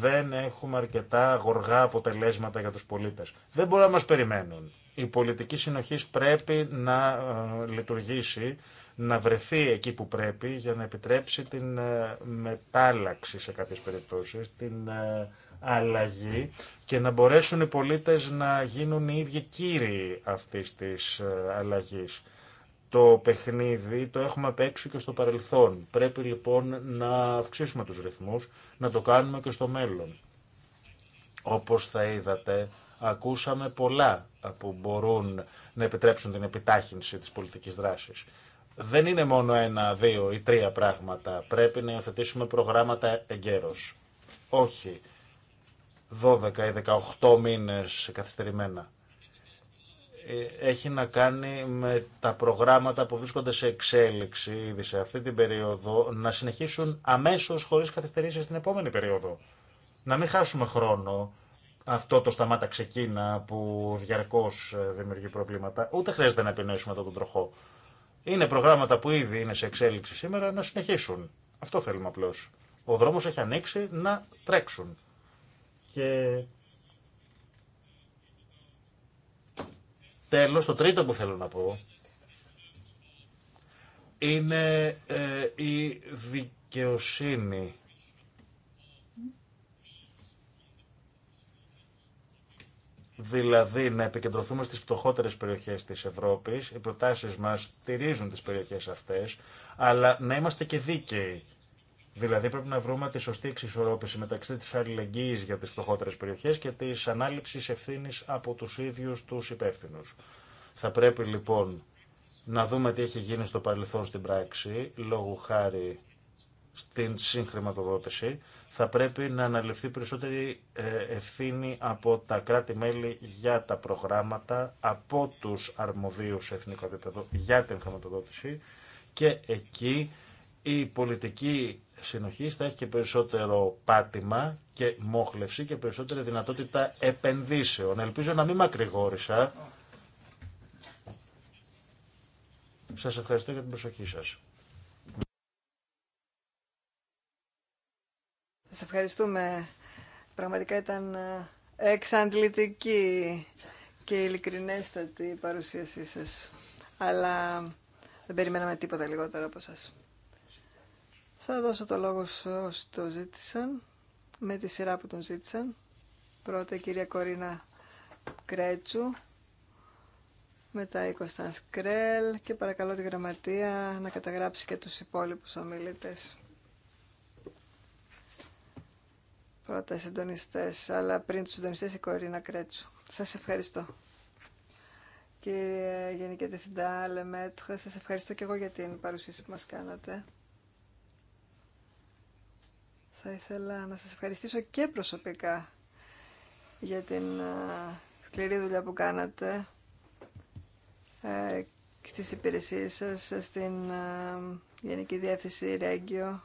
δεν έχουμε αρκετά γοργά αποτελέσματα για τους πολίτες. Δεν μπορούν να μας περιμένουν. Η πολιτική συνοχή πρέπει να ε, λειτουργήσει, να βρεθεί εκεί που πρέπει για να επιτρέψει την ε, μετάλλαξη σε κάποιες περιπτώσεις, την ε, αλλαγή και να μπορέσουν οι πολίτες να γίνουν οι ίδιοι κύριοι αυτής της αλλαγής. Το παιχνίδι το έχουμε παίξει και στο παρελθόν. Πρέπει λοιπόν να αυξήσουμε τους ρυθμούς, να το κάνουμε και στο μέλλον. Όπως θα είδατε, ακούσαμε πολλά που μπορούν να επιτρέψουν την επιτάχυνση της πολιτικής δράσης. Δεν είναι μόνο ένα, δύο ή τρία πράγματα. Πρέπει να υιοθετήσουμε προγράμματα εγκαίρως. Όχι 12 ή 18 μήνες καθυστερημένα. Ε, έχει να κάνει με τα προγράμματα που βρίσκονται σε εξέλιξη ήδη σε αυτή την περίοδο να συνεχίσουν αμέσως χωρίς καθυστερήσεις στην επόμενη περίοδο. Να μην χάσουμε χρόνο αυτό το σταμάτα ξεκίνα που διαρκώς ε, δημιουργεί προβλήματα. Ούτε χρειάζεται να επινοήσουμε εδώ τον τροχό. Είναι προγράμματα που ήδη είναι σε εξέλιξη σήμερα να συνεχίσουν. Αυτό θέλουμε απλώς. Ο δρόμος έχει ανοίξει να τρέξουν. Και Τέλος, το τρίτο που θέλω να πω είναι ε, η δικαιοσύνη. δηλαδή να επικεντρωθούμε στις φτωχότερες περιοχές της Ευρώπης, οι προτάσεις μας στηρίζουν τις περιοχές αυτές, αλλά να είμαστε και δίκαιοι. Δηλαδή πρέπει να βρούμε τη σωστή εξισορρόπηση μεταξύ της αλληλεγγύης για τις φτωχότερες περιοχές και της ανάληψης ευθύνης από τους ίδιους τους υπεύθυνους. Θα πρέπει λοιπόν να δούμε τι έχει γίνει στο παρελθόν στην πράξη, λόγω χάρη στην συγχρηματοδότηση, θα πρέπει να αναλυφθεί περισσότερη ε, ευθύνη από τα κράτη-μέλη για τα προγράμματα, από τους αρμοδίους σε εθνικό επίπεδο για την χρηματοδότηση και εκεί η πολιτική συνοχής θα έχει και περισσότερο πάτημα και μόχλευση και περισσότερη δυνατότητα επενδύσεων. Ελπίζω να μην μακρηγόρησα. Σας ευχαριστώ για την προσοχή σας. Σας ευχαριστούμε. Πραγματικά ήταν ε, εξαντλητική και ειλικρινέστατη η παρουσίασή σας. Αλλά δεν περιμέναμε τίποτα λιγότερο από σας. Θα δώσω το λόγο σε όσοι το ζήτησαν, με τη σειρά που τον ζήτησαν. Πρώτα η κυρία Κορίνα Κρέτσου, μετά η Κωνστάς Κρέλ και παρακαλώ τη γραμματεία να καταγράψει και τους υπόλοιπους ομιλητές. Πρώτα οι συντονιστές, αλλά πριν τους συντονιστές η Κορίνα Κρέτσου. Σας ευχαριστώ. Κύριε Γενική Διευθυντά Λεμέτ, σας ευχαριστώ και εγώ για την παρουσίαση που μας κάνατε. Θα ήθελα να σας ευχαριστήσω και προσωπικά για την ε, σκληρή δουλειά που κάνατε ε, στις υπηρεσίες σας, στην ε, Γενική Διεύθυνση Ρέγγιο.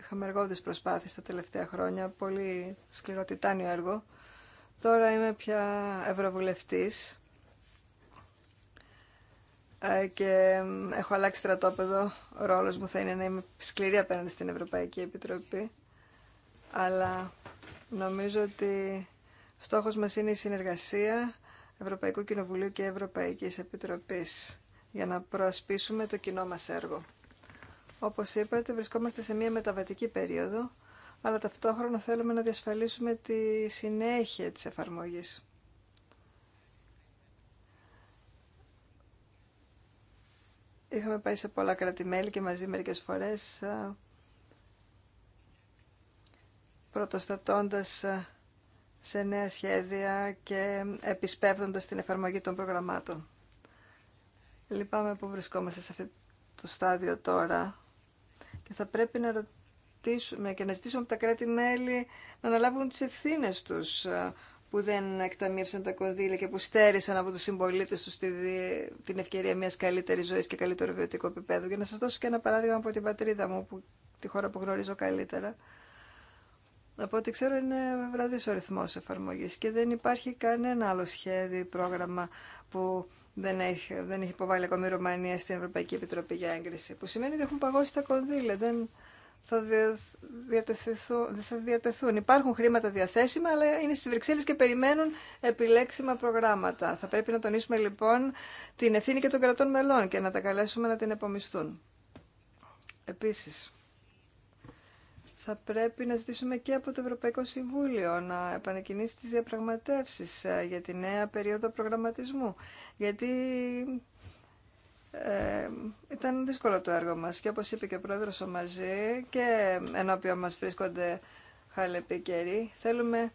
Είχαμε εργόδεις προσπάθειες τα τελευταία χρόνια, πολύ σκληρό τιτάνιο έργο. Τώρα είμαι πια ευρωβουλευτής και έχω αλλάξει στρατόπεδο. Ο ρόλος μου θα είναι να είμαι σκληρή απέναντι στην Ευρωπαϊκή Επιτροπή αλλά νομίζω ότι στόχος μας είναι η συνεργασία Ευρωπαϊκού Κοινοβουλίου και Ευρωπαϊκής Επιτροπής για να προασπίσουμε το κοινό μας έργο. Όπως είπατε, βρισκόμαστε σε μια μεταβατική περίοδο, αλλά ταυτόχρονα θέλουμε να διασφαλίσουμε τη συνέχεια της εφαρμογής. Είχαμε πάει σε πολλα κρατημέλη και μαζί μερικές φορές πρωτοστατώντας ε, σε νέα σχέδια και επισπεύδοντας την εφαρμογή των προγραμμάτων. Λυπάμαι που βρισκόμαστε σε αυτό το στάδιο τώρα και θα πρέπει να ρωτήσουμε και να ζητήσουμε από τα κράτη-μέλη να αναλάβουν τις ευθύνες τους ε, που δεν εκταμείευσαν τα κονδύλια και που στέρισαν από τους συμπολίτε τους την ευκαιρία μιας καλύτερης ζωής και καλύτερου βιωτικού επίπεδου. Για να σας δώσω και ένα παράδειγμα από την πατρίδα μου, που, τη χώρα που γνωρίζω καλύτερα. Από ό,τι ξέρω είναι βραδύς ο ρυθμός εφαρμογής και δεν υπάρχει κανένα άλλο σχέδιο ή πρόγραμμα που δεν έχει, δεν έχει υποβάλει ακόμη η Ρωμανία στην Ευρωπαϊκή Επιτροπή για έγκριση. Που σημαίνει ότι έχουν παγώσει τα κονδύλια, δεν θα, διατεθούν, θα διατεθούν. Υπάρχουν χρήματα διαθέσιμα, αλλά είναι στις Βρυξέλλες και περιμένουν επιλέξιμα προγράμματα. Θα πρέπει να τονίσουμε λοιπόν την ευθύνη και των κρατών μελών και να τα καλέσουμε να την επομισθούν. Επίσης, θα πρέπει να ζητήσουμε και από το Ευρωπαϊκό Συμβούλιο να επανεκκινήσει τις διαπραγματεύσεις ε, για τη νέα περίοδο προγραμματισμού. Γιατί ε, ήταν δύσκολο το έργο μας και όπως είπε και ο Πρόεδρος ο μαζί και ενώπιον μας βρίσκονται χαλεπή καιροί, θέλουμε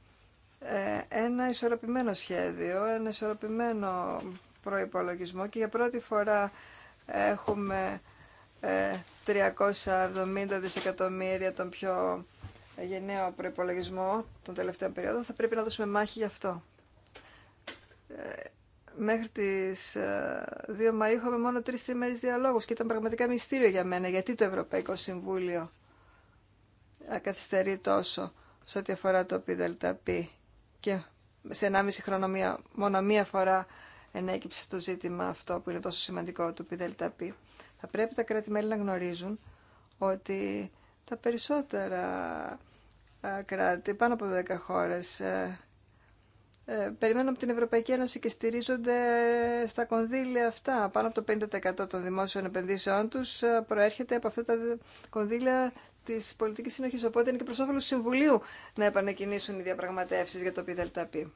ε, ένα ισορροπημένο σχέδιο, ένα ισορροπημένο προϋπολογισμό και για πρώτη φορά έχουμε ε, 370 δισεκατομμύρια τον πιο γενναίο προπολογισμό των τελευταίων περίοδων, θα πρέπει να δώσουμε μάχη γι' αυτό. Ε, μέχρι τις 2 ε, Μαΐου είχαμε μόνο τρεις τριμέρες διαλόγους και ήταν πραγματικά μυστήριο για μένα γιατί το Ευρωπαϊκό Συμβούλιο καθυστερεί τόσο σε ό,τι αφορά το ΠΔΠ και σε 1,5 χρόνο μόνο μία φορά ενέκυψε το ζήτημα αυτό που είναι τόσο σημαντικό του ΠΔΠ. Θα πρέπει τα κράτη-μέλη να γνωρίζουν ότι τα περισσότερα κράτη, πάνω από 10 χώρες, ε, ε, περιμένουν από την Ευρωπαϊκή Ένωση και στηρίζονται στα κονδύλια αυτά. Πάνω από το 50% των δημόσιων επενδύσεών τους ε, προέρχεται από αυτά τα κονδύλια της πολιτικής συνοχής. Οπότε είναι και όφελο του Συμβουλίου να επανεκκινήσουν οι διαπραγματεύσει για το πει.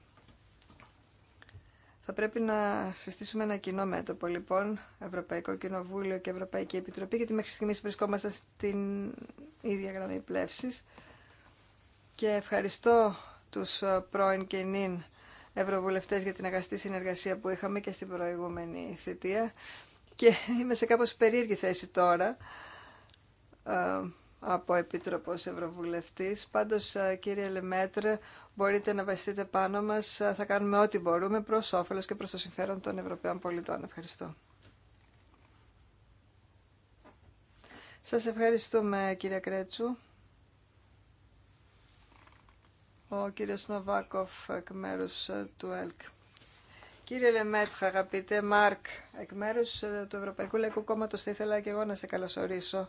Θα πρέπει να συστήσουμε ένα κοινό μέτωπο, λοιπόν, Ευρωπαϊκό Κοινοβούλιο και Ευρωπαϊκή Επιτροπή, γιατί μέχρι στιγμής βρισκόμαστε στην ίδια γραμμή πλεύσης. Και ευχαριστώ τους πρώην και νυν ευρωβουλευτές για την αγαστή συνεργασία που είχαμε και στην προηγούμενη θητεία. Και είμαι σε κάπως περίεργη θέση τώρα, ε, από Επίτροπος Ευρωβουλευτής. Πάντως, κύριε Λεμέτρε, μπορείτε να βασιστείτε πάνω μας. Θα κάνουμε ό,τι μπορούμε προς όφελος και προς το συμφέρον των Ευρωπαίων πολιτών. Ευχαριστώ. Σας ευχαριστούμε, κύριε Κρέτσου. Ο κύριος Νοβάκοφ, εκ μέρους του ΕΛΚ. Κύριε Λεμέτρ, αγαπητέ Μάρκ, εκ μέρους του Ευρωπαϊκού Λαϊκού Κόμματος, θα ήθελα και εγώ να σε καλωσορίσω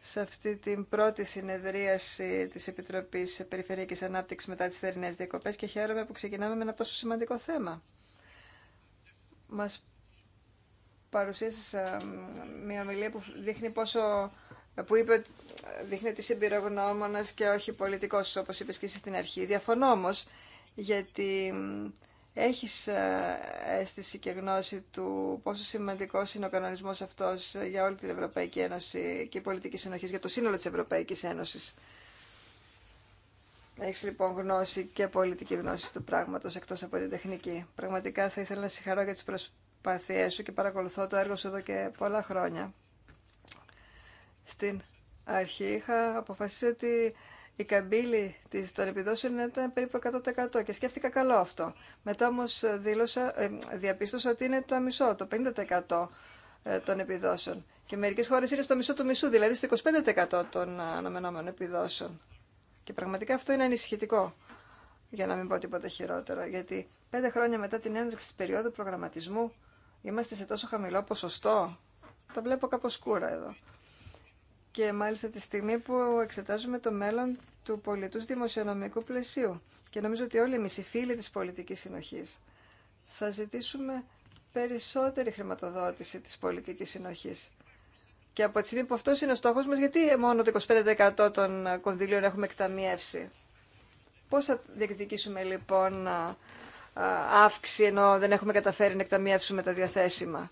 σε αυτή την πρώτη συνεδρίαση της Επιτροπής Περιφερειακής Ανάπτυξης μετά τις θερινές διακοπές και χαίρομαι που ξεκινάμε με ένα τόσο σημαντικό θέμα. Μας παρουσίασε ε, μια ομιλία που δείχνει πόσο που είπε ότι ε, δείχνει ότι είσαι και όχι πολιτικός, όπως είπες και εσύ στην αρχή. Διαφωνώ όμως, γιατί έχεις ε, αίσθηση και γνώση του πόσο σημαντικός είναι ο κανονισμός αυτός για όλη την Ευρωπαϊκή Ένωση και η πολιτική συνοχή για το σύνολο της Ευρωπαϊκής Ένωσης. Έχεις λοιπόν γνώση και πολιτική γνώση του πράγματος εκτός από την τεχνική. Πραγματικά θα ήθελα να συγχαρώ για τις προσπάθειές σου και παρακολουθώ το έργο σου εδώ και πολλά χρόνια. Στην αρχή είχα αποφασίσει ότι η καμπύλη των επιδόσεων ήταν περίπου 100% και σκέφτηκα καλό αυτό. Μετά όμω ε, διαπίστωσα ότι είναι το μισό, το 50% ε, των επιδόσεων. Και μερικέ χώρε είναι στο μισό του μισού, δηλαδή στο 25% των ε, αναμενόμενων επιδόσεων. Και πραγματικά αυτό είναι ανησυχητικό, για να μην πω τίποτα χειρότερο. Γιατί πέντε χρόνια μετά την έναρξη τη περίοδου προγραμματισμού είμαστε σε τόσο χαμηλό ποσοστό. Τα βλέπω κάπω σκούρα εδώ και μάλιστα τη στιγμή που εξετάζουμε το μέλλον του πολιτούς δημοσιονομικού πλαισίου. Και νομίζω ότι όλοι εμείς οι φίλοι της πολιτικής συνοχής θα ζητήσουμε περισσότερη χρηματοδότηση της πολιτικής συνοχής. Και από τη στιγμή που αυτός είναι ο στόχος μας, γιατί μόνο το 25% των κονδυλίων έχουμε εκταμιεύσει. Πώς θα διεκδικήσουμε λοιπόν αύξηση ενώ δεν έχουμε καταφέρει να εκταμιεύσουμε τα διαθέσιμα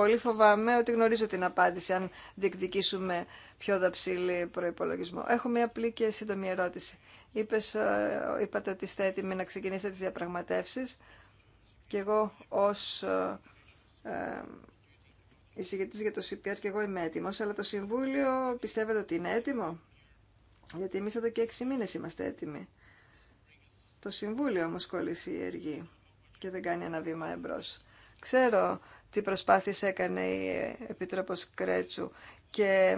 πολύ φοβάμαι ότι γνωρίζω την απάντηση αν διεκδικήσουμε πιο δαψίλη προπολογισμό. Έχω μια απλή και σύντομη ερώτηση. Είπες, ε, είπατε ότι είστε έτοιμοι να ξεκινήσετε τις διαπραγματεύσεις και εγώ ως ε, ε εισηγητής για το CPR και εγώ είμαι έτοιμος, αλλά το Συμβούλιο πιστεύετε ότι είναι έτοιμο. Γιατί εμείς εδώ και έξι μήνες είμαστε έτοιμοι. Το Συμβούλιο όμως κόλλησε η εργή και δεν κάνει ένα βήμα εμπρός. Ξέρω τι προσπάθειες έκανε η Επίτροπος Κρέτσου και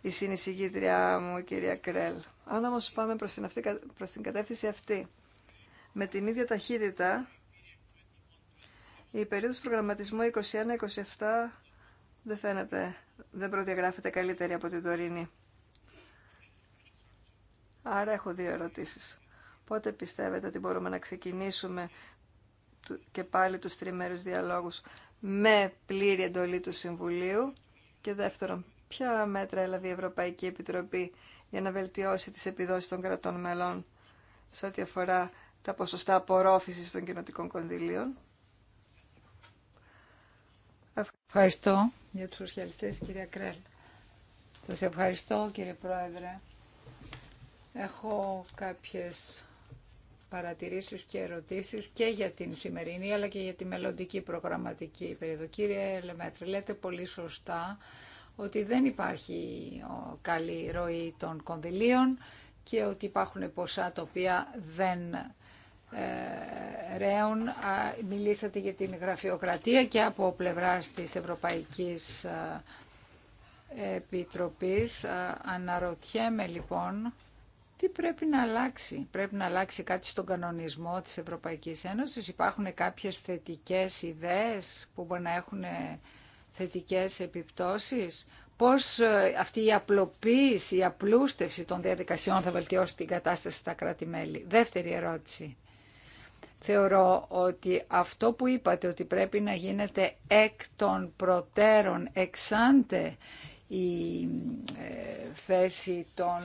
η συνεισηγήτριά μου, η κυρία Κρέλ. Αν όμω πάμε προς την, αυτή, προς την κατεύθυνση αυτή, με την ίδια ταχύτητα, η περίοδος προγραμματισμού 21-27 δεν φαίνεται, δεν προδιαγράφεται καλύτερη από την τωρινή. Άρα έχω δύο ερωτήσεις. Πότε πιστεύετε ότι μπορούμε να ξεκινήσουμε και πάλι τους τριμέρους διαλόγους με πλήρη εντολή του Συμβουλίου και δεύτερον, ποια μέτρα έλαβε η Ευρωπαϊκή Επιτροπή για να βελτιώσει τις επιδόσεις των κρατών μελών σε ό,τι αφορά τα ποσοστά απορρόφησης των κοινοτικών κονδυλίων. Ευχαριστώ για τους σοσιαλιστές, κυρία Κρέλ. Σας ευχαριστώ, κύριε Πρόεδρε. Έχω κάποιες παρατηρήσεις και ερωτήσεις και για την σημερινή αλλά και για τη μελλοντική προγραμματική περίοδο. Κύριε Λεμέτρη, λέτε πολύ σωστά ότι δεν υπάρχει καλή ροή των κονδυλίων και ότι υπάρχουν ποσά τα οποία δεν ε, ρέουν. Μιλήσατε για την γραφειοκρατία και από πλευράς της Ευρωπαϊκής ε, Επιτροπής. Αναρωτιέμαι λοιπόν τι πρέπει να αλλάξει. Πρέπει να αλλάξει κάτι στον κανονισμό της Ευρωπαϊκής Ένωσης. Υπάρχουν κάποιες θετικές ιδέες που μπορεί να έχουν ε, θετικές επιπτώσεις. Πώς ε, αυτή η απλοποίηση, η απλούστευση των διαδικασιών θα βελτιώσει την κατάσταση στα κράτη-μέλη. Δεύτερη ερώτηση. Θεωρώ ότι αυτό που είπατε ότι πρέπει να γίνεται εκ των προτέρων εξάντε η ε, θέση των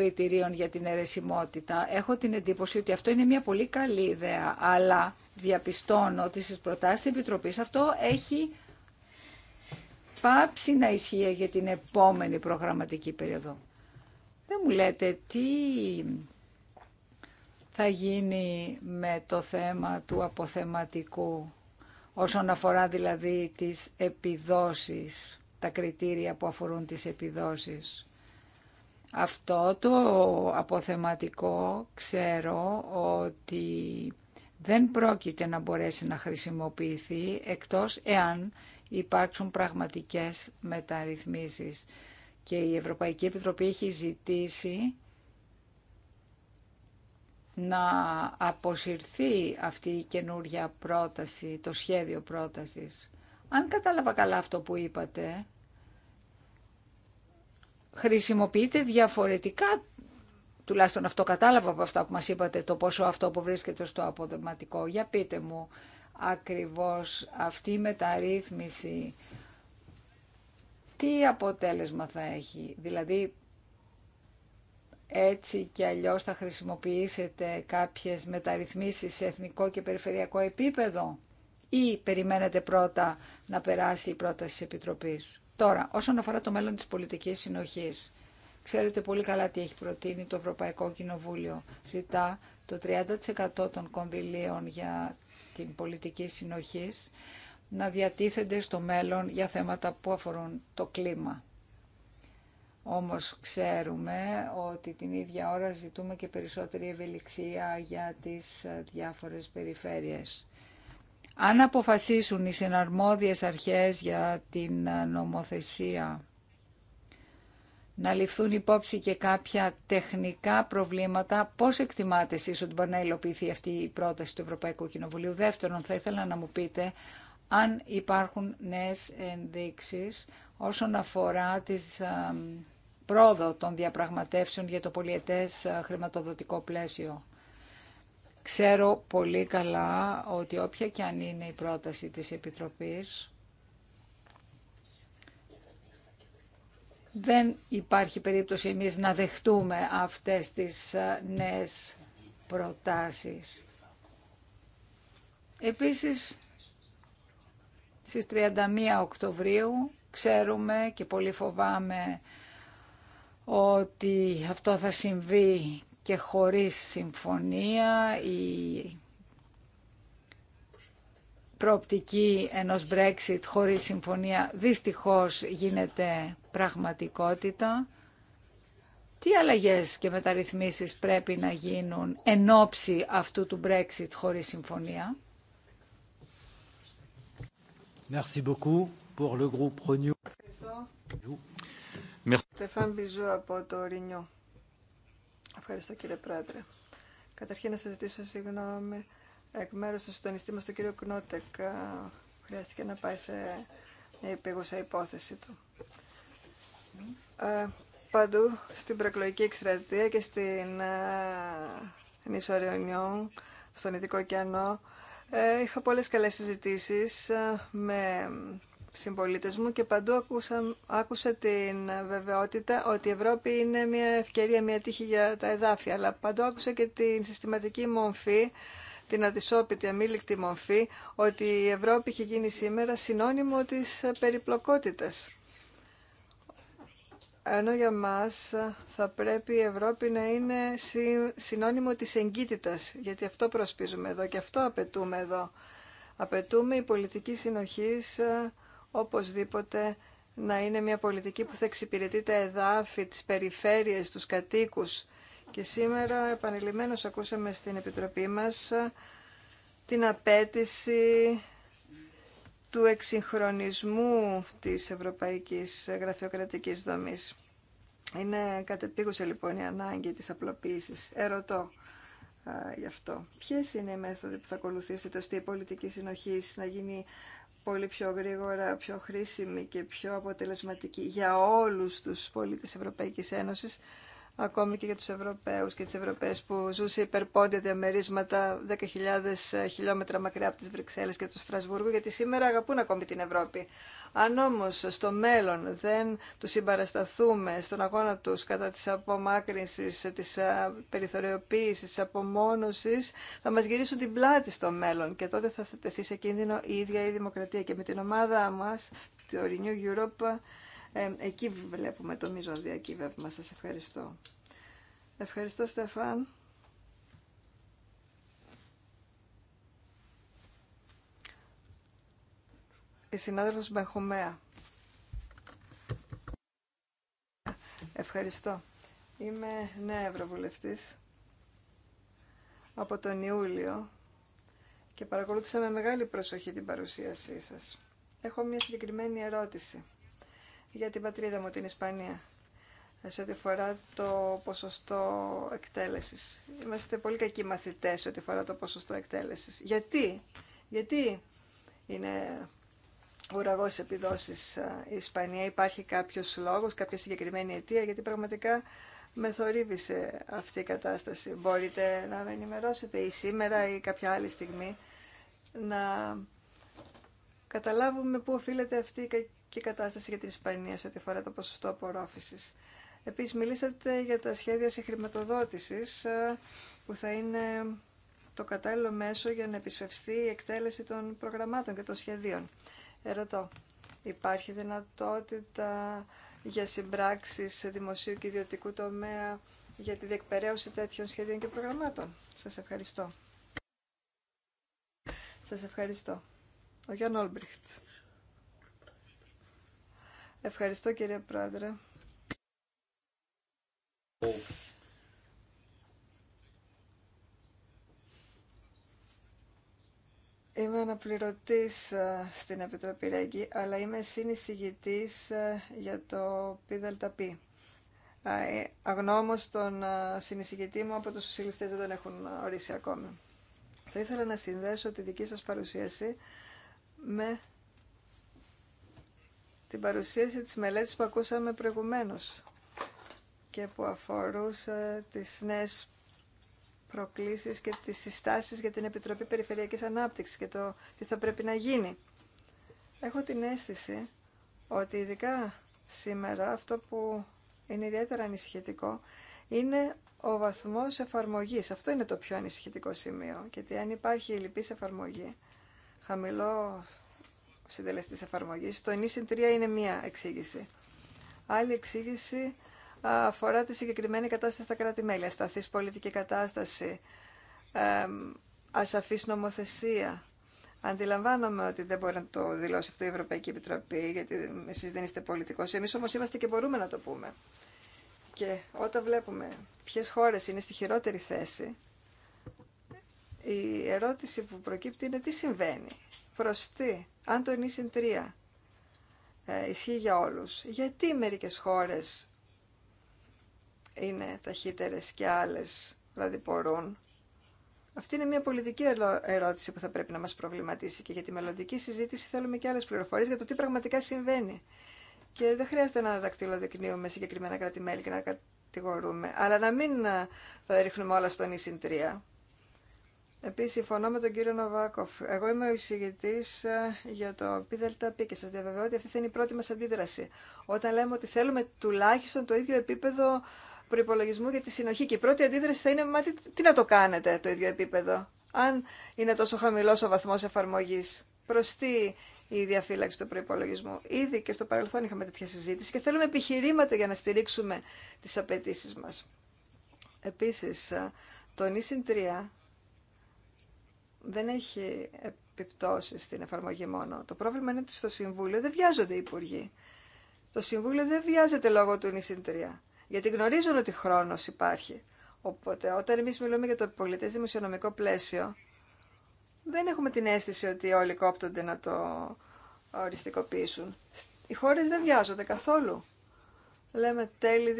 κριτηρίων για την αιρεσιμότητα. Έχω την εντύπωση ότι αυτό είναι μια πολύ καλή ιδέα, αλλά διαπιστώνω ότι στις προτάσεις της Επιτροπής αυτό έχει πάψει να ισχύει για την επόμενη προγραμματική περίοδο. Δεν μου λέτε τι θα γίνει με το θέμα του αποθεματικού όσον αφορά δηλαδή τις επιδόσεις, τα κριτήρια που αφορούν τις επιδόσεις. Αυτό το αποθεματικό ξέρω ότι δεν πρόκειται να μπορέσει να χρησιμοποιηθεί εκτός εάν υπάρξουν πραγματικές μεταρρυθμίσεις. Και η Ευρωπαϊκή Επιτροπή έχει ζητήσει να αποσυρθεί αυτή η καινούργια πρόταση, το σχέδιο πρότασης. Αν κατάλαβα καλά αυτό που είπατε, χρησιμοποιείται διαφορετικά, τουλάχιστον αυτό κατάλαβα από αυτά που μας είπατε, το πόσο αυτό που βρίσκεται στο αποδοματικό. Για πείτε μου ακριβώς αυτή η μεταρρύθμιση, τι αποτέλεσμα θα έχει. Δηλαδή, έτσι και αλλιώς θα χρησιμοποιήσετε κάποιες μεταρρυθμίσεις σε εθνικό και περιφερειακό επίπεδο ή περιμένετε πρώτα να περάσει η πρόταση της Επιτροπής. Τώρα, όσον αφορά το μέλλον της πολιτικής συνοχής, ξέρετε πολύ καλά τι έχει προτείνει το Ευρωπαϊκό Κοινοβούλιο. Ζητά το 30% των κονδυλίων για την πολιτική συνοχής να διατίθενται στο μέλλον για θέματα που αφορούν το κλίμα. Όμως ξέρουμε ότι την ίδια ώρα ζητούμε και περισσότερη ευελιξία για τις διάφορες περιφέρειες. Αν αποφασίσουν οι συναρμόδιες αρχές για την ε, νομοθεσία να ληφθούν υπόψη και κάποια τεχνικά προβλήματα, πώς εκτιμάτε εσείς ότι μπορεί να υλοποιηθεί αυτή η πρόταση του Ευρωπαϊκού Κοινοβουλίου. Δεύτερον, θα ήθελα να μου πείτε αν υπάρχουν νέες ενδείξεις όσον αφορά τις ε, πρόοδο των διαπραγματεύσεων για το πολιετές ε, χρηματοδοτικό πλαίσιο. Ξέρω πολύ καλά ότι όποια και αν είναι η πρόταση της Επιτροπής, δεν υπάρχει περίπτωση εμείς να δεχτούμε αυτές τις ε, νέες προτάσεις. Επίσης, στις 31 Οκτωβρίου ξέρουμε και πολύ φοβάμαι ότι αυτό θα συμβεί και χωρίς συμφωνία η προοπτική ενός Brexit χωρίς συμφωνία δυστυχώς γίνεται πραγματικότητα. Τι αλλαγές και μεταρρυθμίσεις πρέπει να γίνουν εν ώψη αυτού του Brexit χωρίς συμφωνία. Ευχαριστώ. Ευχαριστώ κύριε Πρόεδρε. Καταρχήν να σας ζητήσω συγγνώμη εκ μέρους του συντονιστή μας, τον κύριο Κνότεκ, χρειάστηκε να πάει σε μια υπήγουσα υπόθεση του. παντού στην προεκλογική εκστρατεία και στην νησορειονιό, στον Ειδικό Ωκεανό, ε, είχα πολλές καλές συζητήσεις με συμπολίτε μου και παντού άκουσα, άκουσα την βεβαιότητα ότι η Ευρώπη είναι μια ευκαιρία, μια τύχη για τα εδάφια. Αλλά παντού άκουσα και την συστηματική μορφή, την αδυσόπιτη, αμήλικτη μορφή, ότι η Ευρώπη είχε γίνει σήμερα συνώνυμο της περιπλοκότητας. Ενώ για μας θα πρέπει η Ευρώπη να είναι συνώνυμο της εγκύτητας, γιατί αυτό προσπίζουμε εδώ και αυτό απαιτούμε εδώ. Απαιτούμε η πολιτική συνοχής οπωσδήποτε να είναι μια πολιτική που θα εξυπηρετεί τα εδάφη, τις περιφέρειες, τους κατοίκους. Και σήμερα επανειλημμένως ακούσαμε στην Επιτροπή μας την απέτηση του εξυγχρονισμού της Ευρωπαϊκής Γραφειοκρατικής Δομής. Είναι κατεπίγουσα λοιπόν η ανάγκη της απλοποίησης. Ερωτώ γι' αυτό. Ποιες είναι οι μέθοδοι που θα ακολουθήσετε ώστε η πολιτική συνοχή να γίνει πολύ πιο γρήγορα, πιο χρήσιμη και πιο αποτελεσματική για όλους τους πολίτες Ευρωπαϊκής Ένωσης ακόμη και για τους Ευρωπαίους και τις Ευρωπαίες που ζούσε υπερπόντια διαμερίσματα 10.000 χιλιόμετρα μακριά από τις Βρυξέλλες και του Στρασβούργου, γιατί σήμερα αγαπούν ακόμη την Ευρώπη. Αν όμως στο μέλλον δεν τους συμπαρασταθούμε στον αγώνα τους κατά της απομάκρυνσης, της ε, περιθωριοποίησης, της απομόνωσης, θα μας γυρίσουν την πλάτη στο μέλλον και τότε θα τεθεί σε κίνδυνο η ίδια η δημοκρατία. Και με την ομάδα μας, το Renew Europe, ε, εκεί βλέπουμε το μείζον διακύβευμα. Σας ευχαριστώ. Ευχαριστώ Στεφάν. Η συνάδελφος Μπαχομέα. Ευχαριστώ. Είμαι νέα Ευρωβουλευτής από τον Ιούλιο και παρακολούθησα με μεγάλη προσοχή την παρουσίασή σας. Έχω μια συγκεκριμένη ερώτηση για την πατρίδα μου, την Ισπανία, σε ό,τι φορά το ποσοστό εκτέλεσης. Είμαστε πολύ κακοί μαθητές σε ό,τι φορά το ποσοστό εκτέλεσης. Γιατί, γιατί είναι ουραγός επιδόσεις η Ισπανία, υπάρχει κάποιος λόγος, κάποια συγκεκριμένη αιτία, γιατί πραγματικά με θορύβησε αυτή η κατάσταση. Μπορείτε να με ενημερώσετε ή σήμερα ή κάποια άλλη στιγμή να καταλάβουμε πού οφείλεται αυτή η και η κατάσταση για την Ισπανία σε ό,τι αφορά το ποσοστό απορρόφηση. Επίσης, μιλήσατε για τα σχέδια συγχρηματοδότησης ε, που θα είναι το κατάλληλο μέσο για να επισφευστεί η εκτέλεση των προγραμμάτων και των σχεδίων. Ερωτώ, υπάρχει δυνατότητα για συμπράξει σε δημοσίου και ιδιωτικού τομέα για τη διεκπαιρέωση τέτοιων σχεδίων και προγραμμάτων. Σας ευχαριστώ. Σας ευχαριστώ. Ο Γιάνν Όλμπριχτ. Ευχαριστώ κύριε Πρόεδρε. Είμαι αναπληρωτής ε, στην Επιτροπή Ρέγγι, αλλά είμαι συνεισηγητής ε, για το ΠΙΔΑΛΤΑΠΗ. Ε, αγνώμως τον συνεισηγητή μου από τους συλληστές δεν τον έχουν ορίσει ακόμη. Θα ήθελα να συνδέσω τη δική σας παρουσίαση με την παρουσίαση της μελέτης που ακούσαμε προηγουμένως και που αφορούσε τις νέες προκλήσεις και τις συστάσεις για την Επιτροπή Περιφερειακής Ανάπτυξης και το τι θα πρέπει να γίνει. Έχω την αίσθηση ότι ειδικά σήμερα αυτό που είναι ιδιαίτερα ανησυχητικό είναι ο βαθμός εφαρμογής. Αυτό είναι το πιο ανησυχητικό σημείο, γιατί αν υπάρχει λυπής εφαρμογή, χαμηλό συντελεστής εφαρμογής. Το ενίσυν 3 είναι μία εξήγηση. Άλλη εξήγηση αφορά τη συγκεκριμένη κατάσταση στα κράτη-μέλη. Ασταθής πολιτική κατάσταση, ασαφής νομοθεσία. Αντιλαμβάνομαι ότι δεν μπορεί να το δηλώσει αυτό η Ευρωπαϊκή Επιτροπή, γιατί εσείς δεν είστε πολιτικός. Εμείς όμως είμαστε και μπορούμε να το πούμε. Και όταν βλέπουμε ποιες χώρες είναι στη χειρότερη θέση, η ερώτηση που προκύπτει είναι τι συμβαίνει. Προς τι, αν το είναι τρία ε, ισχύει για όλους, γιατί μερικές χώρες είναι ταχύτερες και άλλες βραδιπορούν. Αυτή είναι μια πολιτική ερώτηση που θα πρέπει να μας προβληματίσει και για τη μελλοντική συζήτηση θέλουμε και άλλες πληροφορίες για το τι πραγματικά συμβαίνει. Και δεν χρειάζεται να δακτυλοδεικνύουμε συγκεκριμένα κράτη-μέλη και να κατηγορούμε, αλλά να μην ε, θα ρίχνουμε όλα στον ίσυν 3. Επίσης, συμφωνώ με τον κύριο Νοβάκοφ. Εγώ είμαι ο εισηγητή ε, για το ΠΔΠ και σα διαβεβαιώ ότι αυτή θα είναι η πρώτη μα αντίδραση. Όταν λέμε ότι θέλουμε τουλάχιστον το ίδιο επίπεδο προπολογισμού για τη συνοχή. Και η πρώτη αντίδραση θα είναι, μα τι, να το κάνετε το ίδιο επίπεδο, αν είναι τόσο χαμηλό ο βαθμό εφαρμογή. Προ τι η διαφύλαξη του προπολογισμού. Ήδη και στο παρελθόν είχαμε τέτοια συζήτηση και θέλουμε επιχειρήματα για να στηρίξουμε τι απαιτήσει μα. Επίση, ε, το νησιν 3 δεν έχει επιπτώσει στην εφαρμογή μόνο. Το πρόβλημα είναι ότι στο Συμβούλιο δεν βιάζονται οι Υπουργοί. Το Συμβούλιο δεν βιάζεται λόγω του νησίντρια, γιατί γνωρίζουν ότι χρόνο υπάρχει. Οπότε όταν εμεί μιλούμε για το πολιτέ δημοσιονομικό πλαίσιο, δεν έχουμε την αίσθηση ότι όλοι κόπτονται να το ε, οριστικοποιήσουν. Οι χώρε δεν βιάζονται καθόλου. Λέμε τέλη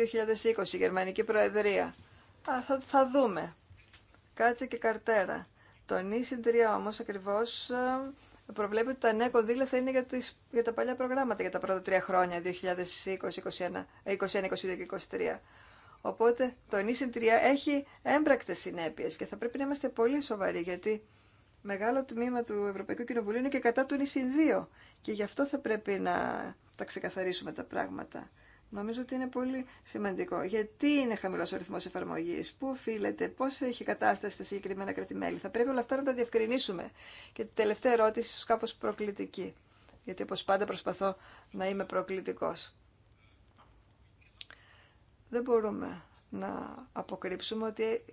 2020, Γερμανική Προεδρία. Α, θα δούμε. Κάτσε και καρτέρα. Το νησιν 3 όμως ακριβώς ε, προβλέπει ότι τα νέα κονδύλια θα είναι για, τις, για τα παλιά προγράμματα για τα πρώτα τρία χρόνια, 2020, 2021, 2021 και 2023. Οπότε το νησιν 3 έχει έμπρακτες συνέπειες και θα πρέπει να είμαστε πολύ σοβαροί γιατί μεγάλο τμήμα του Ευρωπαϊκού Κοινοβουλίου είναι και κατά του νησιν 2 και γι' αυτό θα πρέπει να τα ξεκαθαρίσουμε τα πράγματα. Νομίζω ότι είναι πολύ σημαντικό. Γιατί είναι χαμηλό ο ρυθμό εφαρμογή, πού οφείλεται, πώ έχει κατάσταση στα συγκεκριμένα κρατημέλη. Θα πρέπει όλα αυτά να τα διευκρινίσουμε. Και την τελευταία ερώτηση, ίσω κάπω προκλητική. Γιατί όπω πάντα προσπαθώ να είμαι προκλητικό. Δεν μπορούμε να αποκρύψουμε ότι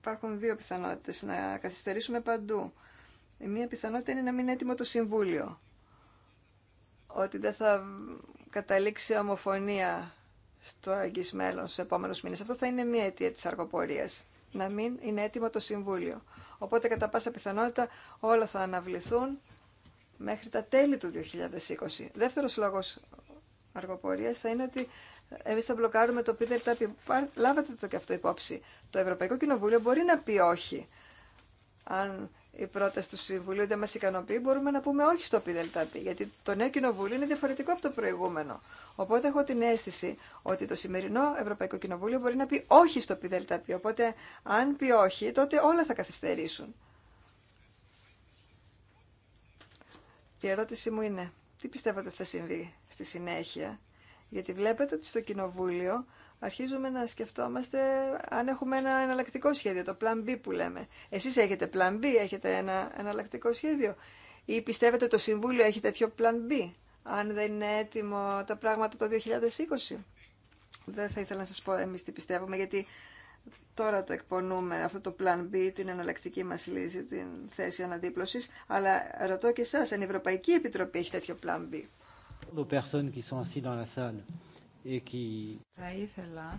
υπάρχουν δύο πιθανότητε να καθυστερήσουμε παντού. Η μία πιθανότητα είναι να μην είναι έτοιμο το Συμβούλιο. Ότι δεν θα καταλήξει ομοφωνία στο εγγύς μέλλον στους επόμενους μήνες. Αυτό θα είναι μία αιτία της αργοπορίας. Να μην είναι έτοιμο το Συμβούλιο. Οπότε κατά πάσα πιθανότητα όλα θα αναβληθούν μέχρι τα τέλη του 2020. Δεύτερος λόγος αργοπορίας θα είναι ότι εμεί θα μπλοκάρουμε το Peter πει. Λάβατε το και αυτό υπόψη. Το Ευρωπαϊκό Κοινοβούλιο μπορεί να πει όχι αν η πρόταση του Συμβουλίου δεν μα ικανοποιεί, μπορούμε να πούμε όχι στο πι. Γιατί το νέο Κοινοβούλιο είναι διαφορετικό από το προηγούμενο. Οπότε έχω την αίσθηση ότι το σημερινό Ευρωπαϊκό Κοινοβούλιο μπορεί να πει όχι στο πι. Οπότε, αν πει όχι, τότε όλα θα καθυστερήσουν. Η ερώτησή μου είναι, τι πιστεύετε θα συμβεί στη συνέχεια, γιατί βλέπετε ότι στο Κοινοβούλιο αρχίζουμε να σκεφτόμαστε αν έχουμε ένα εναλλακτικό σχέδιο, το Plan B που λέμε. Εσείς έχετε Plan B, έχετε ένα εναλλακτικό σχέδιο ή πιστεύετε το Συμβούλιο έχει τέτοιο Plan B, αν δεν είναι έτοιμο τα πράγματα το 2020. Δεν θα ήθελα να σας πω εμείς τι πιστεύουμε, γιατί τώρα το εκπονούμε αυτό το Plan B, την εναλλακτική μας λύση, την θέση αναδίπλωσης, αλλά ρωτώ και εσάς, αν η Ευρωπαϊκή Επιτροπή έχει τέτοιο Plan B. Ε, θα ήθελα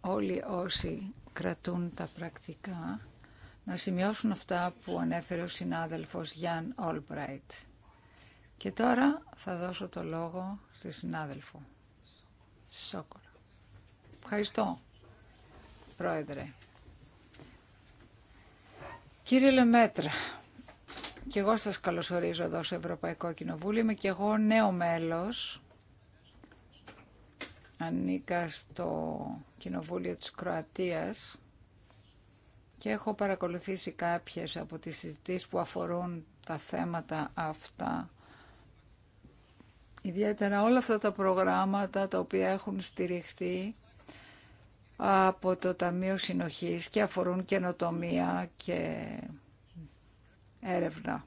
όλοι όσοι κρατούν τα πρακτικά να σημειώσουν αυτά που ανέφερε ο συνάδελφος Γιάνν Ολμπράιτ. Και τώρα θα δώσω το λόγο στη συνάδελφο Σόκολα. Ευχαριστώ, Πρόεδρε. Κύριε Λεμέτρα, και εγώ σας καλωσορίζω εδώ στο Ευρωπαϊκό Κοινοβούλιο. Είμαι και εγώ νέο μέλος ανήκα στο Κοινοβούλιο της Κροατίας και έχω παρακολουθήσει κάποιες από τις συζητήσεις που αφορούν τα θέματα αυτά. Ιδιαίτερα όλα αυτά τα προγράμματα τα οποία έχουν στηριχθεί από το Ταμείο Συνοχής και αφορούν καινοτομία και έρευνα.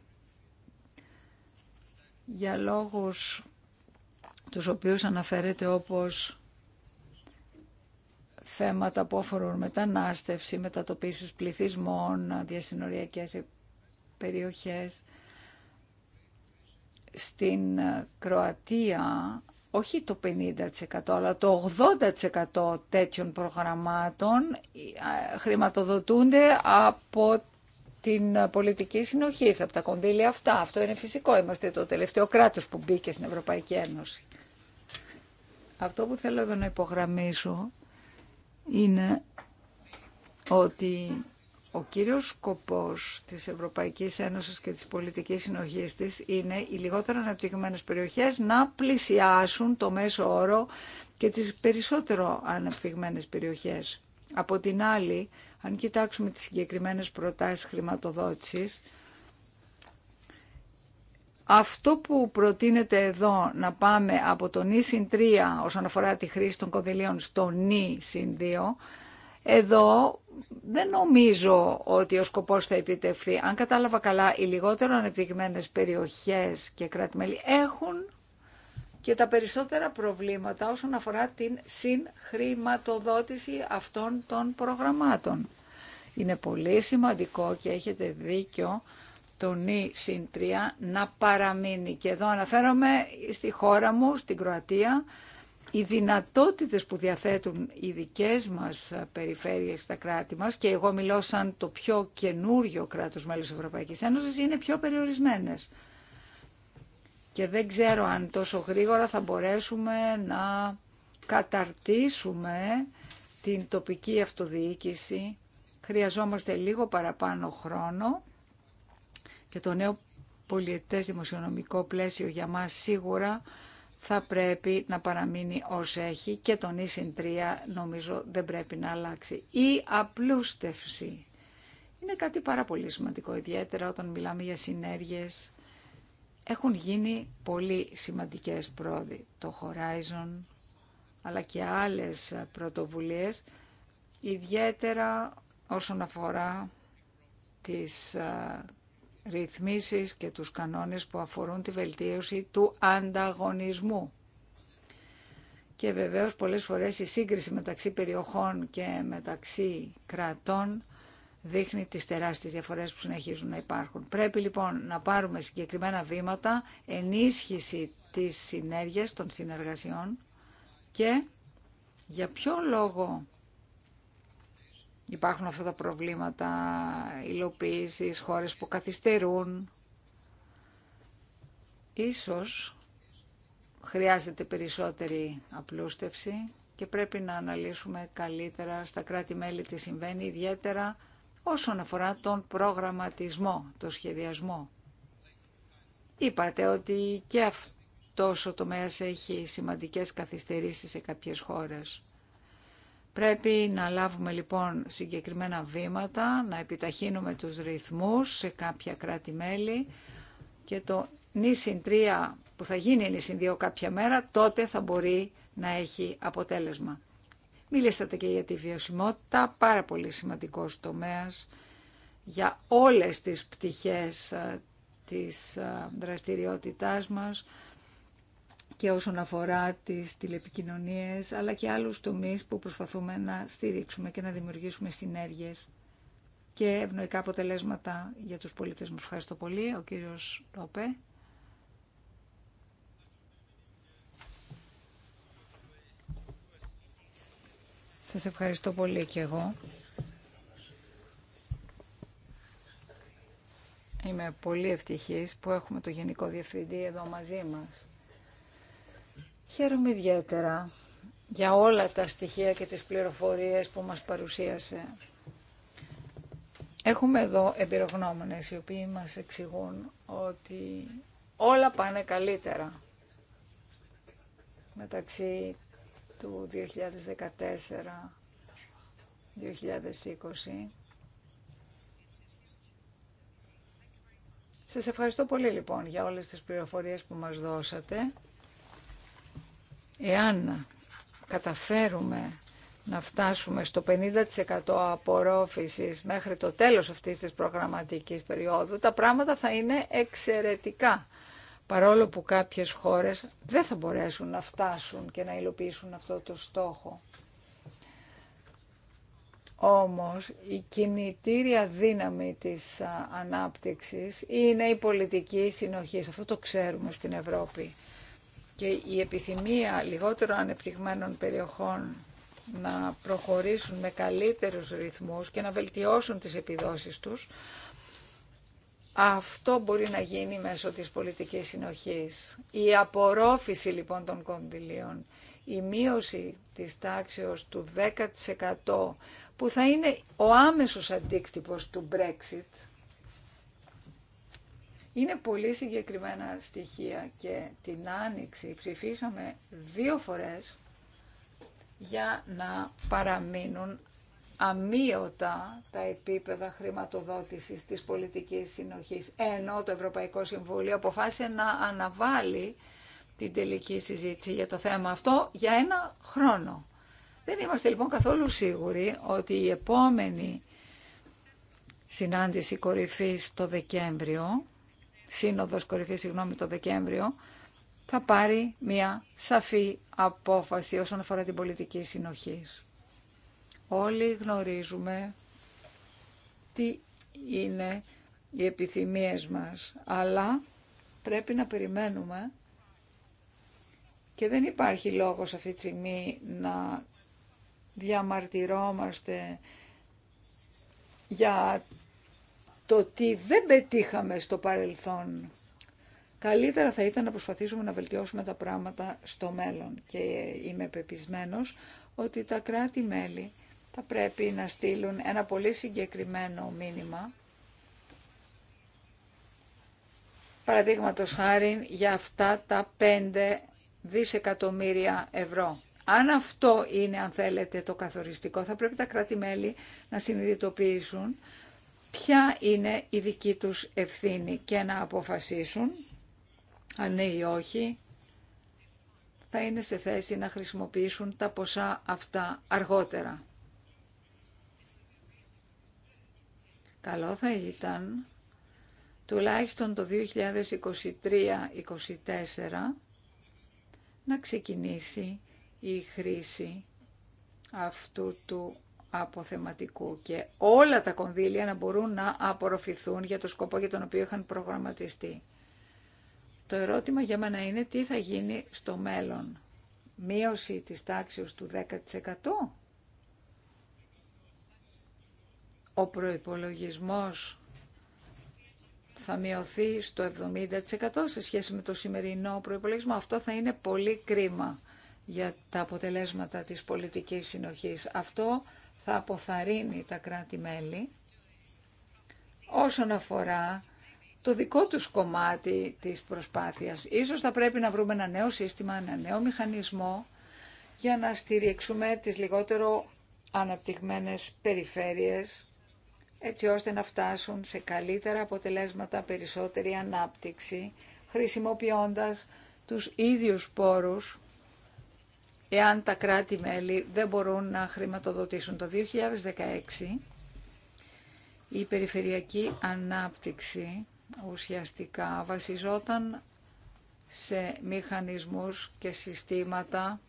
Για λόγους τους οποίους αναφέρεται όπως θέματα που αφορούν μετανάστευση, μετατοπίσεις πληθυσμών, διασυνοριακές περιοχές. Στην ε, Κροατία όχι το 50% αλλά το 80% τέτοιων προγραμμάτων ε, χρηματοδοτούνται από την πολιτική συνοχή, από τα κονδύλια αυτά. Αυτό είναι φυσικό. Είμαστε το τελευταίο κράτος που μπήκε στην Ευρωπαϊκή Ένωση. Αυτό που θέλω εδώ να υπογραμμίσω είναι ότι ο κύριος σκοπός της Ευρωπαϊκής Ένωσης και της πολιτικής συνοχής της είναι οι λιγότερο αναπτυγμένες περιοχές να πλησιάσουν το μέσο όρο και τις περισσότερο αναπτυγμένες περιοχές. Από την άλλη, αν κοιτάξουμε τις συγκεκριμένες προτάσεις χρηματοδότησης, αυτό που προτείνεται εδώ να πάμε από το νη συν 3 όσον αφορά τη χρήση των κονδυλίων στο νη συν 2, εδώ δεν νομίζω ότι ο σκοπός θα επιτευχθεί. Αν κατάλαβα καλά, οι λιγότερο ανεπτυγμένες περιοχές και κράτη-μέλη έχουν και τα περισσότερα προβλήματα όσον αφορά την συγχρηματοδότηση αυτών των προγραμμάτων. Είναι πολύ σημαντικό και έχετε δίκιο το νη να παραμείνει. Και εδώ αναφέρομαι στη χώρα μου, στην Κροατία, οι δυνατότητες που διαθέτουν οι δικές μας περιφέρειες, τα κράτη μας, και εγώ μιλώ σαν το πιο καινούριο κράτος μέλος της Ευρωπαϊκής Ένωσης, είναι πιο περιορισμένες. Και δεν ξέρω αν τόσο γρήγορα θα μπορέσουμε να καταρτήσουμε την τοπική αυτοδιοίκηση. Χρειαζόμαστε λίγο παραπάνω χρόνο και το νέο πολιετές δημοσιονομικό πλαίσιο για μας σίγουρα θα πρέπει να παραμείνει ως έχει και τον ίσιν 3 νομίζω δεν πρέπει να αλλάξει. Η απλούστευση είναι κάτι πάρα πολύ σημαντικό, ιδιαίτερα όταν μιλάμε για συνέργειες. Έχουν γίνει πολύ σημαντικές πρόοδοι. Το Horizon, αλλά και άλλες πρωτοβουλίες, ιδιαίτερα όσον αφορά τις ρυθμίσεις και τους κανόνες που αφορούν τη βελτίωση του ανταγωνισμού. Και βεβαίως πολλές φορές η σύγκριση μεταξύ περιοχών και μεταξύ κρατών δείχνει τις τεράστιες διαφορές που συνεχίζουν να υπάρχουν. Πρέπει λοιπόν να πάρουμε συγκεκριμένα βήματα, ενίσχυση της συνέργειας των συνεργασιών και για ποιο λόγο Υπάρχουν αυτά τα προβλήματα υλοποίησης, χώρες που καθυστερούν. Ίσως χρειάζεται περισσότερη απλούστευση και πρέπει να αναλύσουμε καλύτερα στα κράτη-μέλη τι συμβαίνει, ιδιαίτερα όσον αφορά τον προγραμματισμό, το σχεδιασμό. Είπατε ότι και αυτός ο τομέας έχει σημαντικές καθυστερήσεις σε κάποιες χώρες. Πρέπει να λάβουμε λοιπόν συγκεκριμένα βήματα, να επιταχύνουμε τους ρυθμούς σε κάποια κράτη-μέλη και το νησιν 3 που θα γίνει νησιν 2 κάποια μέρα, τότε θα μπορεί να έχει αποτέλεσμα. Μιλήσατε και για τη βιωσιμότητα, πάρα πολύ σημαντικός τομέας για όλες τις πτυχές ε, της ε, δραστηριότητάς μας και όσον αφορά τις τηλεπικοινωνίες, αλλά και άλλους τομείς που προσπαθούμε να στηρίξουμε και να δημιουργήσουμε συνέργειες και ευνοϊκά αποτελέσματα για τους πολίτες Μου Ευχαριστώ πολύ, ο κύριος Λόπε. Σας ευχαριστώ πολύ και εγώ. Είμαι πολύ ευτυχής που έχουμε το Γενικό Διευθυντή εδώ μαζί μας. Χαίρομαι ιδιαίτερα για όλα τα στοιχεία και τις πληροφορίες που μας παρουσίασε. Έχουμε εδώ εμπειρογνώμονες οι οποίοι μας εξηγούν ότι όλα πάνε καλύτερα μεταξύ του 2014-2020. Σας ευχαριστώ πολύ λοιπόν για όλες τις πληροφορίες που μας δώσατε. Εάν καταφέρουμε να φτάσουμε στο 50% απορρόφησης μέχρι το τέλος αυτής της προγραμματικής περίοδου, τα πράγματα θα είναι εξαιρετικά. Παρόλο που κάποιες χώρες δεν θα μπορέσουν να φτάσουν και να υλοποιήσουν αυτό το στόχο. Όμως η κινητήρια δύναμη της ανάπτυξης είναι η πολιτική συνοχή. Αυτό το ξέρουμε στην Ευρώπη και η επιθυμία λιγότερο ανεπτυγμένων περιοχών να προχωρήσουν με καλύτερους ρυθμούς και να βελτιώσουν τις επιδόσεις τους, αυτό μπορεί να γίνει μέσω της πολιτικής συνοχής. Η απορρόφηση λοιπόν των κονδυλίων, η μείωση της τάξεως του 10% που θα είναι ο άμεσος αντίκτυπος του Brexit, είναι πολύ συγκεκριμένα στοιχεία και την Άνοιξη ψηφίσαμε δύο φορές για να παραμείνουν αμύωτα τα επίπεδα χρηματοδότησης της πολιτικής συνοχής, ενώ το Ευρωπαϊκό Συμβούλιο αποφάσισε να αναβάλει την τελική συζήτηση για το θέμα αυτό για ένα χρόνο. Δεν είμαστε λοιπόν καθόλου σίγουροι ότι η επόμενη συνάντηση κορυφής το Δεκέμβριο σύνοδος κορυφής, συγγνώμη, το Δεκέμβριο, θα πάρει μια σαφή απόφαση όσον αφορά την πολιτική συνοχή. Όλοι γνωρίζουμε τι είναι οι επιθυμίες μας, αλλά πρέπει να περιμένουμε και δεν υπάρχει λόγος αυτή τη στιγμή να διαμαρτυρόμαστε για το τι δεν πετύχαμε στο παρελθόν. Καλύτερα θα ήταν να προσπαθήσουμε να βελτιώσουμε τα πράγματα στο μέλλον και είμαι πεπισμένος ότι τα κράτη-μέλη θα πρέπει να στείλουν ένα πολύ συγκεκριμένο μήνυμα παραδείγματος χάρη για αυτά τα 5 δισεκατομμύρια ευρώ. Αν αυτό είναι, αν θέλετε, το καθοριστικό, θα πρέπει τα κράτη-μέλη να συνειδητοποιήσουν ποια είναι η δική τους ευθύνη και να αποφασίσουν αν ναι ή όχι θα είναι σε θέση να χρησιμοποιήσουν τα ποσά αυτά αργότερα. Καλό θα ήταν τουλάχιστον το 2023-2024 να ξεκινήσει η χρήση αυτού του αποθεματικού και όλα τα κονδύλια να μπορούν να απορροφηθούν για το σκοπό για τον οποίο είχαν προγραμματιστεί. Το ερώτημα για μένα είναι τι θα γίνει στο μέλλον. Μείωση της τάξης του 10%? Ο προϋπολογισμός θα μειωθεί στο 70% σε σχέση με το σημερινό προϋπολογισμό. Αυτό θα είναι πολύ κρίμα για τα αποτελέσματα της πολιτικής συνοχής. Αυτό θα αποθαρρύνει τα κράτη-μέλη όσον αφορά το δικό τους κομμάτι της προσπάθειας. Ίσως θα πρέπει να βρούμε ένα νέο σύστημα, ένα νέο μηχανισμό για να στηρίξουμε τις λιγότερο αναπτυγμένες περιφέρειες έτσι ώστε να φτάσουν σε καλύτερα αποτελέσματα, περισσότερη ανάπτυξη, χρησιμοποιώντας τους ίδιους πόρους εάν τα κράτη-μέλη δεν μπορούν να χρηματοδοτήσουν. Το 2016 η περιφερειακή ανάπτυξη ουσιαστικά βασιζόταν σε μηχανισμούς και συστήματα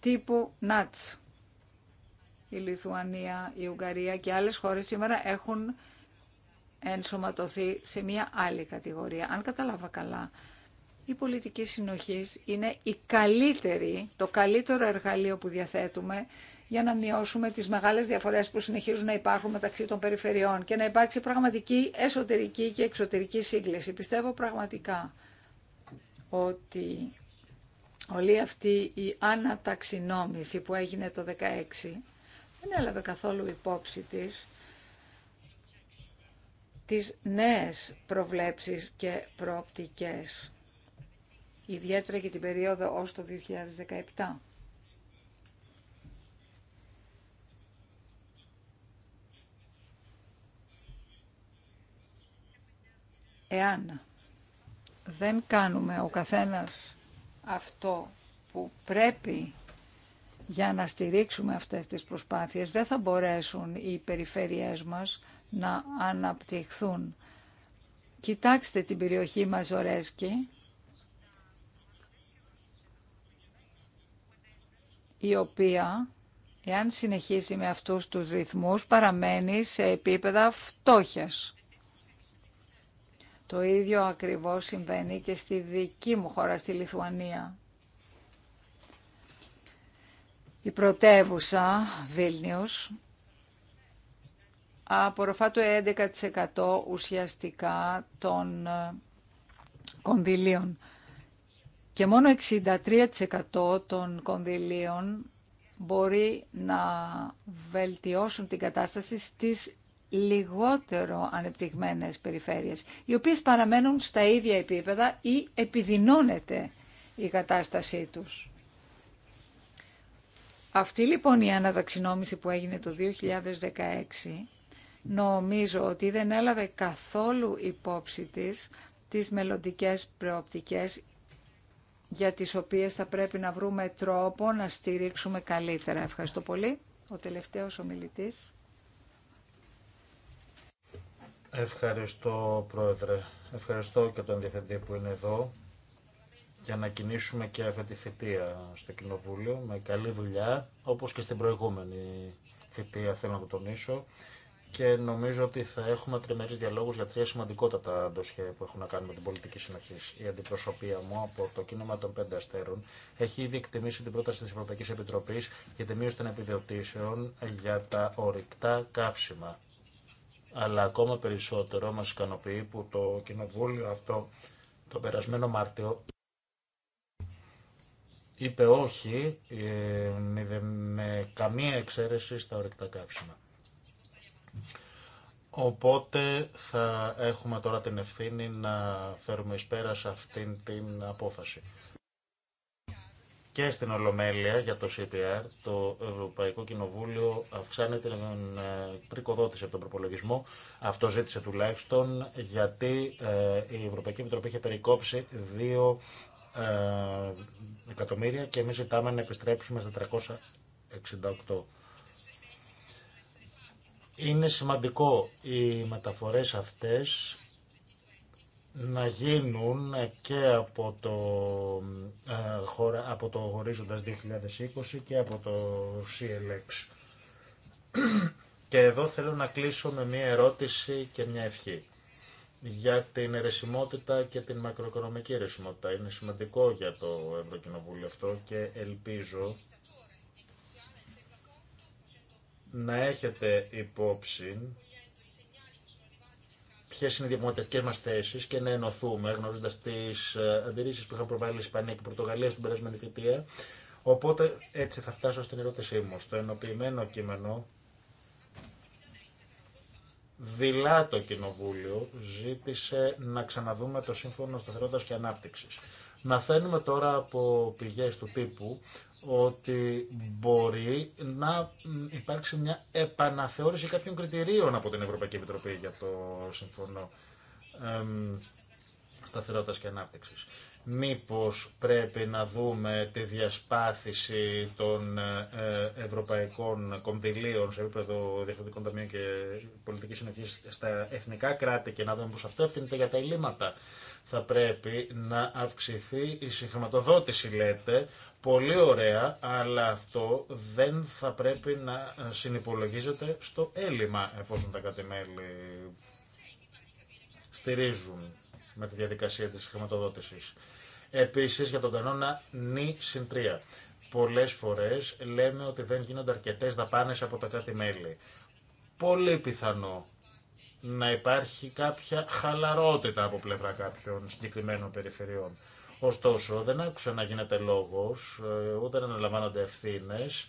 τύπου ΝΑΤΣ. Η Λιθουανία, η Ουγγαρία και άλλες χώρες σήμερα έχουν ενσωματωθεί σε μια άλλη κατηγορία. Αν κατάλαβα καλά, η πολιτική συνοχή είναι η καλύτερη, το καλύτερο εργαλείο που διαθέτουμε για να μειώσουμε τις μεγάλες διαφορές που συνεχίζουν να υπάρχουν μεταξύ των περιφερειών και να υπάρξει πραγματική εσωτερική και εξωτερική σύγκληση. Πιστεύω πραγματικά ότι όλη αυτή η αναταξινόμηση που έγινε το 2016 δεν έλαβε καθόλου υπόψη της τις νέες προβλέψεις και προοπτικές ιδιαίτερα για την περίοδο ως το 2017. Εάν δεν κάνουμε ο καθένας αυτό που πρέπει για να στηρίξουμε αυτές τις προσπάθειες, δεν θα μπορέσουν οι περιφέρειές μας να αναπτυχθούν. Κοιτάξτε την περιοχή Μαζορέσκη η οποία, εάν συνεχίσει με αυτούς τους ρυθμούς, παραμένει σε επίπεδα φτώχειας. Το ίδιο ακριβώς συμβαίνει και στη δική μου χώρα, στη Λιθουανία. Η πρωτεύουσα, Βίλνιος, απορροφά το 11% ουσιαστικά των ε, κονδυλίων και μόνο 63% των κονδυλίων μπορεί να βελτιώσουν την κατάσταση στις λιγότερο ανεπτυγμένες περιφέρειες, οι οποίες παραμένουν στα ίδια επίπεδα ή επιδεινώνεται η κατάστασή τους. Αυτή λοιπόν η κατασταση τους αυτη λοιπον η αναταξινομηση που έγινε το 2016 νομίζω ότι δεν έλαβε καθόλου υπόψη της τις μελλοντικές προοπτικές για τις οποίες θα πρέπει να βρούμε τρόπο να στηρίξουμε καλύτερα. Ευχαριστώ πολύ. Ο τελευταίος ομιλητής. Ευχαριστώ, Πρόεδρε. Ευχαριστώ και τον Διευθυντή που είναι εδώ για να κινήσουμε και αυτή τη θητεία στο Κοινοβούλιο με καλή δουλειά, όπως και στην προηγούμενη θητεία, θέλω να το τονίσω και νομίζω ότι θα έχουμε τριμερείς διαλόγους για τρία σημαντικότατα ντοσχέ που έχουν να κάνουν με την πολιτική συνοχή. Η αντιπροσωπεία μου από το κίνημα των πέντε αστέρων έχει ήδη εκτιμήσει την πρόταση της Ευρωπαϊκής Επιτροπής για τη μείωση των επιδοτήσεων για τα ορυκτά καύσιμα. Αλλά ακόμα περισσότερο μας ικανοποιεί που το κοινοβούλιο αυτό το περασμένο Μάρτιο είπε όχι ε, με καμία εξαίρεση στα ορυκτά καύσιμα. Οπότε θα έχουμε τώρα την ευθύνη να φέρουμε εις πέρα σε αυτήν την απόφαση. Και στην Ολομέλεια για το CPR, το Ευρωπαϊκό Κοινοβούλιο αυξάνεται την ε, πρικοδότηση από τον προπολογισμό. Αυτό ζήτησε τουλάχιστον γιατί ε, η Ευρωπαϊκή Επιτροπή είχε περικόψει 2 ε, εκατομμύρια και εμείς ζητάμε να επιστρέψουμε στα 368. Είναι σημαντικό οι μεταφορές αυτές να γίνουν και από το, ε, από το 2020 και από το CLX. Και εδώ θέλω να κλείσω με μία ερώτηση και μία ευχή. Για την αιρεσιμότητα και την μακροοικονομική αιρεσιμότητα. Είναι σημαντικό για το Ευρωκοινοβούλιο αυτό και ελπίζω να έχετε υπόψη ποιε είναι οι διαπραγματευτικέ μα θέσει και να ενωθούμε, γνωρίζοντα τι ε, αντιρρήσει που είχαν προβάλει η Ισπανία και η Πορτογαλία στην περασμένη θητεία. Οπότε έτσι θα φτάσω στην ερώτησή μου. Στο ενοποιημένο κείμενο, δειλά το Κοινοβούλιο ζήτησε να ξαναδούμε το Σύμφωνο Σταθερότητας και Ανάπτυξη. Μαθαίνουμε τώρα από πηγές του τύπου ότι μπορεί να υπάρξει μια επαναθεώρηση κάποιων κριτηρίων από την Ευρωπαϊκή Επιτροπή για το Συμφωνό Σταθερότητας και Ανάπτυξης. Μήπως πρέπει να δούμε τη διασπάθηση των ε, ευρωπαϊκών κονδυλίων σε επίπεδο διευθυντικών ταμείων και πολιτικής συνοχής στα εθνικά κράτη και να δούμε πως αυτό ευθύνεται για τα ελλείμματα. Θα πρέπει να αυξηθεί η συγχρηματοδότηση, λέτε. Πολύ ωραία, αλλά αυτό δεν θα πρέπει να συνυπολογίζεται στο έλλειμμα, εφόσον τα κατημέλη στηρίζουν με τη διαδικασία της χρηματοδότησης. Επίσης για τον κανόνα νη συν 3. Πολλές φορές λέμε ότι δεν γίνονται αρκετές δαπάνες από τα κράτη-μέλη. Πολύ πιθανό να υπάρχει κάποια χαλαρότητα από πλευρά κάποιων συγκεκριμένων περιφερειών. Ωστόσο, δεν άκουσα να γίνεται λόγος, ε, ούτε να αναλαμβάνονται ευθύνες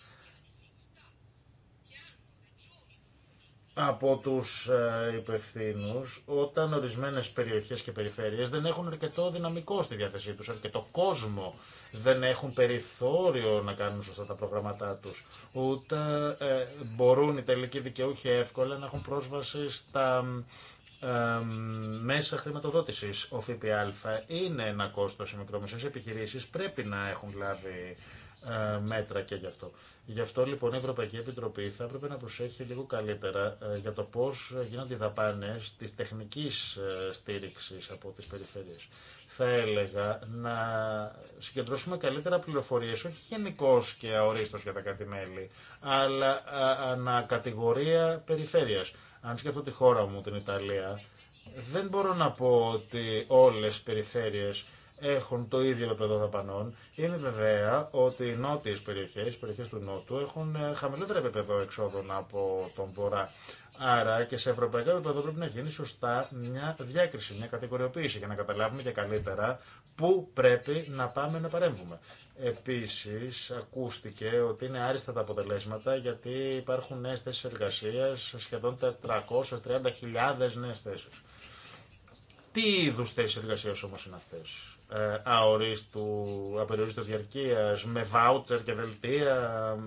από τους ε, υπευθύνου όταν ορισμένες περιοχές και περιφέρειες δεν έχουν αρκετό δυναμικό στη διάθεσή τους, αρκετό κόσμο, δεν έχουν περιθώριο να κάνουν σωστά τα προγράμματά τους, ούτε ε, μπορούν οι τελικοί δικαιούχοι εύκολα να έχουν πρόσβαση στα ε, μέσα χρηματοδότησης. Ο ΦΠΑ είναι ένα κόστος οι μικρομεσαίες επιχειρήσεις, πρέπει να έχουν λάβει ε, μέτρα και γι' αυτό. Γι' αυτό λοιπόν η Ευρωπαϊκή Επιτροπή θα έπρεπε να προσέχει λίγο καλύτερα ε, για το πώ γίνονται οι δαπάνε τη τεχνική ε, στήριξη από τι περιφέρειε. Θα έλεγα να συγκεντρώσουμε καλύτερα πληροφορίε, όχι γενικώ και αορίστω για τα κράτη-μέλη αλλά ανακατηγορία περιφέρεια. Αν σκεφτώ τη χώρα μου, την Ιταλία, δεν μπορώ να πω ότι όλε οι περιφέρειες έχουν το ίδιο επίπεδο δαπανών, είναι βέβαια ότι οι νότιες περιοχές, οι περιοχές του Νότου, έχουν ε, χαμηλότερο επίπεδο εξόδων από τον Βορρά. Άρα και σε ευρωπαϊκό επίπεδο πρέπει να γίνει σωστά μια διάκριση, μια κατηγοριοποίηση για να καταλάβουμε και καλύτερα πού πρέπει να πάμε να παρέμβουμε. Επίσης ακούστηκε ότι είναι άριστα τα αποτελέσματα γιατί υπάρχουν νέες θέσεις εργασίας, σχεδόν 430.000 νέες θέσεις. Τι είδου θέσει εργασία όμω είναι αυτέ. Ε, αορίστου, απεριορίστου διαρκείας, με βάουτσερ και δελτία,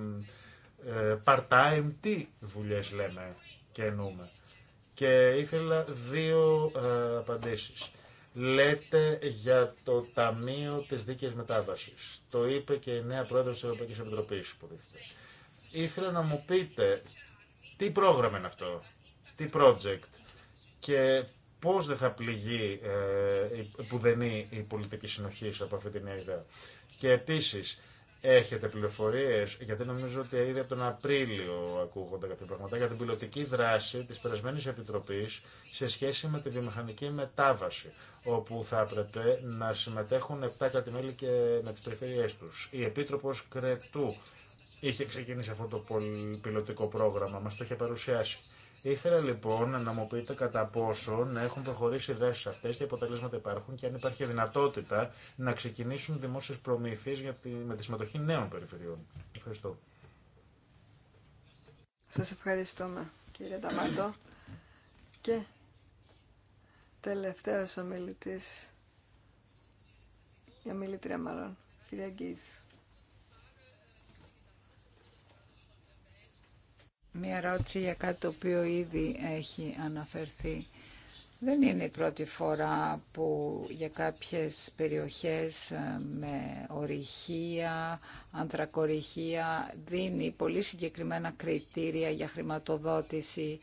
ε, part-time, τι δουλειέ λέμε και εννοούμε. Και ήθελα δύο ε, απαντήσεις. Λέτε για το Ταμείο της Δίκαιης Μετάβασης. Το είπε και η νέα πρόεδρος της Ευρωπαϊκής Επιτροπής που Ήθελα να μου πείτε τι πρόγραμμα είναι αυτό, τι project και πώς δεν θα πληγεί ε, που δεν είναι η πολιτική συνοχή από αυτή την ιδέα. Και επίσης, έχετε πληροφορίες, γιατί νομίζω ότι ήδη από τον Απρίλιο ακούγονται κάποια πράγματα, για την πιλωτική δράση της περασμένης Επιτροπής σε σχέση με τη βιομηχανική μετάβαση, όπου θα έπρεπε να συμμετέχουν 7 κρατημέλη και με τις περιφερειές τους. Η Επίτροπος Κρετού είχε ξεκινήσει αυτό το πιλωτικό πρόγραμμα, μας το είχε παρουσιάσει. Ήθελα λοιπόν να μου πείτε κατά πόσο να έχουν προχωρήσει οι δράσει αυτέ, τι αποτελέσματα υπάρχουν και αν υπάρχει δυνατότητα να ξεκινήσουν δημόσιε προμήθειε τη... με τη συμμετοχή νέων περιφερειών. Ευχαριστώ. Σα ευχαριστούμε κύριε Ταμάντο. Και τελευταίο ομιλητή, η ομιλητρία μάλλον, κυρία Γκίζ. Μία ερώτηση για κάτι το οποίο ήδη έχει αναφερθεί. Δεν είναι η πρώτη φορά που για κάποιες περιοχές ε, με ορυχεία, ανθρακορυχεία δίνει πολύ συγκεκριμένα κριτήρια για χρηματοδότηση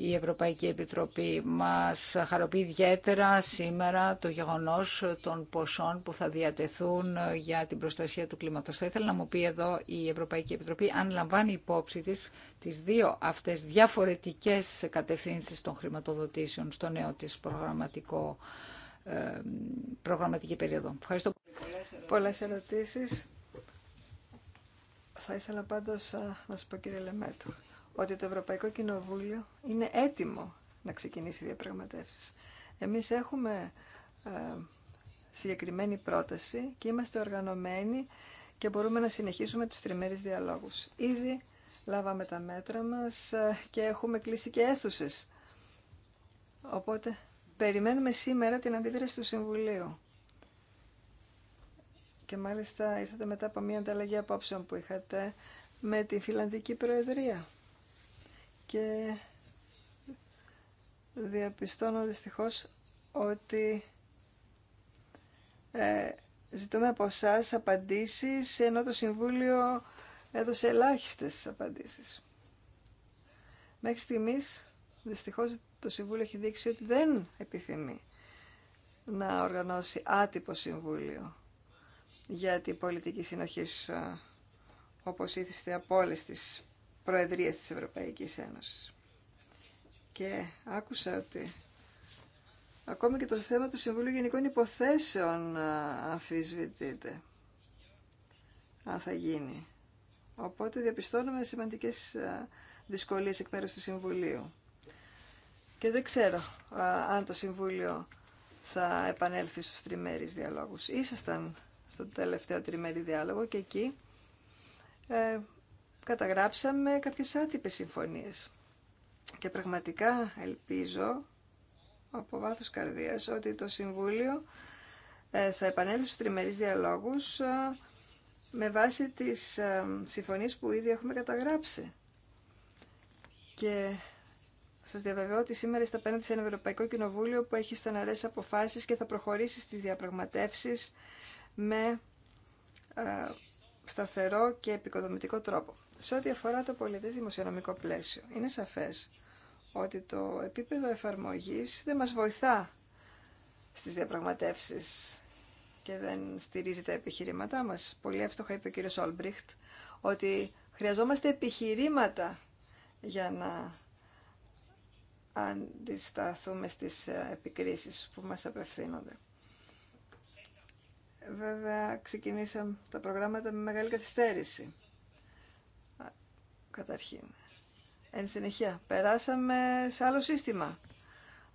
η Ευρωπαϊκή Επιτροπή. Μας χαροποιεί ιδιαίτερα σήμερα το γεγονός των ποσών που θα διατεθούν για την προστασία του κλίματος. Θα ήθελα να μου πει εδώ η Ευρωπαϊκή Επιτροπή αν λαμβάνει υπόψη της τις δύο αυτές διαφορετικές κατευθύνσεις των χρηματοδοτήσεων στο νέο της προγραμματικό ε, προγραμματική περίοδο. Ευχαριστώ πολύ. Πολλές ερωτήσεις. Θα ήθελα πάντως να σας πω κύριε Λεμέτου ότι το Ευρωπαϊκό Κοινοβούλιο είναι έτοιμο να ξεκινήσει διαπραγματεύσεις. Εμείς έχουμε ε, συγκεκριμένη πρόταση και είμαστε οργανωμένοι και μπορούμε να συνεχίσουμε τους τριμέρεις διαλόγους. Ήδη λάβαμε τα μέτρα μας ε, και έχουμε κλείσει και αίθουσες. Οπότε περιμένουμε σήμερα την αντίδραση του Συμβουλίου. Και μάλιστα ήρθατε μετά από μια ανταλλαγή απόψεων που είχατε με τη Φιλανδική Προεδρία και διαπιστώνω δυστυχώς ότι ε, ζητούμε από εσά απαντήσεις ενώ το Συμβούλιο έδωσε ελάχιστες απαντήσεις. Μέχρι στιγμής δυστυχώς το Συμβούλιο έχει δείξει ότι δεν επιθυμεί να οργανώσει άτυπο Συμβούλιο για την πολιτική συνοχή ε, όπως ήθεστε, από όλες Προεδρίας της Ευρωπαϊκής Ένωσης. Και άκουσα ότι ακόμη και το θέμα του Συμβουλίου Γενικών Υποθέσεων αμφισβητείται, αν θα γίνει. Οπότε διαπιστώνουμε σημαντικές δυσκολίες εκ μέρους του Συμβουλίου. Και δεν ξέρω αν το Συμβούλιο θα επανέλθει στους τριμέρις διαλόγους. Ήσασταν στο τελευταίο τριμέρι διάλογο και εκεί ε, καταγράψαμε κάποιες άτυπες συμφωνίες. Και πραγματικά ελπίζω από βάθος καρδίας ότι το Συμβούλιο ε, θα επανέλθει στους τριμερείς διαλόγους ε, με βάση τις ε, συμφωνίες που ήδη έχουμε καταγράψει. Και σας διαβεβαιώ ότι σήμερα είστε απέναντι σε ένα Ευρωπαϊκό Κοινοβούλιο που έχει στεναρές αποφάσεις και θα προχωρήσει στις διαπραγματεύσεις με σταθερό και επικοδομητικό τρόπο. Σε ό,τι αφορά το πολιτές δημοσιονομικό πλαίσιο, είναι σαφές ότι το επίπεδο εφαρμογής δεν μας βοηθά στις διαπραγματεύσεις και δεν στηρίζει τα επιχειρήματά μας. Πολύ εύστοχα είπε ο κύριος Όλμπριχτ ότι χρειαζόμαστε επιχειρήματα για να αντισταθούμε στις επικρίσεις που μας απευθύνονται. Βέβαια, ξεκινήσαμε τα προγράμματα με μεγάλη καθυστέρηση καταρχήν. Εν συνεχεία, περάσαμε σε άλλο σύστημα.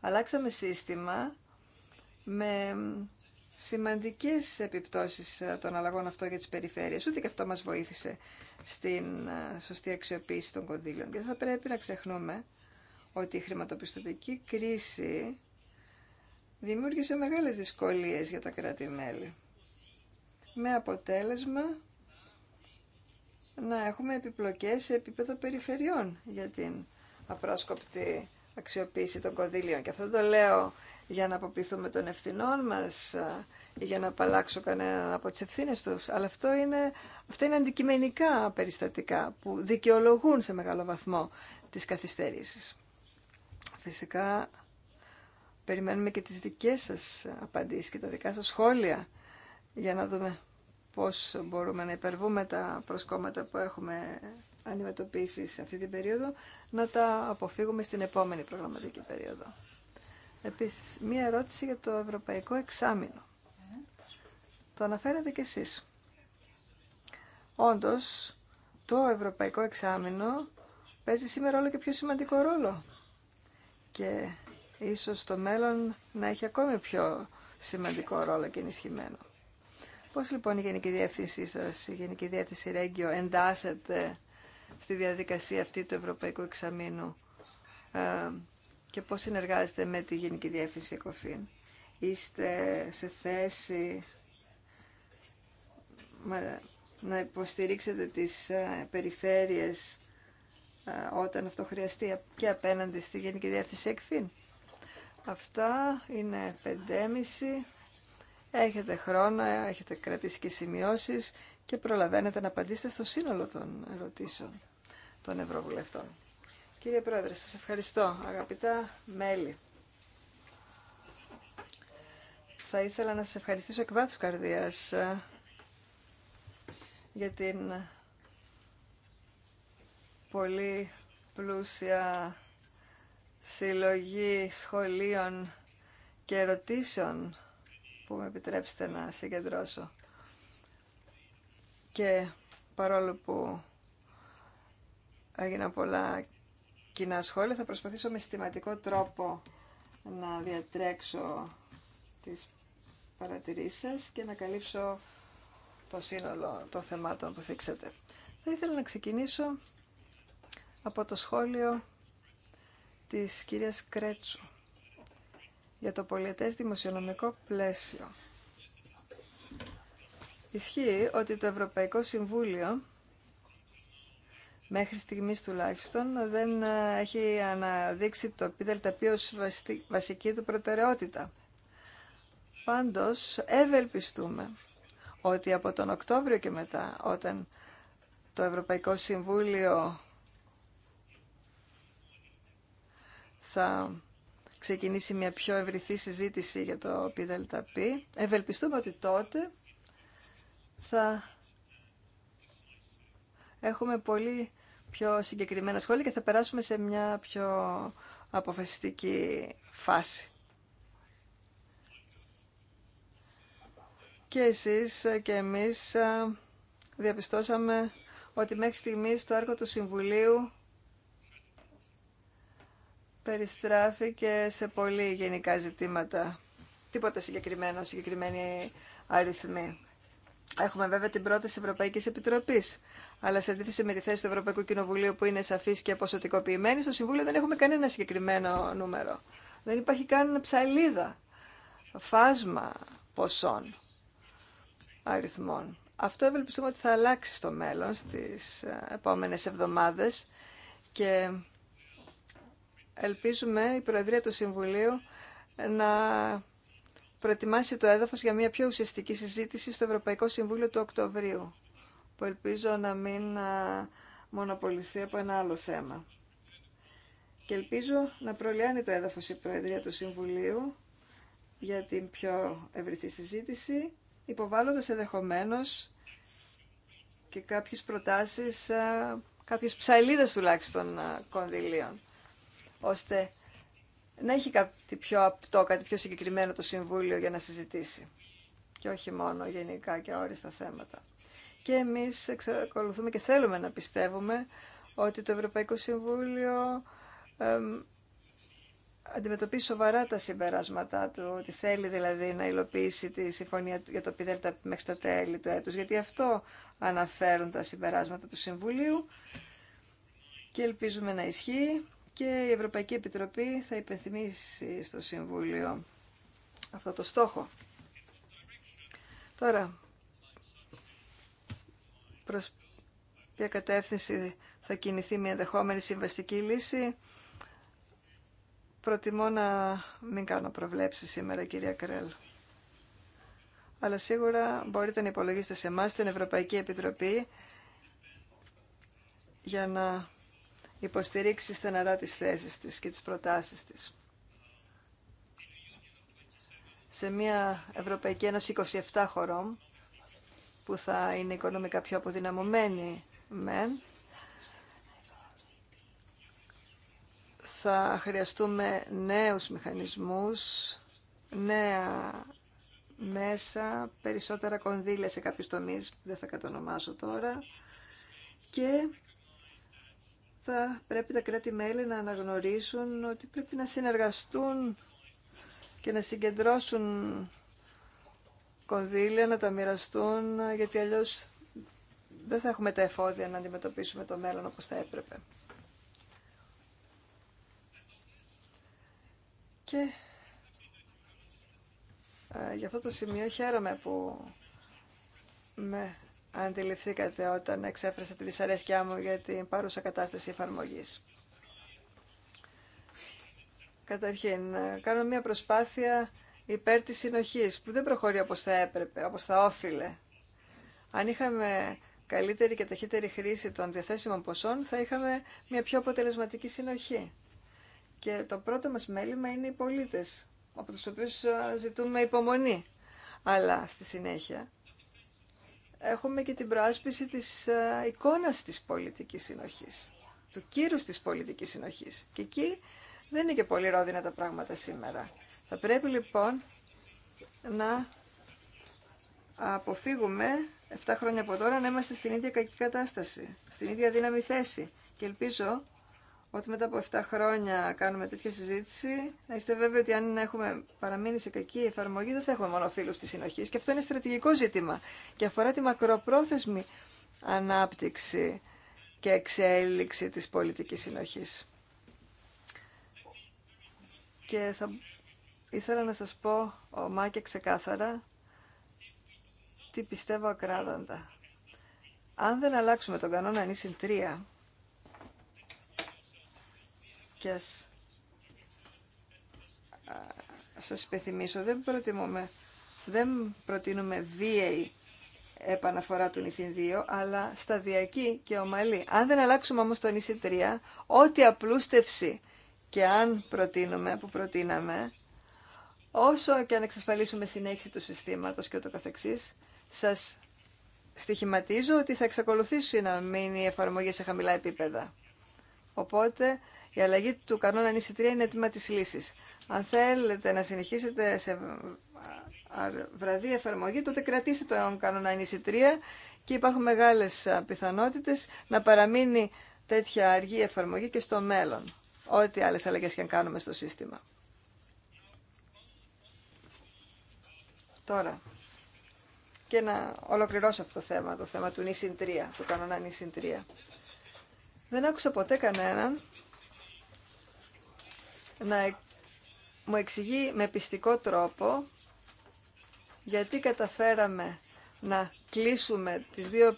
Αλλάξαμε σύστημα με σημαντικές επιπτώσεις των αλλαγών αυτό για τις περιφέρειες. Ούτε και αυτό μας βοήθησε στην σωστή αξιοποίηση των κονδύλων. Και θα πρέπει να ξεχνούμε ότι η χρηματοπιστωτική κρίση δημιούργησε μεγάλες δυσκολίες για τα κράτη-μέλη. Με αποτέλεσμα να έχουμε επιπλοκές σε επίπεδο περιφερειών για την απρόσκοπτη αξιοποίηση των κονδύλιων. Και αυτό το λέω για να αποποιηθούμε των ευθυνών μας ε, ή για να απαλλάξω κανέναν από τις ευθύνες τους. Αλλά αυτό είναι, αυτά είναι αντικειμενικά περιστατικά που δικαιολογούν σε μεγάλο βαθμό τις καθυστερήσεις. Φυσικά περιμένουμε και τις δικές σας απαντήσεις και τα δικά σας σχόλια για να δούμε πώς μπορούμε να υπερβούμε τα προσκόμματα που έχουμε αντιμετωπίσει σε αυτή την περίοδο, να τα αποφύγουμε στην επόμενη προγραμματική περίοδο. Επίσης, μία ερώτηση για το Ευρωπαϊκό Εξάμεινο. Το αναφέρατε κι εσείς. Όντως, το Ευρωπαϊκό Εξάμεινο παίζει σήμερα όλο και πιο σημαντικό ρόλο και ίσως το μέλλον να έχει ακόμη πιο σημαντικό ρόλο και ενισχυμένο. Πώς λοιπόν η Γενική Διεύθυνσή σας, η Γενική Διεύθυνση Ρέγγιο, εντάσσεται στη διαδικασία αυτή του Ευρωπαϊκού Εξαμήνου ε, και πώς συνεργάζεται με τη Γενική Διεύθυνση ΕΚΟΦΗΝ. Είστε σε θέση να υποστηρίξετε τις ε, περιφέρειες ε, όταν αυτό χρειαστεί και απέναντι στη Γενική Διεύθυνση Εκοφήν. Αυτά είναι 5,5. Έχετε χρόνο, έχετε κρατήσει και σημειώσεις και προλαβαίνετε να απαντήσετε στο σύνολο των ερωτήσεων των Ευρωβουλευτών. Κύριε Πρόεδρε, σας ευχαριστώ. Αγαπητά μέλη, θα ήθελα να σας ευχαριστήσω εκ βάθους καρδίας ε, για την πολύ πλούσια συλλογή σχολείων και ερωτήσεων που με επιτρέψετε να συγκεντρώσω. Και παρόλο που έγιναν πολλά κοινά σχόλια, θα προσπαθήσω με συστηματικό τρόπο να διατρέξω τις παρατηρήσεις σας και να καλύψω το σύνολο των θεμάτων που θίξατε. Θα ήθελα να ξεκινήσω από το σχόλιο της κυρίας Κρέτσου για το πολιτές δημοσιονομικό πλαίσιο. Ισχύει ότι το Ευρωπαϊκό Συμβούλιο μέχρι στιγμής τουλάχιστον δεν ε, έχει αναδείξει το ΠΔΕΛΤΑΠΗ ως βασική του προτεραιότητα. Πάντως ευελπιστούμε ότι από τον Οκτώβριο και μετά όταν το Ευρωπαϊκό Συμβούλιο θα ξεκινήσει μια πιο ευρυθή συζήτηση για το ΠΔΠ. Ευελπιστούμε ότι τότε θα έχουμε πολύ πιο συγκεκριμένα σχόλια και θα περάσουμε σε μια πιο αποφασιστική φάση. Και εσείς και εμείς ε, διαπιστώσαμε ότι μέχρι στιγμής το έργο του Συμβουλίου περιστράφηκε σε πολύ γενικά ζητήματα. Τίποτα συγκεκριμένο, συγκεκριμένη αριθμή. Έχουμε βέβαια την πρόταση Ευρωπαϊκή Επιτροπή. Αλλά σε αντίθεση με τη θέση του Ευρωπαϊκού Κοινοβουλίου που είναι σαφή και ποσοτικοποιημένη, στο Συμβούλιο δεν έχουμε κανένα συγκεκριμένο νούμερο. Δεν υπάρχει καν ψαλίδα, φάσμα ποσών αριθμών. Αυτό ευελπιστούμε ότι θα αλλάξει στο μέλλον στις επόμενες εβδομάδε ελπίζουμε η Προεδρία του Συμβουλίου να προετοιμάσει το έδαφος για μια πιο ουσιαστική συζήτηση στο Ευρωπαϊκό Συμβούλιο του Οκτωβρίου, που ελπίζω να μην μονοποληθεί από ένα άλλο θέμα. Και ελπίζω να προλιάνει το έδαφος η Προεδρία του Συμβουλίου για την πιο ευρυθή συζήτηση, υποβάλλοντας ενδεχομένω και κάποιες προτάσεις, κάποιες ψαλίδες τουλάχιστον κονδυλίων ώστε να έχει κάτι πιο απτό, κάτι πιο συγκεκριμένο το Συμβούλιο για να συζητήσει. Και όχι μόνο γενικά και όριστα θέματα. Και εμείς εξακολουθούμε και θέλουμε να πιστεύουμε ότι το Ευρωπαϊκό Συμβούλιο αντιμετωπίζει σοβαρά τα συμπεράσματά του, ότι θέλει δηλαδή να υλοποιήσει τη συμφωνία για το ΠΙΔΕΛΤΑ μέχρι τα τέλη του έτους, γιατί αυτό αναφέρουν τα συμπεράσματα του Συμβουλίου και ελπίζουμε να ισχύει και η Ευρωπαϊκή Επιτροπή θα υπενθυμίσει στο Συμβούλιο αυτό το στόχο. Τώρα, προς ποια κατεύθυνση θα κινηθεί μια ενδεχόμενη συμβαστική λύση, προτιμώ να μην κάνω προβλέψεις σήμερα, κυρία Κρέλ. Αλλά σίγουρα μπορείτε να υπολογίσετε σε εμά την Ευρωπαϊκή Επιτροπή για να υποστηρίξει στεναρά τις θέσεις της και τις προτάσεις της. Σε μια Ευρωπαϊκή Ένωση 27 χωρών, που θα είναι οικονομικά πιο αποδυναμωμένη μεν, θα χρειαστούμε νέους μηχανισμούς, νέα μέσα, περισσότερα κονδύλια σε κάποιους τομείς που δεν θα κατανομάσω τώρα και θα πρέπει τα κράτη-μέλη να αναγνωρίσουν ότι πρέπει να συνεργαστούν και να συγκεντρώσουν κονδύλια, να τα μοιραστούν, γιατί αλλιώς δεν θα έχουμε τα εφόδια να αντιμετωπίσουμε το μέλλον όπως θα έπρεπε. Και ε, για αυτό το σημείο χαίρομαι που με αντιληφθήκατε όταν εξέφρασα τη δυσαρέσκειά μου για την παρούσα κατάσταση εφαρμογής. Καταρχήν, κάνω μια προσπάθεια υπέρ της συνοχής, που δεν προχωρεί όπως θα έπρεπε, όπως θα όφιλε. Αν είχαμε καλύτερη και ταχύτερη χρήση των διαθέσιμων ποσών, θα είχαμε μια πιο αποτελεσματική συνοχή. Και το πρώτο μας μέλημα είναι οι πολίτες, από τους οποίους ε, ζητούμε υπομονή. Αλλά στη συνέχεια έχουμε και την προάσπιση της ε, εικόνας της πολιτικής συνοχής, του κύρους της πολιτικής συνοχής. Και εκεί δεν είναι και πολύ ρόδινα τα πράγματα σήμερα. Θα πρέπει λοιπόν να αποφύγουμε 7 χρόνια από τώρα να είμαστε στην ίδια κακή κατάσταση, στην ίδια δύναμη θέση. Και ελπίζω ότι μετά από 7 χρόνια κάνουμε τέτοια συζήτηση, να είστε βέβαιοι ότι αν έχουμε παραμείνει σε κακή εφαρμογή, δεν θα έχουμε μόνο φίλου τη συνοχή Και αυτό είναι στρατηγικό ζήτημα και αφορά τη μακροπρόθεσμη ανάπτυξη και εξέλιξη της πολιτικής συνοχής. Και θα ήθελα να σας πω ομά και ξεκάθαρα τι πιστεύω ακράδαντα. Αν δεν αλλάξουμε τον κανόνα νήσιν διάρκειας. Σας υπενθυμίσω, δεν προτιμούμε, δεν προτείνουμε βίαιη επαναφορά του νησί 2, αλλά σταδιακή και ομαλή. Αν δεν αλλάξουμε όμως το νησί 3, ό,τι απλούστευση και αν προτείνουμε, που προτείναμε, όσο και αν εξασφαλίσουμε συνέχιση του συστήματος και ούτω καθεξής, σας στοιχηματίζω ότι θα εξακολουθήσει να μείνει η εφαρμογή σε χαμηλά επίπεδα. Οπότε η αλλαγή του κανόνα νησι 3 είναι έτοιμα της λύσης. Αν θέλετε να συνεχίσετε σε βραδύ εφαρμογή, τότε κρατήστε το κανόνα νησι και υπάρχουν μεγάλες πιθανότητες να παραμείνει τέτοια αργή εφαρμογή και στο μέλλον, ό,τι άλλες αλλαγές και αν κάνουμε στο σύστημα. Τώρα, και να ολοκληρώσω αυτό το θέμα, το θέμα του νησιν 3, του κανόνα νησιν Δεν άκουσα ποτέ κανέναν να μου εξηγεί με πιστικό τρόπο γιατί καταφέραμε να κλείσουμε τις δύο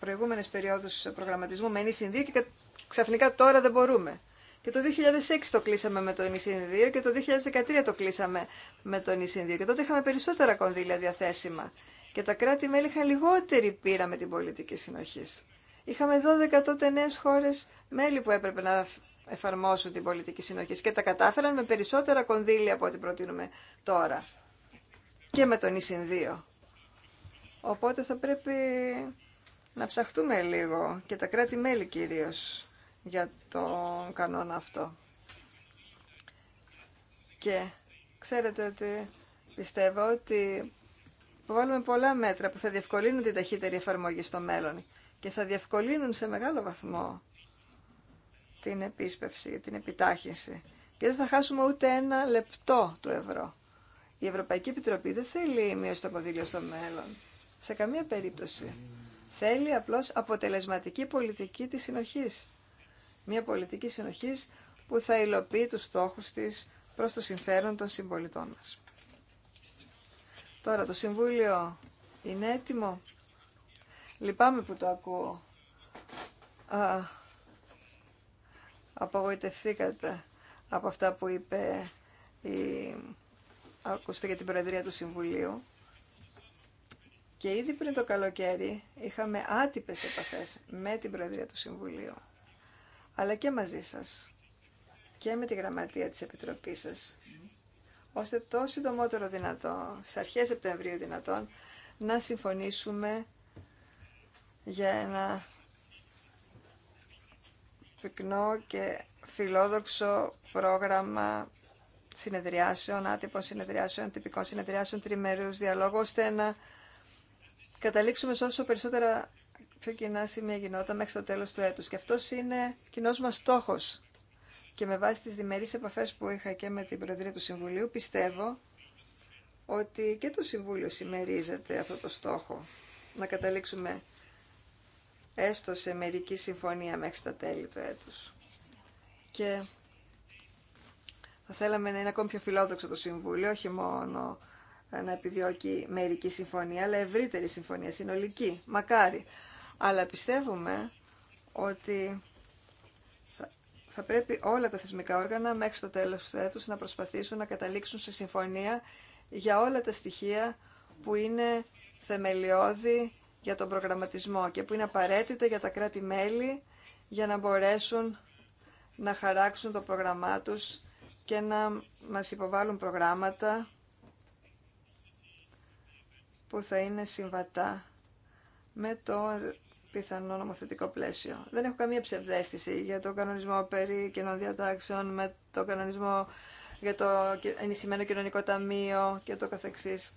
προηγούμενες περιόδους προγραμματισμού με νησιν 2 και ξαφνικά τώρα δεν μπορούμε. Και το 2006 το κλείσαμε με το νησιν 2 και το 2013 το κλείσαμε με το νησιν 2 και τότε είχαμε περισσότερα κονδύλια διαθέσιμα και τα κράτη-μέλη είχαν λιγότερη πείρα με την πολιτική συνοχή. Είχαμε 12 τότε νέες χώρες μέλη που έπρεπε να εφαρμόσουν την πολιτική συνοχή και τα κατάφεραν με περισσότερα κονδύλια από ό,τι προτείνουμε τώρα και με τον ΙΣΙΝΔΙΟ. 2. Οπότε θα πρέπει να ψαχτούμε λίγο και τα κράτη-μέλη κυρίως για τον κανόνα αυτό. Και ξέρετε ότι πιστεύω ότι βάλουμε πολλά μέτρα που θα διευκολύνουν την ταχύτερη εφαρμογή στο μέλλον και θα διευκολύνουν σε μεγάλο βαθμό την επίσπευση, την επιτάχυνση. Και δεν θα χάσουμε ούτε ένα λεπτό του ευρώ. Η Ευρωπαϊκή Επιτροπή δεν θέλει μείωση των κονδύλιων στο μέλλον. Σε καμία περίπτωση. Θέλει απλώς αποτελεσματική πολιτική της συνοχής. Μια πολιτική συνοχής που θα υλοποιεί τους στόχους της προς το συμφέρον των συμπολιτών μας. Τώρα το Συμβούλιο είναι έτοιμο. Λυπάμαι που το ακούω απογοητευθήκατε από αυτά που είπε η... Ακούστε για την Προεδρία του Συμβουλίου. Και ήδη πριν το καλοκαίρι είχαμε άτυπες επαφές με την Προεδρία του Συμβουλίου, αλλά και μαζί σας και με τη γραμματεία της Επιτροπής σας, ώστε το συντομότερο δυνατό, στις αρχές Σεπτεμβρίου δυνατόν, να συμφωνήσουμε για ένα πυκνό και φιλόδοξο πρόγραμμα συνεδριάσεων, άτυπων συνεδριάσεων, τυπικών συνεδριάσεων, τριμερούς διαλόγου, ώστε να καταλήξουμε σε όσο περισσότερα πιο κοινά σημεία γινόταν μέχρι το τέλος του έτους. Και αυτός είναι κοινός μας στόχος. Και με βάση τις διμερείς επαφές που είχα και με την Προεδρία του Συμβουλίου, πιστεύω ότι και το Συμβούλιο συμμερίζεται αυτό το στόχο. Να καταλήξουμε έστω σε μερική συμφωνία μέχρι τα τέλη του έτους. Και θα θέλαμε να είναι ακόμη πιο φιλόδοξο το Συμβούλιο, όχι μόνο να επιδιώκει μερική συμφωνία, αλλά ευρύτερη συμφωνία, συνολική, μακάρι. Αλλά πιστεύουμε ότι θα πρέπει όλα τα θεσμικά όργανα μέχρι το τέλος του έτους να προσπαθήσουν να καταλήξουν σε συμφωνία για όλα τα στοιχεία που είναι θεμελιώδη για τον προγραμματισμό και που είναι απαραίτητα για τα κράτη-μέλη για να μπορέσουν να χαράξουν το πρόγραμμά τους και να μας υποβάλουν προγράμματα που θα είναι συμβατά με το πιθανό νομοθετικό πλαίσιο. Δεν έχω καμία ψευδέστηση για το κανονισμό περί κοινών διατάξεων, με το κανονισμό για το ενισχυμένο κοινωνικό ταμείο και το καθεξής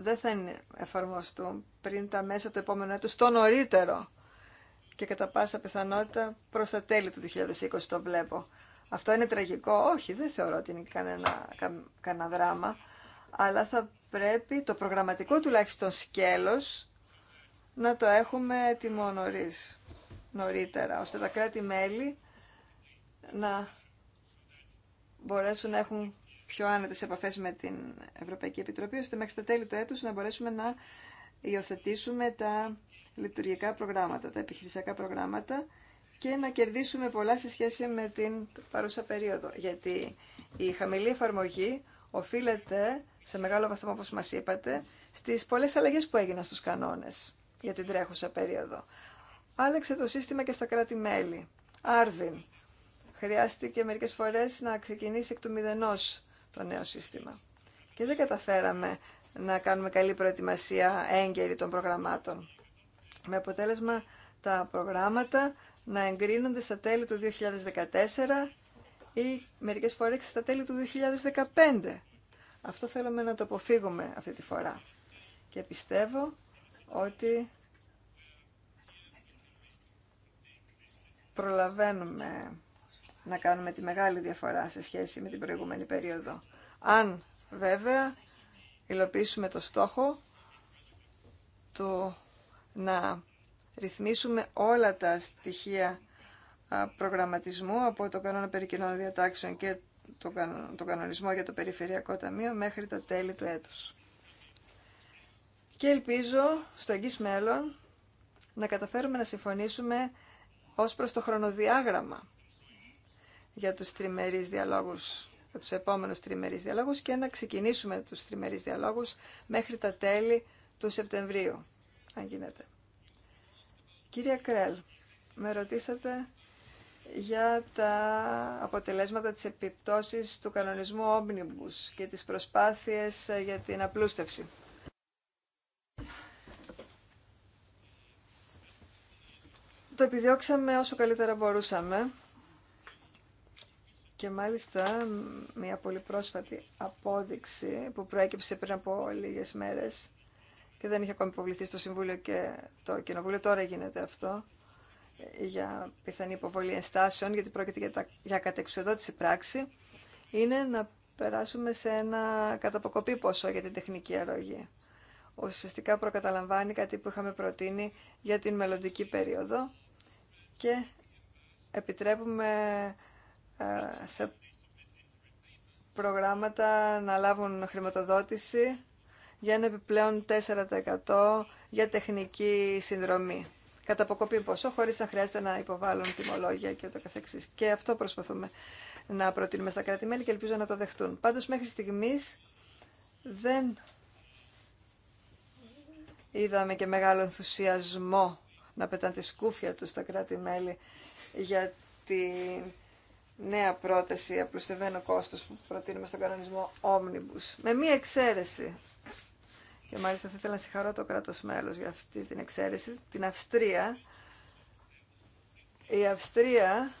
δεν θα εφαρμοστούν πριν τα μέσα του επόμενου έτους, το νωρίτερο και κατά πάσα πιθανότητα προς τα τέλη του 2020 το βλέπω. Αυτό είναι τραγικό. Όχι, δεν θεωρώ ότι είναι κανένα, κανένα δράμα, αλλά θα πρέπει το προγραμματικό τουλάχιστον σκέλος να το έχουμε έτοιμο νωρίς, νωρίτερα, ώστε τα κράτη-μέλη να μπορέσουν να έχουν πιο άνετε επαφέ με την Ευρωπαϊκή Επιτροπή, ώστε μέχρι τα τέλη του έτου να μπορέσουμε να υιοθετήσουμε τα λειτουργικά προγράμματα, τα επιχειρησιακά προγράμματα και να κερδίσουμε πολλά σε σχέση με την παρούσα περίοδο. Γιατί η χαμηλή εφαρμογή οφείλεται σε μεγάλο βαθμό, όπως μας είπατε, στις πολλές αλλαγές που έγιναν στους κανόνες για την τρέχουσα περίοδο. Άλλαξε το σύστημα και στα κράτη-μέλη. Άρδιν. Χρειάστηκε μερικές φορές να ξεκινήσει εκ του το νέο σύστημα. Και δεν καταφέραμε να κάνουμε καλή προετοιμασία έγκαιρη των προγραμμάτων. Με αποτέλεσμα τα προγράμματα να εγκρίνονται στα τέλη του 2014 ή μερικές φορές στα τέλη του 2015. Αυτό θέλουμε να το αποφύγουμε αυτή τη φορά. Και πιστεύω ότι προλαβαίνουμε να κάνουμε τη μεγάλη διαφορά σε σχέση με την προηγούμενη περίοδο. Αν βέβαια υλοποιήσουμε το στόχο το να ρυθμίσουμε όλα τα στοιχεία προγραμματισμού από το κανόνα περί κοινών διατάξεων και το κανονισμό για το Περιφερειακό Ταμείο μέχρι τα τέλη του έτους. Και ελπίζω στο εγγύς μέλλον να καταφέρουμε να συμφωνήσουμε ως προς το χρονοδιάγραμμα για τους τριμερείς διαλόγους, για τους επόμενους τριμερείς διαλόγους και να ξεκινήσουμε τους τριμερείς διαλόγους μέχρι τα τέλη του Σεπτεμβρίου, αν γίνεται. Κύριε Κρέλ, με ρωτήσατε για τα αποτελέσματα της επιπτώσης του κανονισμού Omnibus και τις προσπάθειες για την απλούστευση. Το επιδιώξαμε όσο καλύτερα μπορούσαμε και μάλιστα μια πολύ πρόσφατη απόδειξη που προέκυψε πριν από λίγες μέρες και δεν είχε ακόμη υποβληθεί στο Συμβούλιο και το Κοινοβούλιο, τώρα γίνεται αυτό, για πιθανή υποβολή ενστάσεων, γιατί πρόκειται για, τα, για πράξη, είναι να περάσουμε σε ένα καταποκοπή ποσό για την τεχνική αρρωγή. Ουσιαστικά προκαταλαμβάνει κάτι που είχαμε προτείνει για την μελλοντική περίοδο και επιτρέπουμε ε, σε προγράμματα να λάβουν χρηματοδότηση για ένα επιπλέον 4% για τεχνική συνδρομή. Κατά αποκοπή ποσό, χωρίς να χρειάζεται να υποβάλουν τιμολόγια και ούτω καθεξής. Και αυτό προσπαθούμε να προτείνουμε στα κράτη-μέλη και ελπίζω να το δεχτούν. Πάντως μέχρι στιγμής δεν είδαμε και μεγάλο ενθουσιασμό να πετάνε τη σκούφια τους στα κράτη-μέλη για νέα πρόταση απλουστευμένο κόστος που προτείνουμε στον κανονισμό Omnibus. Με μία εξαίρεση. Και μάλιστα θα ήθελα να συγχαρώ το κράτος μέλος για αυτή την εξαίρεση, την Αυστρία. Η Αυστρία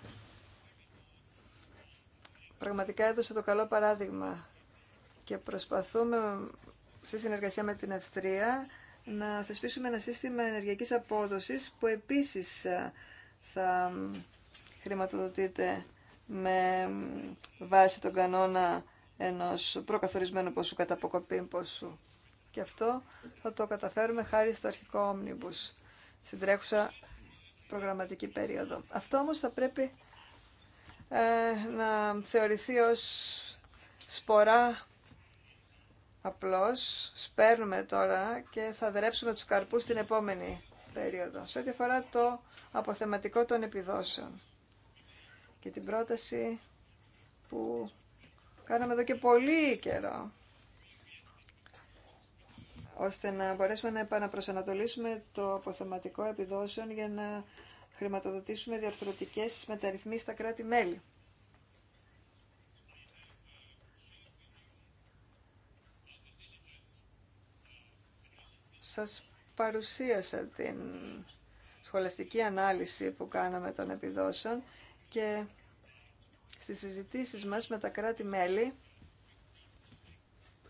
πραγματικά έδωσε το καλό παράδειγμα και προσπαθούμε σε συνεργασία με την Αυστρία να θεσπίσουμε ένα σύστημα ενεργειακής απόδοσης που επίσης ε, θα χρηματοδοτείται με βάση τον κανόνα ενός προκαθορισμένου ποσού κατά ποσού. Και αυτό θα το καταφέρουμε χάρη στο αρχικό όμνιμπους, στην τρέχουσα προγραμματική περίοδο. Αυτό όμως θα πρέπει ε, να θεωρηθεί ως σπορά απλώς. Σπέρνουμε τώρα και θα δρέψουμε τους καρπούς την επόμενη περίοδο. Σε ό,τι αφορά το αποθεματικό των επιδόσεων και την πρόταση που κάναμε εδώ και πολύ καιρό ώστε να μπορέσουμε να επαναπροσανατολίσουμε το αποθεματικό επιδόσεων για να χρηματοδοτήσουμε διαρθρωτικές μεταρρυθμίσεις στα κράτη-μέλη. Σας παρουσίασα την σχολαστική ανάλυση που κάναμε των επιδόσεων και στις συζητήσεις μας με τα κράτη-μέλη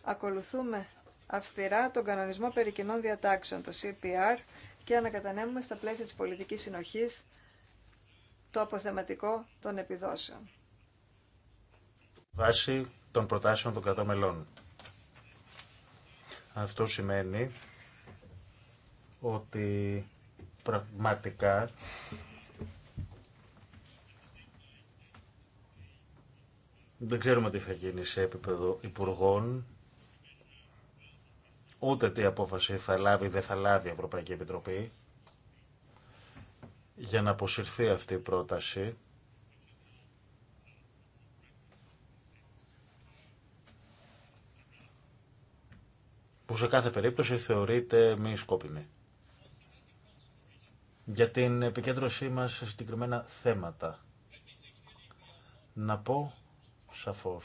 ακολουθούμε αυστηρά τον κανονισμό περί κοινών διατάξεων, το CPR, και ανακατανέμουμε στα πλαίσια της πολιτικής συνοχής το αποθεματικό των επιδόσεων. Βάση των προτάσεων των κρατών-μελών. Αυτό σημαίνει ότι πραγματικά Δεν ξέρουμε τι θα γίνει σε επίπεδο υπουργών, ούτε τι απόφαση θα λάβει ή δεν θα λάβει η Ευρωπαϊκή Επιτροπή για να αποσυρθεί αυτή η πρόταση. που σε κάθε περίπτωση θεωρείται μη σκόπιμη. Για την επικέντρωσή μας σε συγκεκριμένα θέματα. Να πω σαφώς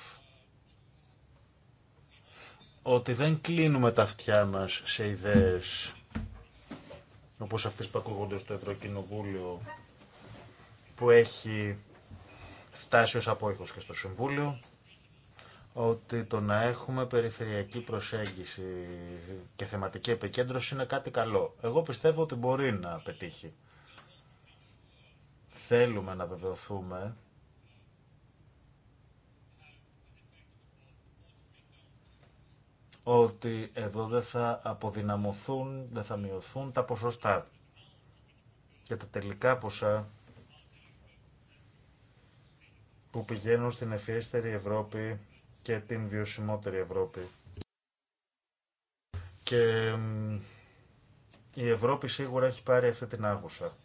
ότι δεν κλείνουμε τα αυτιά μας σε ιδέες όπως αυτές που ακούγονται στο Ευρωκοινοβούλιο που έχει φτάσει ως απόϊχος και στο Συμβούλιο ότι το να έχουμε περιφερειακή προσέγγιση και θεματική επικέντρωση είναι κάτι καλό. Εγώ πιστεύω ότι μπορεί να πετύχει. Θέλουμε να βεβαιωθούμε ότι εδώ δεν θα αποδυναμωθούν, δεν θα μειωθούν τα ποσοστά. Και τα τελικά ποσά που πηγαίνουν στην ευφιέστερη Ευρώπη και την βιωσιμότερη Ευρώπη. Και η Ευρώπη σίγουρα έχει πάρει αυτή την άγουσα.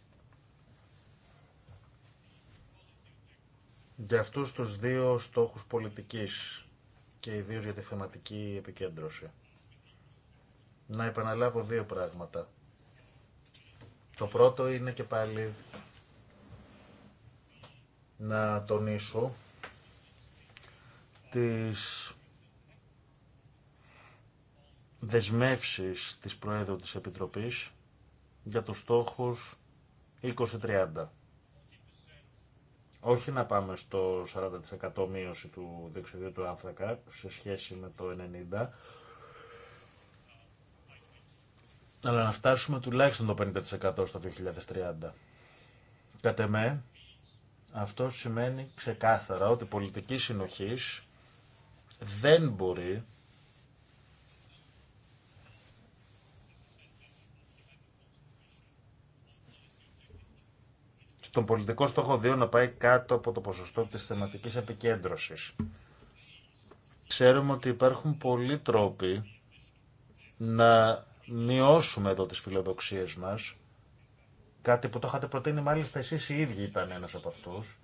Για αυτούς τους δύο στόχους πολιτικής και ιδίως για τη θεματική επικέντρωση. Να επαναλάβω δύο πράγματα. Το πρώτο είναι και πάλι να τονίσω τις δεσμεύσεις της Προέδρου της Επιτροπής για τους στόχους 2030 όχι να πάμε στο 40% μείωση του διοξιδίου του άνθρακα σε σχέση με το 90%, αλλά να φτάσουμε τουλάχιστον το 50% στο 2030. Κατ' εμέ, αυτό σημαίνει ξεκάθαρα ότι η πολιτική συνοχής δεν μπορεί στον πολιτικό στόχο 2 να πάει κάτω από το ποσοστό της θεματικής επικέντρωσης. Ξέρουμε ότι υπάρχουν πολλοί τρόποι να μειώσουμε εδώ τις φιλοδοξίες μας. Κάτι που το είχατε προτείνει μάλιστα εσείς οι ίδιοι ήταν ένας από αυτούς.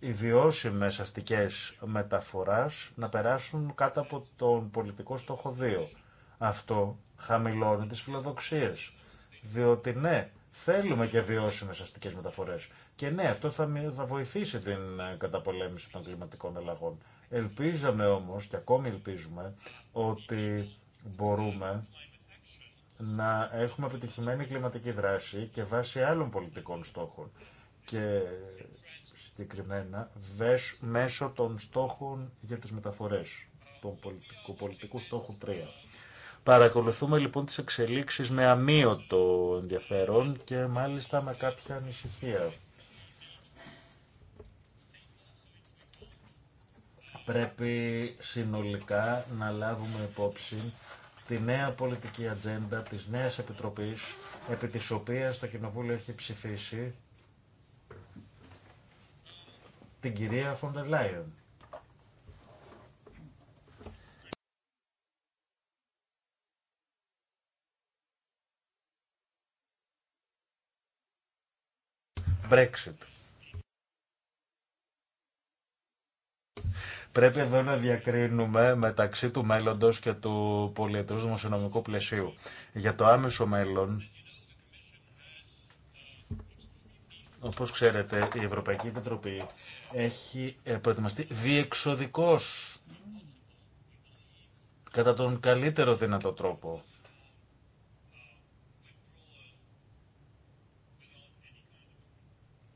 Οι βιώσιμες αστικές μεταφοράς να περάσουν κάτω από τον πολιτικό στόχο 2. Αυτό χαμηλώνει τις φιλοδοξίες. Διότι ναι, Θέλουμε και βιώσιμε αστικέ μεταφορέ. Και ναι, αυτό θα, θα βοηθήσει την ε, καταπολέμηση των κλιματικών αλλαγών. Ελπίζαμε όμω και ακόμη ελπίζουμε ότι μπορούμε να έχουμε επιτυχημένη κλιματική δράση και βάσει άλλων πολιτικών στόχων. Και συγκεκριμένα δες μέσω των στόχων για τις μεταφορές, των πολιτικού, πολιτικού στόχου 3. Παρακολουθούμε λοιπόν τις εξελίξεις με αμύωτο ενδιαφέρον και μάλιστα με κάποια ανησυχία. Πρέπει συνολικά να λάβουμε υπόψη τη νέα πολιτική ατζέντα της νέας επιτροπής, επί της οποίας το Κοινοβούλιο έχει ψηφίσει την κυρία Φοντερ Brexit. Πρέπει εδώ να διακρίνουμε μεταξύ του μέλλοντος και του πολιετούς δημοσιονομικού πλαισίου. Για το άμεσο μέλλον, όπως ξέρετε, η Ευρωπαϊκή Επιτροπή έχει ε, προετοιμαστεί διεξοδικός κατά τον καλύτερο δυνατό τρόπο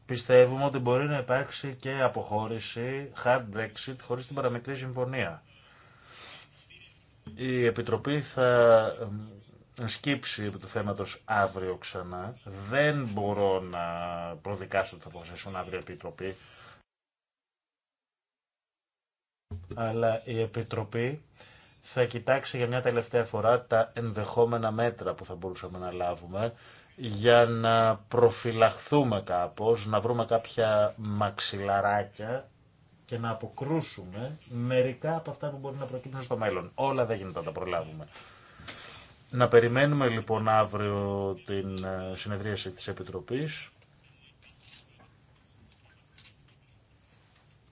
Πιστεύουμε ότι μπορεί να υπάρξει και αποχώρηση, hard Brexit, χωρίς την παραμικρή συμφωνία. Η Επιτροπή θα σκύψει επί του θέματος αύριο ξανά. Δεν μπορώ να προδικάσω ότι θα αποφασίσουν αύριο Επιτροπή. Αλλά η Επιτροπή θα κοιτάξει για μια τελευταία φορά τα ενδεχόμενα μέτρα που θα μπορούσαμε να λάβουμε για να προφυλαχθούμε κάπως, να βρούμε κάποια μαξιλαράκια και να αποκρούσουμε μερικά από αυτά που μπορεί να προκύψουν στο μέλλον. Όλα δεν γίνεται να τα προλάβουμε. Να περιμένουμε λοιπόν αύριο την ε, συνεδρίαση της Επιτροπής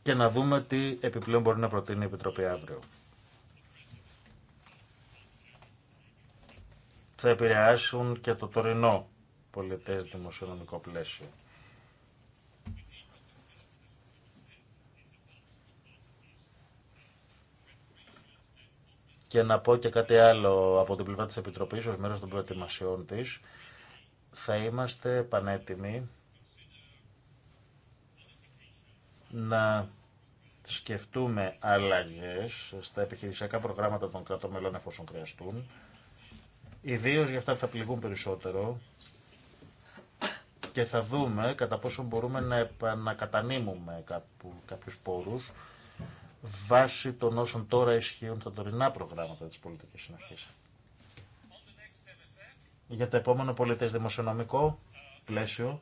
και να δούμε τι επιπλέον μπορεί να προτείνει η Επιτροπή αύριο. Θα επηρεάσουν και το τωρινό πολιτές δημοσιονομικό πλαίσιο. Και να πω και κάτι άλλο από την πλευρά της Επιτροπής ως μέρος των προετοιμασιών της. Θα είμαστε πανέτοιμοι να σκεφτούμε αλλαγές στα επιχειρησιακά προγράμματα των κρατών μελών εφόσον χρειαστούν, ιδίω για αυτά που θα πληγούν περισσότερο, και θα δούμε κατά πόσο μπορούμε να επανακατανείμουμε κάποιους πόρους βάσει των όσων τώρα ισχύουν στα τωρινά προγράμματα της πολιτικής συνοχής. Για το επόμενο πολιτές δημοσιονομικό πλαίσιο,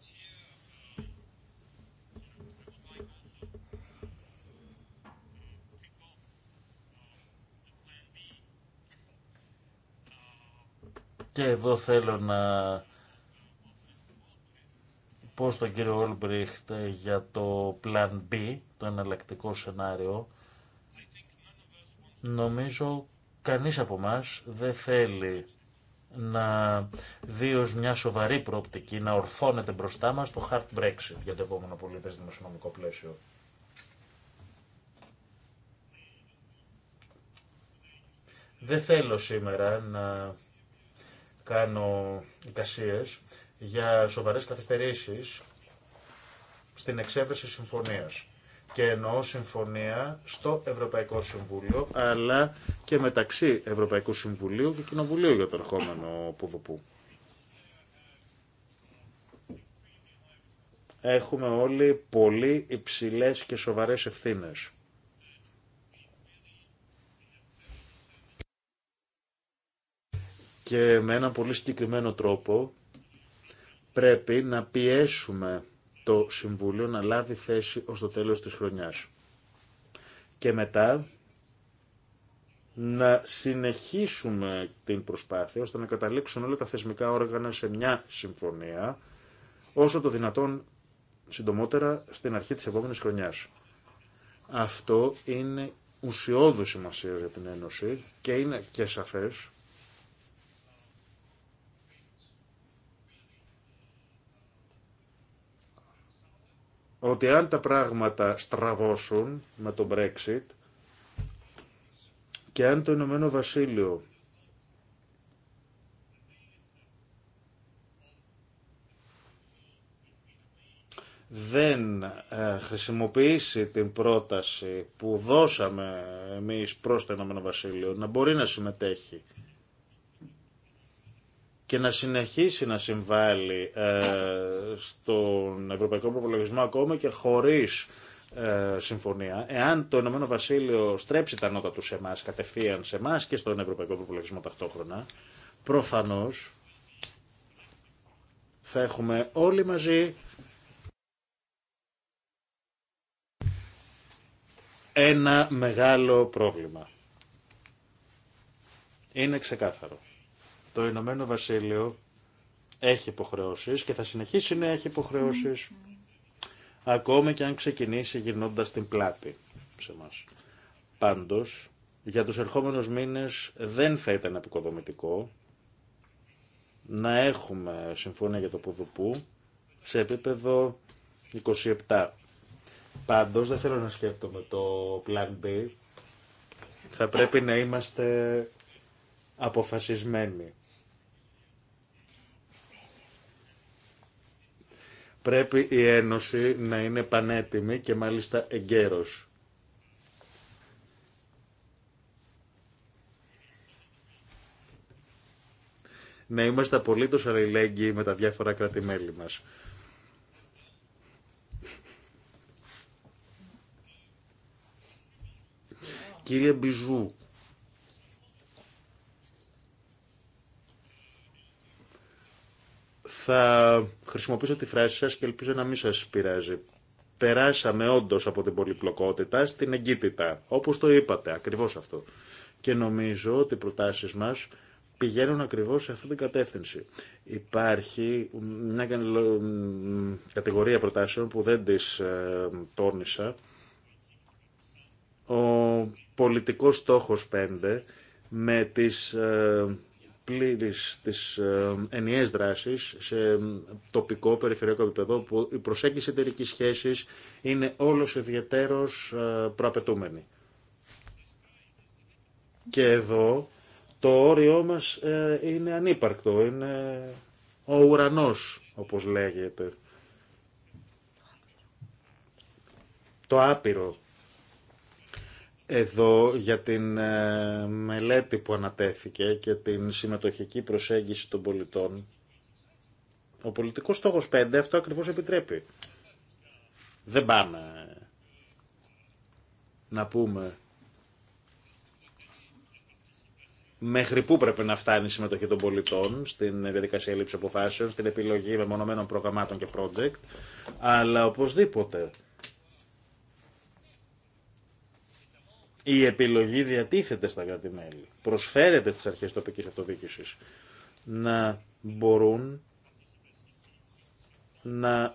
Και εδώ θέλω να πω στον κύριο Όλμπριχτ για το Plan B, το εναλλακτικό σενάριο. Νομίζω κανείς από εμά δεν θέλει να δει ως μια σοβαρή προοπτική, να ορθώνεται μπροστά μας το hard Brexit για το επόμενο πολίτες δημοσιονομικό πλαίσιο. Δεν θέλω σήμερα να κάνω εικασίες για σοβαρές καθυστερήσεις στην εξέβρεση συμφωνίας. Και εννοώ συμφωνία στο Ευρωπαϊκό Συμβούλιο, αλλά και μεταξύ Ευρωπαϊκού Συμβουλίου και Κοινοβουλίου για το ερχόμενο Πουδουπού. Έχουμε όλοι πολύ υψηλές και σοβαρές ευθύνες. Και με έναν πολύ συγκεκριμένο τρόπο πρέπει να πιέσουμε το Συμβούλιο να λάβει θέση ως το τέλος της χρονιάς. Και μετά να συνεχίσουμε την προσπάθεια ώστε να καταλήξουν όλα τα θεσμικά όργανα σε μια συμφωνία όσο το δυνατόν συντομότερα στην αρχή της επόμενης χρονιάς. Αυτό είναι ουσιώδη σημασία για την Ένωση και είναι και σαφές ότι αν τα πράγματα στραβώσουν με το Brexit και αν το Ηνωμένο Βασίλειο δεν ε, χρησιμοποιήσει την πρόταση που δώσαμε εμείς προς το Ηνωμένο Βασίλειο να μπορεί να συμμετέχει και να συνεχίσει να συμβάλλει ε, στον ευρωπαϊκό προπολογισμό ακόμα και χωρίς ε, συμφωνία. Εάν το Ηνωμένο Βασίλειο στρέψει τα νότα του σε εμά, κατευθείαν σε εμά και στον ευρωπαϊκό προπολογισμό ταυτόχρονα, προφανώς θα έχουμε όλοι μαζί ένα μεγάλο πρόβλημα. Είναι ξεκάθαρο. Το Ηνωμένο Βασίλειο έχει υποχρεώσεις και θα συνεχίσει να έχει υποχρεώσεις ακόμα και αν ξεκινήσει γυρνώντας την πλάτη σε μας. Πάντως, για τους ερχόμενους μήνες δεν θα ήταν επικοδομητικό να έχουμε συμφωνία για το Πουδουπού σε επίπεδο 27. Πάντως δεν θέλω να σκέφτομαι το Plan B. Θα πρέπει να είμαστε αποφασισμένοι. Πρέπει η Ένωση να είναι πανέτοιμη και μάλιστα εγκαίρος. Να είμαστε απολύτως αλληλέγγυοι με τα διάφορα κράτη-μέλη μας. Κύριε Μπιζού, Θα χρησιμοποιήσω τη φράση σας και ελπίζω να μην σας πειράζει. Περάσαμε όντω από την πολυπλοκότητα στην εγκύτητα, όπως το είπατε, ακριβώς αυτό. Και νομίζω ότι οι προτάσεις μας πηγαίνουν ακριβώς σε αυτή την κατεύθυνση. Υπάρχει μια κατηγορία προτάσεων που δεν τις ε, τόνισα. Ο πολιτικός στόχος 5 με τις ε, πλήρης της ε, ενιαίας δράσης σε τοπικό, περιφερειακό επίπεδο που η προσέγγιση εταιρική σχέση είναι όλος ιδιαίτερος ε, προαπαιτούμενη. Και εδώ το όριό μας ε, είναι ανύπαρκτο, είναι ο ουρανός όπως λέγεται. Το άπειρο εδώ για την ε, μελέτη που ανατέθηκε και την συμμετοχική προσέγγιση των πολιτών. Ο πολιτικός στόχος 5 αυτό ακριβώς επιτρέπει. Δεν πάμε να πούμε μέχρι πού πρέπει να φτάνει η συμμετοχή των πολιτών στην διαδικασία λήψη αποφάσεων, στην επιλογή μεμονωμένων προγραμμάτων και project, αλλά οπωσδήποτε Η επιλογή διατίθεται στα κράτη-μέλη, προσφέρεται στις αρχές τοπικής αυτοδιοίκησης να μπορούν να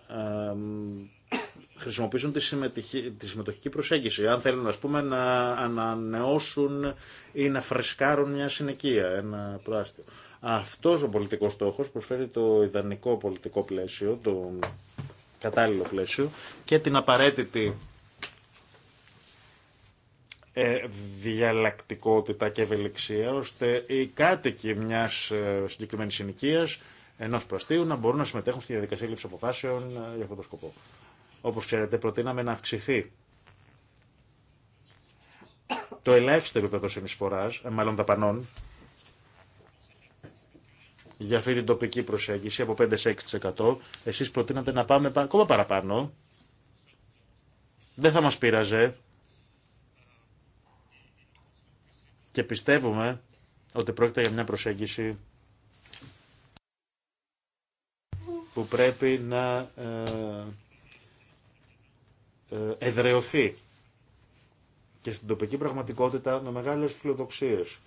χρησιμοποιήσουν τη, συμμετοχική προσέγγιση. Αν θέλουν, ας πούμε, να ανανεώσουν ή να φρεσκάρουν μια συνοικία, ένα πράστιο. Αυτός ο πολιτικός στόχος προσφέρει το ιδανικό πολιτικό πλαίσιο, το κατάλληλο πλαίσιο και την απαραίτητη ε, διαλλακτικότητα και ευελιξία, ώστε οι κάτοικοι μια ε, συγκεκριμένη συνοικία, ενό πλαστείου, να μπορούν να συμμετέχουν στη διαδικασία λήψη αποφάσεων ε, για αυτόν τον σκοπό. Όπω ξέρετε, προτείναμε να αυξηθεί το ελάχιστο επίπεδο συνεισφορά, μάλλον δαπανών, για αυτή την τοπική προσέγγιση από 5-6%. Εσεί προτείνατε να πάμε ακόμα παραπάνω. Δεν θα μα πείραζε και πιστεύουμε ότι πρόκειται για μια προσέγγιση που πρέπει να ε, ε, εδρεωθεί και στην τοπική πραγματικότητα με μεγάλες φιλοδοξίες.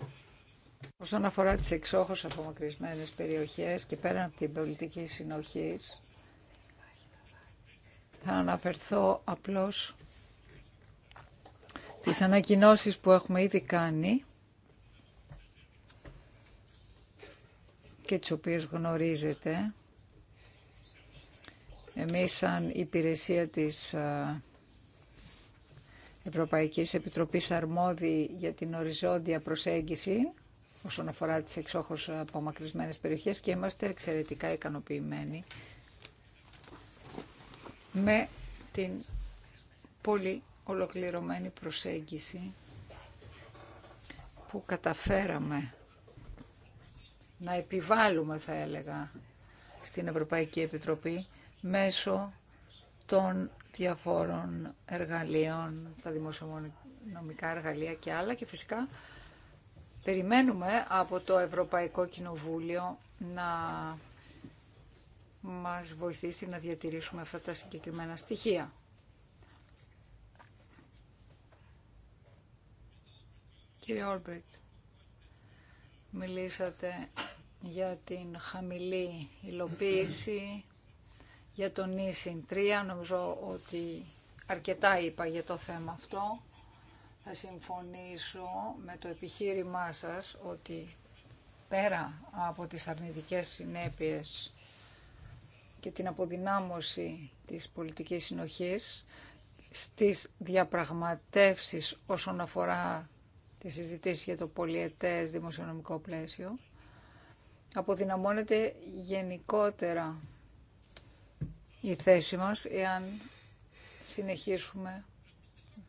Όσον αφορά τις εξόχως απομακρυσμένες περιοχές και πέραν από την πολιτική συνοχής, θα αναφερθώ απλώς τις ανακοινώσεις που έχουμε ήδη κάνει και τις οποίες γνωρίζετε. Εμείς σαν υπηρεσία της Ευρωπαϊκής Επιτροπής Αρμόδη για την οριζόντια προσέγγιση όσον αφορά τις εξόχως απομακρυσμένες περιοχές και είμαστε εξαιρετικά ικανοποιημένοι με την πολύ ολοκληρωμένη προσέγγιση που καταφέραμε να επιβάλλουμε θα έλεγα στην Ευρωπαϊκή Επιτροπή μέσω των διαφόρων εργαλείων, τα δημοσιονομικά εργαλεία και άλλα και φυσικά περιμένουμε από το Ευρωπαϊκό Κοινοβούλιο να μας βοηθήσει να διατηρήσουμε αυτά τα συγκεκριμένα στοιχεία. Κύριε Όλμπρεκτ. Μιλήσατε για την χαμηλή υλοποίηση, για τον ΙΣΙΝ 3. Νομίζω ότι αρκετά είπα για το θέμα αυτό. Θα συμφωνήσω με το επιχείρημά σας ότι πέρα από τις αρνητικές συνέπειες και την αποδυνάμωση της πολιτικής συνοχής στις διαπραγματεύσεις όσον αφορά τη συζητήσει για το πολιετές δημοσιονομικό πλαίσιο, αποδυναμώνεται γενικότερα η θέση μας εάν συνεχίσουμε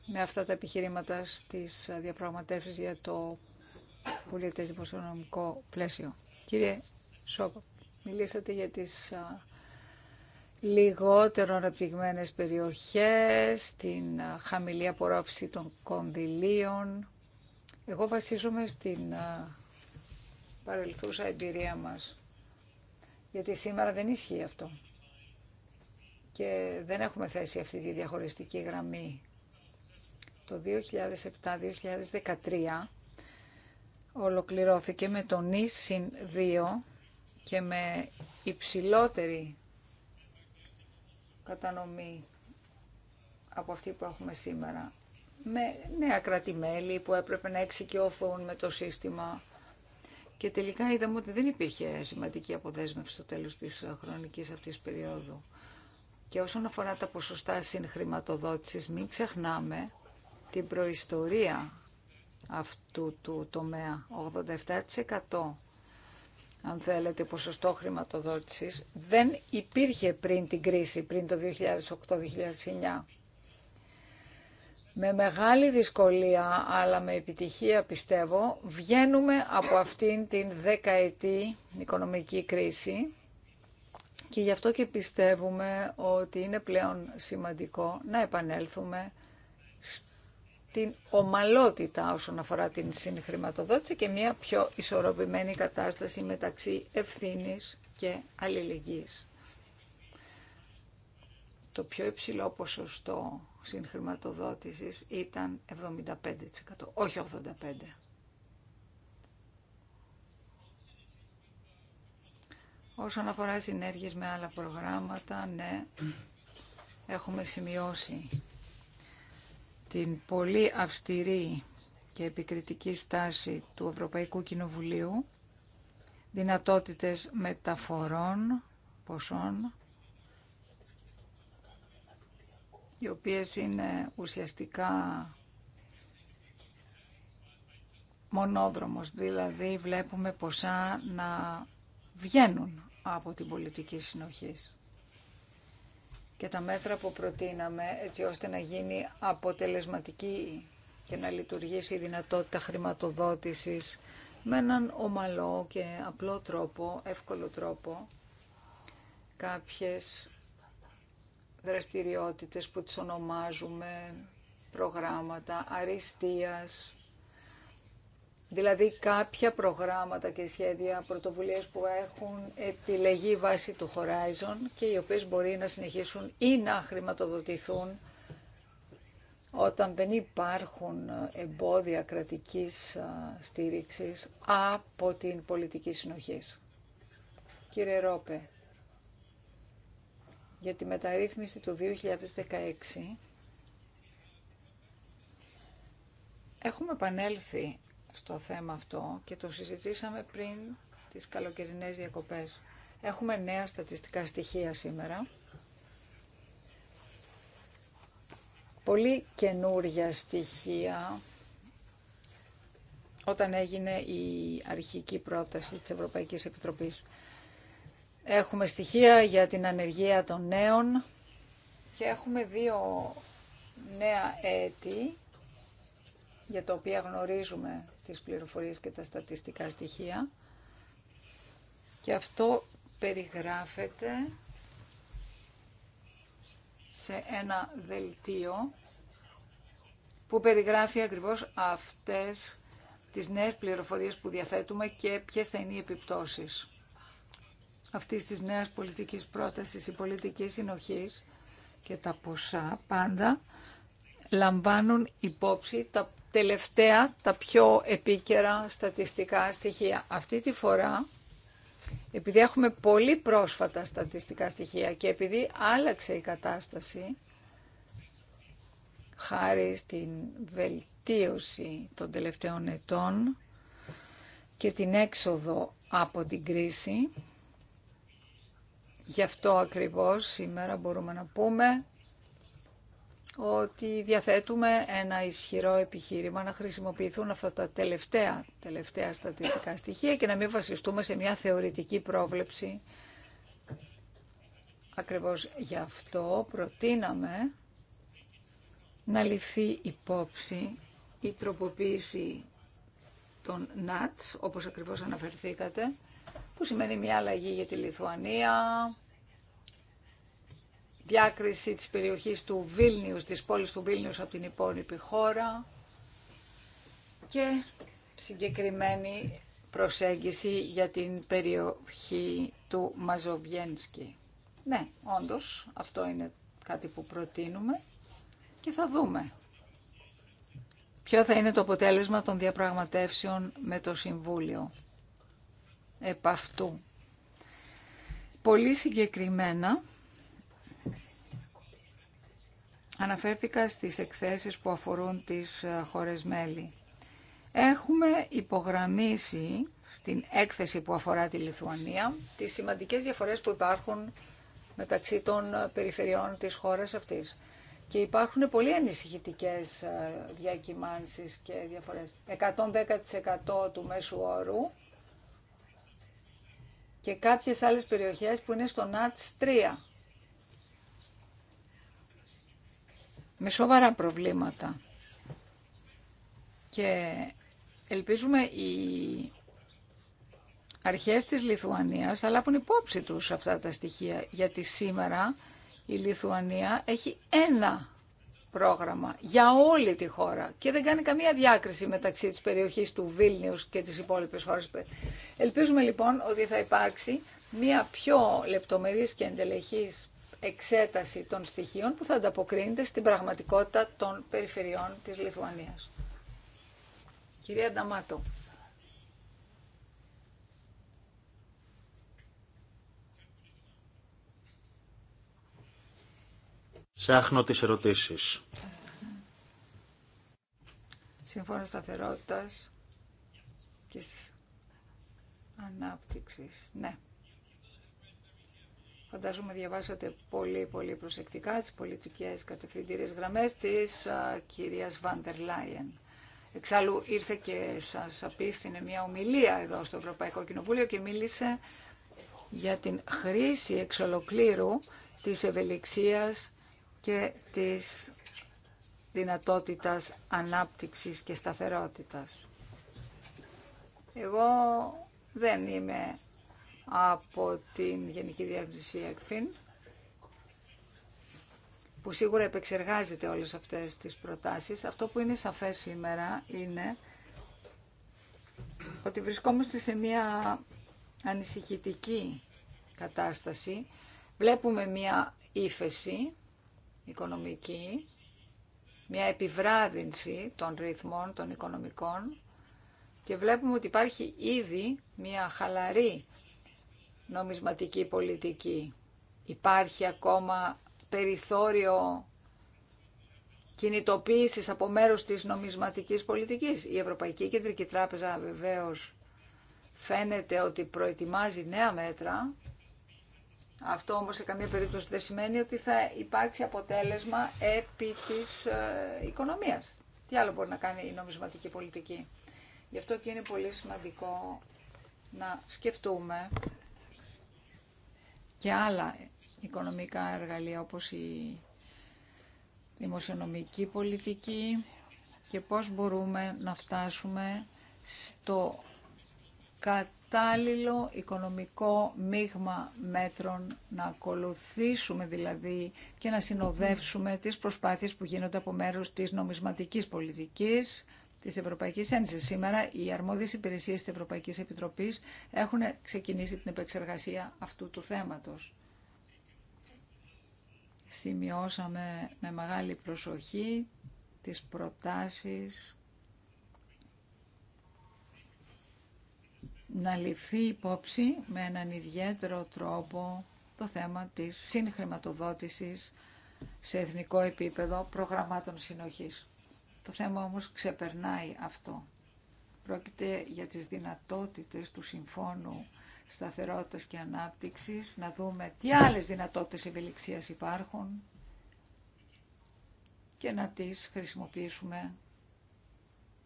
με αυτά τα επιχειρήματα στις διαπραγματεύσεις για το πολιετές δημοσιονομικό πλαίσιο. Κύριε Σόκο, μιλήσατε για τις λιγότερο αναπτυγμένες περιοχές, την χαμηλή απορρόφηση των κονδυλίων, εγώ βασίζομαι στην παρελθούσα εμπειρία μας. Γιατί σήμερα δεν ισχύει αυτό. Και δεν έχουμε θέσει αυτή τη διαχωριστική γραμμή. Το 2007-2013 ολοκληρώθηκε με τον συν 2 και με υψηλότερη κατανομή από αυτή που έχουμε σήμερα με νέα κρατημέλη που έπρεπε να εξοικειωθούν με το σύστημα. Και τελικά είδαμε ότι δεν υπήρχε σημαντική αποδέσμευση στο τέλος της χρονικής αυτής περίοδου. Και όσον αφορά τα ποσοστά συγχρηματοδότησης, μην ξεχνάμε την προϊστορία αυτού του τομέα. 87% αν θέλετε ποσοστό χρηματοδότησης δεν υπήρχε πριν την κρίση, πριν το 2008-2009 με μεγάλη δυσκολία αλλά με επιτυχία πιστεύω βγαίνουμε από αυτήν την δεκαετή οικονομική κρίση και γι' αυτό και πιστεύουμε ότι είναι πλέον σημαντικό να επανέλθουμε στην ομαλότητα όσον αφορά την συγχρηματοδότηση και μια πιο ισορροπημένη κατάσταση μεταξύ ευθύνης και αλληλεγγύης. Το πιο υψηλό ποσοστό συγχρηματοδότησης ήταν 75%, όχι 85%. Όσον αφορά συνέργειες με άλλα προγράμματα, ναι, έχουμε σημειώσει την πολύ αυστηρή και επικριτική στάση του Ευρωπαϊκού Κοινοβουλίου, δυνατότητες μεταφορών ποσών οι οποίες είναι ουσιαστικά μονόδρομος, δηλαδή βλέπουμε ποσά να βγαίνουν από την πολιτική συνοχή. Και τα μέτρα που προτείναμε έτσι ώστε να γίνει αποτελεσματική και να λειτουργήσει η δυνατότητα χρηματοδότησης με έναν ομαλό και απλό τρόπο, εύκολο τρόπο, κάποιες δραστηριότητες που τις ονομάζουμε προγράμματα αριστείας, δηλαδή κάποια προγράμματα και σχέδια πρωτοβουλίες που έχουν επιλεγεί βάση του Horizon και οι οποίες μπορεί να συνεχίσουν ή να χρηματοδοτηθούν όταν δεν υπάρχουν εμπόδια κρατικής στήριξης από την πολιτική συνοχής. Κύριε Ρόπε, για τη μεταρρύθμιση του 2016 έχουμε επανέλθει στο θέμα αυτό και το συζητήσαμε πριν τις καλοκαιρινές διακοπές. Έχουμε νέα στατιστικά στοιχεία σήμερα. Πολύ καινούρια στοιχεία όταν έγινε η αρχική πρόταση της Ευρωπαϊκής Επιτροπής. Έχουμε στοιχεία για την ανεργία των νέων και έχουμε δύο νέα έτη για τα οποία γνωρίζουμε τις πληροφορίες και τα στατιστικά στοιχεία και αυτό περιγράφεται σε ένα δελτίο που περιγράφει ακριβώς αυτές τις νέες πληροφορίες που διαθέτουμε και ποιες θα είναι οι επιπτώσεις. Αυτή τη νέα πολιτική πρόταση η πολιτική συνοχή και τα ποσά πάντα λαμβάνουν υπόψη τα τελευταία, τα πιο επίκαιρα στατιστικά στοιχεία. Αυτή τη φορά, επειδή έχουμε πολύ πρόσφατα στατιστικά στοιχεία και επειδή άλλαξε η κατάσταση, χάρη στην βελτίωση των τελευταίων ετών και την έξοδο από την κρίση, Γι' αυτό ακριβώς σήμερα μπορούμε να πούμε ότι διαθέτουμε ένα ισχυρό επιχείρημα να χρησιμοποιηθούν αυτά τα τελευταία, τελευταία στατιστικά στοιχεία και να μην βασιστούμε σε μια θεωρητική πρόβλεψη. Ακριβώς γι' αυτό προτείναμε να ληφθεί υπόψη η τροποποίηση των ΝΑΤΣ, όπως ακριβώς αναφερθήκατε, που σημαίνει μια αλλαγή για τη Λιθουανία, διάκριση της περιοχής του Βίλνιους, της πόλης του Βίλνιους από την υπόλοιπη χώρα και συγκεκριμένη προσέγγιση για την περιοχή του Μαζοβιένσκι. Ναι, όντως, αυτό είναι κάτι που προτείνουμε και θα δούμε ποιο θα είναι το αποτέλεσμα των διαπραγματεύσεων με το Συμβούλιο επ' αυτού. Πολύ συγκεκριμένα αναφέρθηκα στις εκθέσεις που αφορούν τις ε, χώρες μέλη. Έχουμε υπογραμμίσει στην έκθεση που αφορά τη Λιθουανία τις σημαντικές διαφορές που υπάρχουν μεταξύ των ε, περιφερειών της χώρας αυτής. Και υπάρχουν πολύ ανησυχητικές ε, διακυμάνσεις και διαφορές. 110% του μέσου όρου και κάποιες άλλες περιοχές που είναι στο ΝΑΤΣ 3. Με σοβαρά προβλήματα. Και ελπίζουμε οι αρχές της Λιθουανίας θα λάβουν υπόψη τους αυτά τα στοιχεία, γιατί σήμερα η Λιθουανία έχει ένα πρόγραμμα για όλη τη χώρα και δεν κάνει καμία διάκριση μεταξύ της περιοχής του Βίλνιους και της υπόλοιπης χώρας. Ελπίζουμε λοιπόν ότι θα υπάρξει μια πιο λεπτομερής και εντελεχής εξέταση των στοιχείων που θα ανταποκρίνεται στην πραγματικότητα των περιφερειών της Λιθουανίας. Κυρία Νταμάτο. Ψάχνω τις ερωτήσεις. Σύμφωνα σταθερότητα και ανάπτυξη. Ναι. Φαντάζομαι διαβάσατε πολύ πολύ προσεκτικά τις πολιτικές κατευθυντήριες γραμμές της α, κυρίας Βάντερ Λάιεν. Εξάλλου ήρθε και σας απίφθινε μια ομιλία εδώ στο Ευρωπαϊκό Κοινοβούλιο και μίλησε για την χρήση εξ ολοκλήρου της ευελιξίας και της δυνατότητας ανάπτυξης και σταθερότητας. Εγώ δεν είμαι από την Γενική Διεύθυνση ΕΚΦΙΝ, που σίγουρα επεξεργάζεται όλες αυτές τις προτάσεις. Αυτό που είναι σαφές σήμερα είναι ότι βρισκόμαστε σε μια ανησυχητική κατάσταση. Βλέπουμε μια ύφεση οικονομική, μια επιβράδυνση των ρυθμών των οικονομικών και βλέπουμε ότι υπάρχει ήδη μια χαλαρή νομισματική πολιτική. Υπάρχει ακόμα περιθώριο κινητοποίησης από μέρους της νομισματικής πολιτικής. Η Ευρωπαϊκή Κεντρική Τράπεζα βεβαίως φαίνεται ότι προετοιμάζει νέα μέτρα αυτό όμως σε καμία περίπτωση δεν σημαίνει ότι θα υπάρξει αποτέλεσμα επί της ε, οικονομίας. Τι άλλο μπορεί να κάνει η νομισματική πολιτική. Γι' αυτό και είναι πολύ σημαντικό να σκεφτούμε και άλλα οικονομικά εργαλεία όπως η δημοσιονομική πολιτική και πώς μπορούμε να φτάσουμε στο κατ κατάλληλο οικονομικό μείγμα μέτρων, να ακολουθήσουμε δηλαδή και να συνοδεύσουμε τις προσπάθειες που γίνονται από μέρους της νομισματικής πολιτικής της Ευρωπαϊκής Ένωσης. Σήμερα οι αρμόδιες υπηρεσίες της Ευρωπαϊκής Επιτροπής έχουν ξεκινήσει την επεξεργασία αυτού του θέματος. Σημειώσαμε με μεγάλη προσοχή τις προτάσεις να ληφθεί υπόψη με έναν ιδιαίτερο τρόπο το θέμα της συγχρηματοδότησης σε εθνικό επίπεδο προγραμμάτων συνοχής. Το θέμα όμως ξεπερνάει αυτό. Πρόκειται για τις δυνατότητες του Συμφώνου Σταθερότητας και Ανάπτυξης, να δούμε τι άλλες δυνατότητες ευελιξίας υπάρχουν και να τις χρησιμοποιήσουμε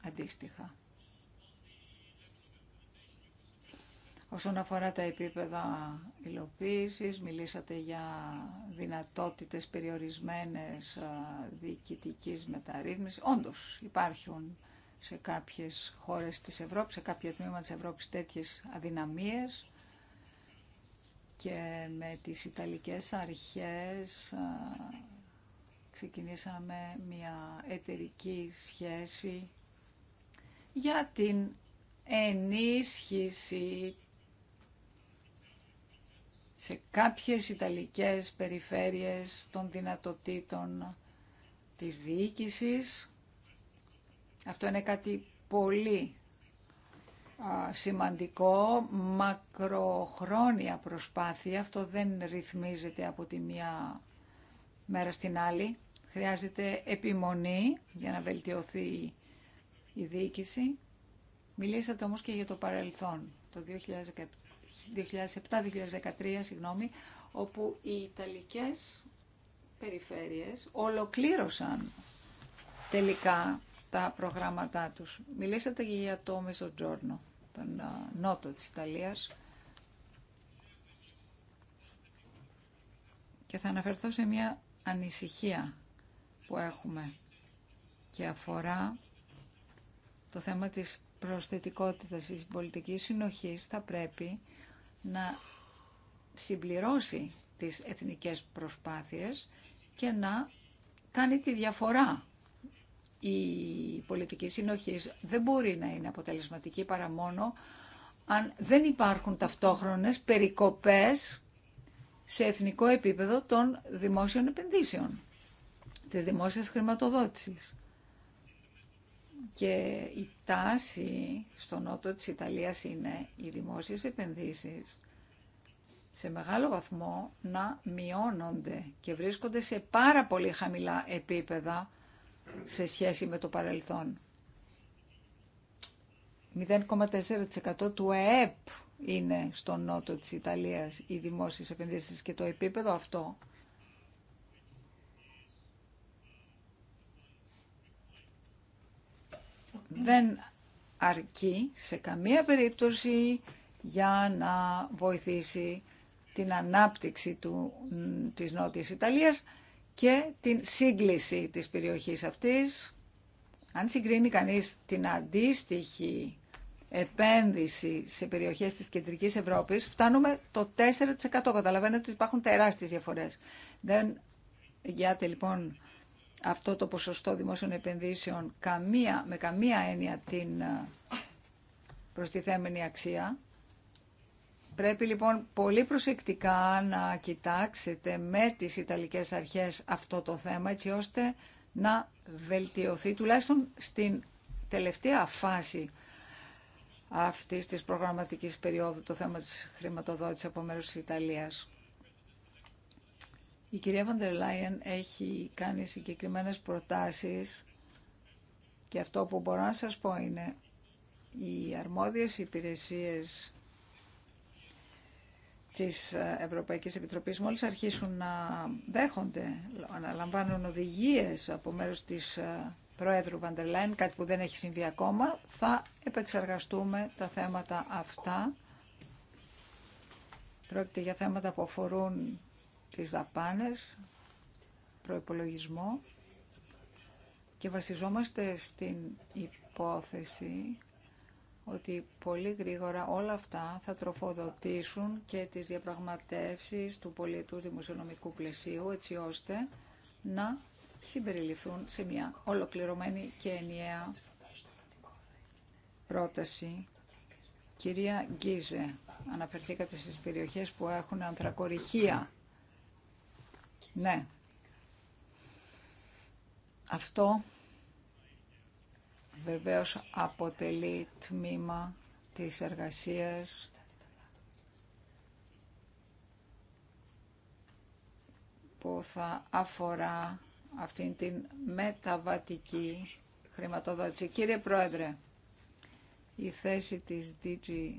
αντίστοιχα. Όσον αφορά τα επίπεδα υλοποίησης, μιλήσατε για δυνατότητες περιορισμένες διοικητικής μεταρρύθμισης. Όντως υπάρχουν σε κάποιες χώρες της Ευρώπης, σε κάποια τμήματα της Ευρώπης τέτοιες αδυναμίες και με τις Ιταλικές αρχές ξεκινήσαμε μια εταιρική σχέση για την ενίσχυση σε κάποιες Ιταλικές περιφέρειες των δυνατοτήτων της διοίκησης. Αυτό είναι κάτι πολύ σημαντικό, μακροχρόνια προσπάθεια. Αυτό δεν ρυθμίζεται από τη μία μέρα στην άλλη. Χρειάζεται επιμονή για να βελτιωθεί η διοίκηση. Μιλήσατε όμως και για το παρελθόν, το 2007-2013, συγγνώμη, όπου οι Ιταλικές περιφέρειες ολοκλήρωσαν τελικά τα προγράμματά τους. Μιλήσατε και για το Μεσοτζόρνο, τον νότο της Ιταλίας. Και θα αναφερθώ σε μια ανησυχία που έχουμε και αφορά το θέμα της προσθετικότητας της πολιτικής συνοχής θα πρέπει να συμπληρώσει τις εθνικές προσπάθειες και να κάνει τη διαφορά. Η πολιτική συνοχή δεν μπορεί να είναι αποτελεσματική παρά μόνο αν δεν υπάρχουν ταυτόχρονες περικοπές σε εθνικό επίπεδο των δημόσιων επενδύσεων, της δημόσιας χρηματοδότησης. Και η τάση στο νότο της Ιταλίας είναι οι δημόσιες επενδύσεις σε μεγάλο βαθμό να μειώνονται και βρίσκονται σε πάρα πολύ χαμηλά επίπεδα σε σχέση με το παρελθόν. 0,4% του ΕΕΠ είναι στο νότο της Ιταλίας οι δημόσιες επενδύσεις και το επίπεδο αυτό δεν αρκεί σε καμία περίπτωση για να βοηθήσει την ανάπτυξη του, της Νότιας Ιταλίας και την σύγκληση της περιοχής αυτής. Αν συγκρίνει κανείς την αντίστοιχη επένδυση σε περιοχές της κεντρικής Ευρώπης, φτάνουμε το 4%. Καταλαβαίνετε ότι υπάρχουν τεράστιες διαφορές. Δεν... Εγγυάται λοιπόν αυτό το ποσοστό δημόσιων επενδύσεων καμία, με καμία έννοια την ε, προστιθέμενη αξία. Πρέπει λοιπόν πολύ προσεκτικά να κοιτάξετε με τις Ιταλικές αρχές αυτό το θέμα έτσι ώστε να βελτιωθεί τουλάχιστον στην τελευταία φάση αυτής της προγραμματικής περίοδου το θέμα της χρηματοδότησης από μέρους της Ιταλίας. Η κυρία Βαντερ Λάιεν έχει κάνει συγκεκριμένες προτάσεις και αυτό που μπορώ να σας πω είναι οι αρμόδιες υπηρεσίες της Ευρωπαϊκής Επιτροπής μόλις αρχίσουν να δέχονται, να λαμβάνουν οδηγίες από μέρους της Προέδρου Βαντελάιν, κάτι που δεν έχει συμβεί ακόμα, θα επεξεργαστούμε τα θέματα αυτά. Πρόκειται για θέματα που αφορούν τις δαπάνες, προϋπολογισμό και βασιζόμαστε στην υπόθεση ότι πολύ γρήγορα όλα αυτά θα τροφοδοτήσουν και τις διαπραγματεύσεις του πολιτού δημοσιονομικού πλαισίου έτσι ώστε να συμπεριληφθούν σε μια ολοκληρωμένη και ενιαία πρόταση. Κυρία Γκίζε, αναφερθήκατε στις περιοχές που έχουν ανθρακοριχεία. Ναι. Αυτό βεβαίως αποτελεί τμήμα της εργασίας που θα αφορά αυτήν την μεταβατική χρηματοδότηση. Κύριε Πρόεδρε, η θέση της DG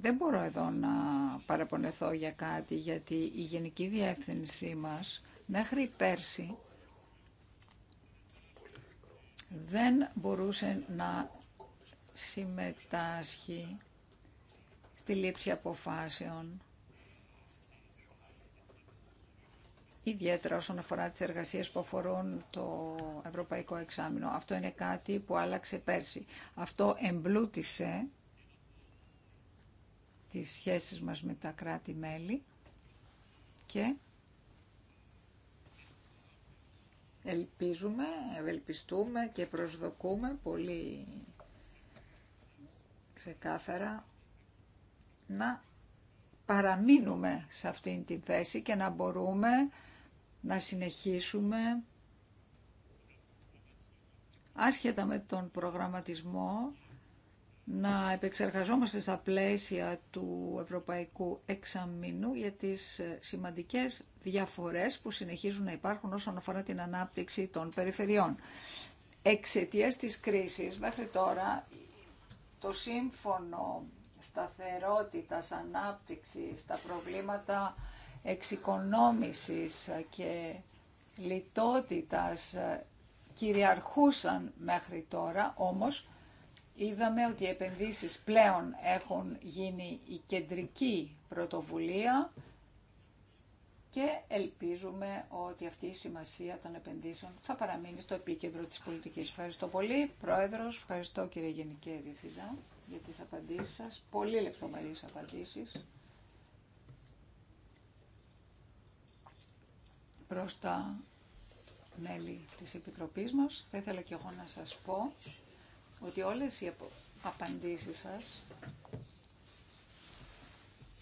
δεν μπορώ εδώ να παραπονεθώ για κάτι, γιατί η Γενική Διεύθυνσή μας μέχρι πέρσι δεν μπορούσε να συμμετάσχει στη λήψη αποφάσεων, ιδιαίτερα όσον αφορά τις εργασίες που αφορούν το Ευρωπαϊκό Εξάμεινο. Αυτό είναι κάτι που άλλαξε πέρσι. Αυτό εμπλούτησε τις σχέσεις μας με τα κράτη-μέλη και ελπίζουμε, ευελπιστούμε και προσδοκούμε πολύ ξεκάθαρα να παραμείνουμε σε αυτήν την θέση και να μπορούμε να συνεχίσουμε άσχετα με τον προγραμματισμό να επεξεργαζόμαστε στα πλαίσια του Ευρωπαϊκού Εξαμήνου για τις ε, σημαντικές διαφορές που συνεχίζουν να υπάρχουν όσον αφορά την ανάπτυξη των περιφερειών. Εξαιτία της κρίσης μέχρι τώρα το σύμφωνο σταθερότητας, ανάπτυξης, τα προβλήματα εξοικονόμησης και λιτότητας ε, κυριαρχούσαν μέχρι τώρα, όμως είδαμε ότι οι επενδύσεις πλέον έχουν γίνει η κεντρική πρωτοβουλία και ελπίζουμε ότι αυτή η σημασία των επενδύσεων θα παραμείνει στο επίκεντρο της πολιτικής. Ευχαριστώ πολύ, Πρόεδρος, ευχαριστώ κύριε Γενική Διευθυντά για τις απαντήσεις σας, πολύ λεπτομερείς απαντήσεις προς τα μέλη της Επιτροπής μας. Θα ήθελα και εγώ να σας πω ότι όλες οι απαντήσεις σας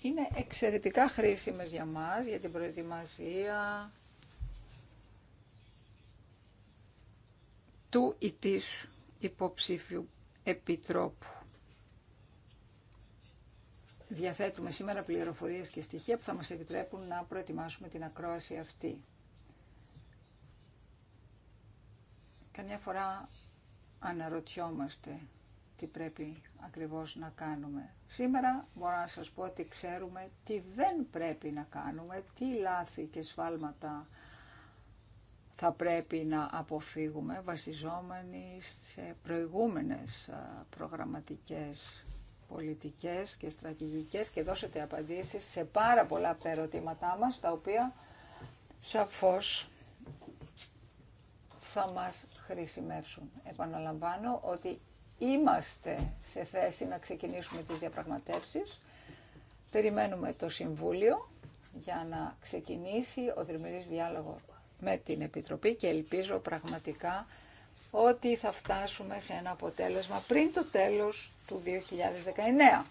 είναι εξαιρετικά χρήσιμες για μας, για την προετοιμασία του ή της υποψήφιου επιτρόπου. Διαθέτουμε σήμερα πληροφορίες και στοιχεία που θα μας επιτρέπουν να προετοιμάσουμε την ακρόαση αυτή. Καμιά φορά αναρωτιόμαστε τι πρέπει ακριβώς να κάνουμε. Σήμερα μπορώ να σας πω ότι ξέρουμε τι δεν πρέπει να κάνουμε, τι λάθη και σφάλματα θα πρέπει να αποφύγουμε βασιζόμενοι σε προηγούμενες προγραμματικές πολιτικές και στρατηγικές και δώσετε απαντήσεις σε πάρα πολλά από τα ερωτήματά μας, τα οποία σαφώς θα μας χρησιμεύσουν. Επαναλαμβάνω ότι είμαστε σε θέση να ξεκινήσουμε τις διαπραγματεύσεις. Περιμένουμε το Συμβούλιο για να ξεκινήσει ο τριμερής διάλογος με την Επιτροπή και ελπίζω πραγματικά ότι θα φτάσουμε σε ένα αποτέλεσμα πριν το τέλος του 2019.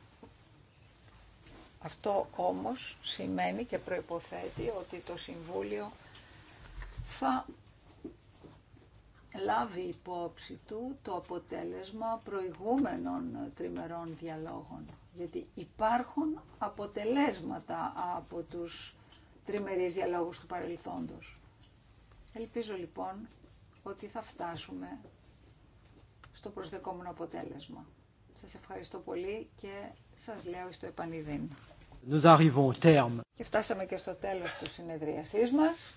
Αυτό όμως σημαίνει και προϋποθέτει ότι το Συμβούλιο θα λάβει υπόψη του το αποτέλεσμα προηγούμενων τριμερών διαλόγων. Γιατί υπάρχουν αποτελέσματα από τους τριμερείς διαλόγους του παρελθόντος. Ελπίζω λοιπόν ότι θα φτάσουμε στο προσδεκόμενο αποτέλεσμα. Σας ευχαριστώ πολύ και σας λέω στο επανειδήν. Και φτάσαμε και στο τέλος της συνεδρίασής μας.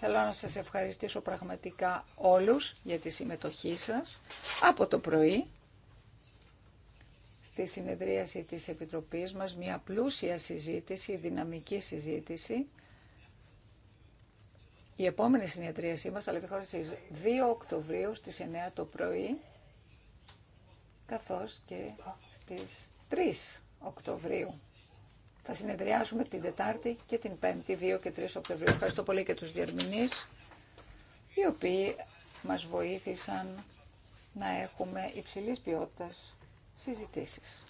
Θέλω να σας ευχαριστήσω πραγματικά όλους για τη συμμετοχή σας από το πρωί στη συνεδρίαση της Επιτροπής μας, μια πλούσια συζήτηση, δυναμική συζήτηση. Η επόμενη συνεδρίασή μας θα λάβει χώρα στις 2 Οκτωβρίου στις 9 το πρωί, καθώς και στις 3 Οκτωβρίου. Θα συνεδριάσουμε την Δετάρτη και την Πέμπτη, 2 και 3 Οκτωβρίου. Ευχαριστώ πολύ και τους διερμηνείς, οι οποίοι μας βοήθησαν να έχουμε υψηλής ποιότητας συζητήσεις.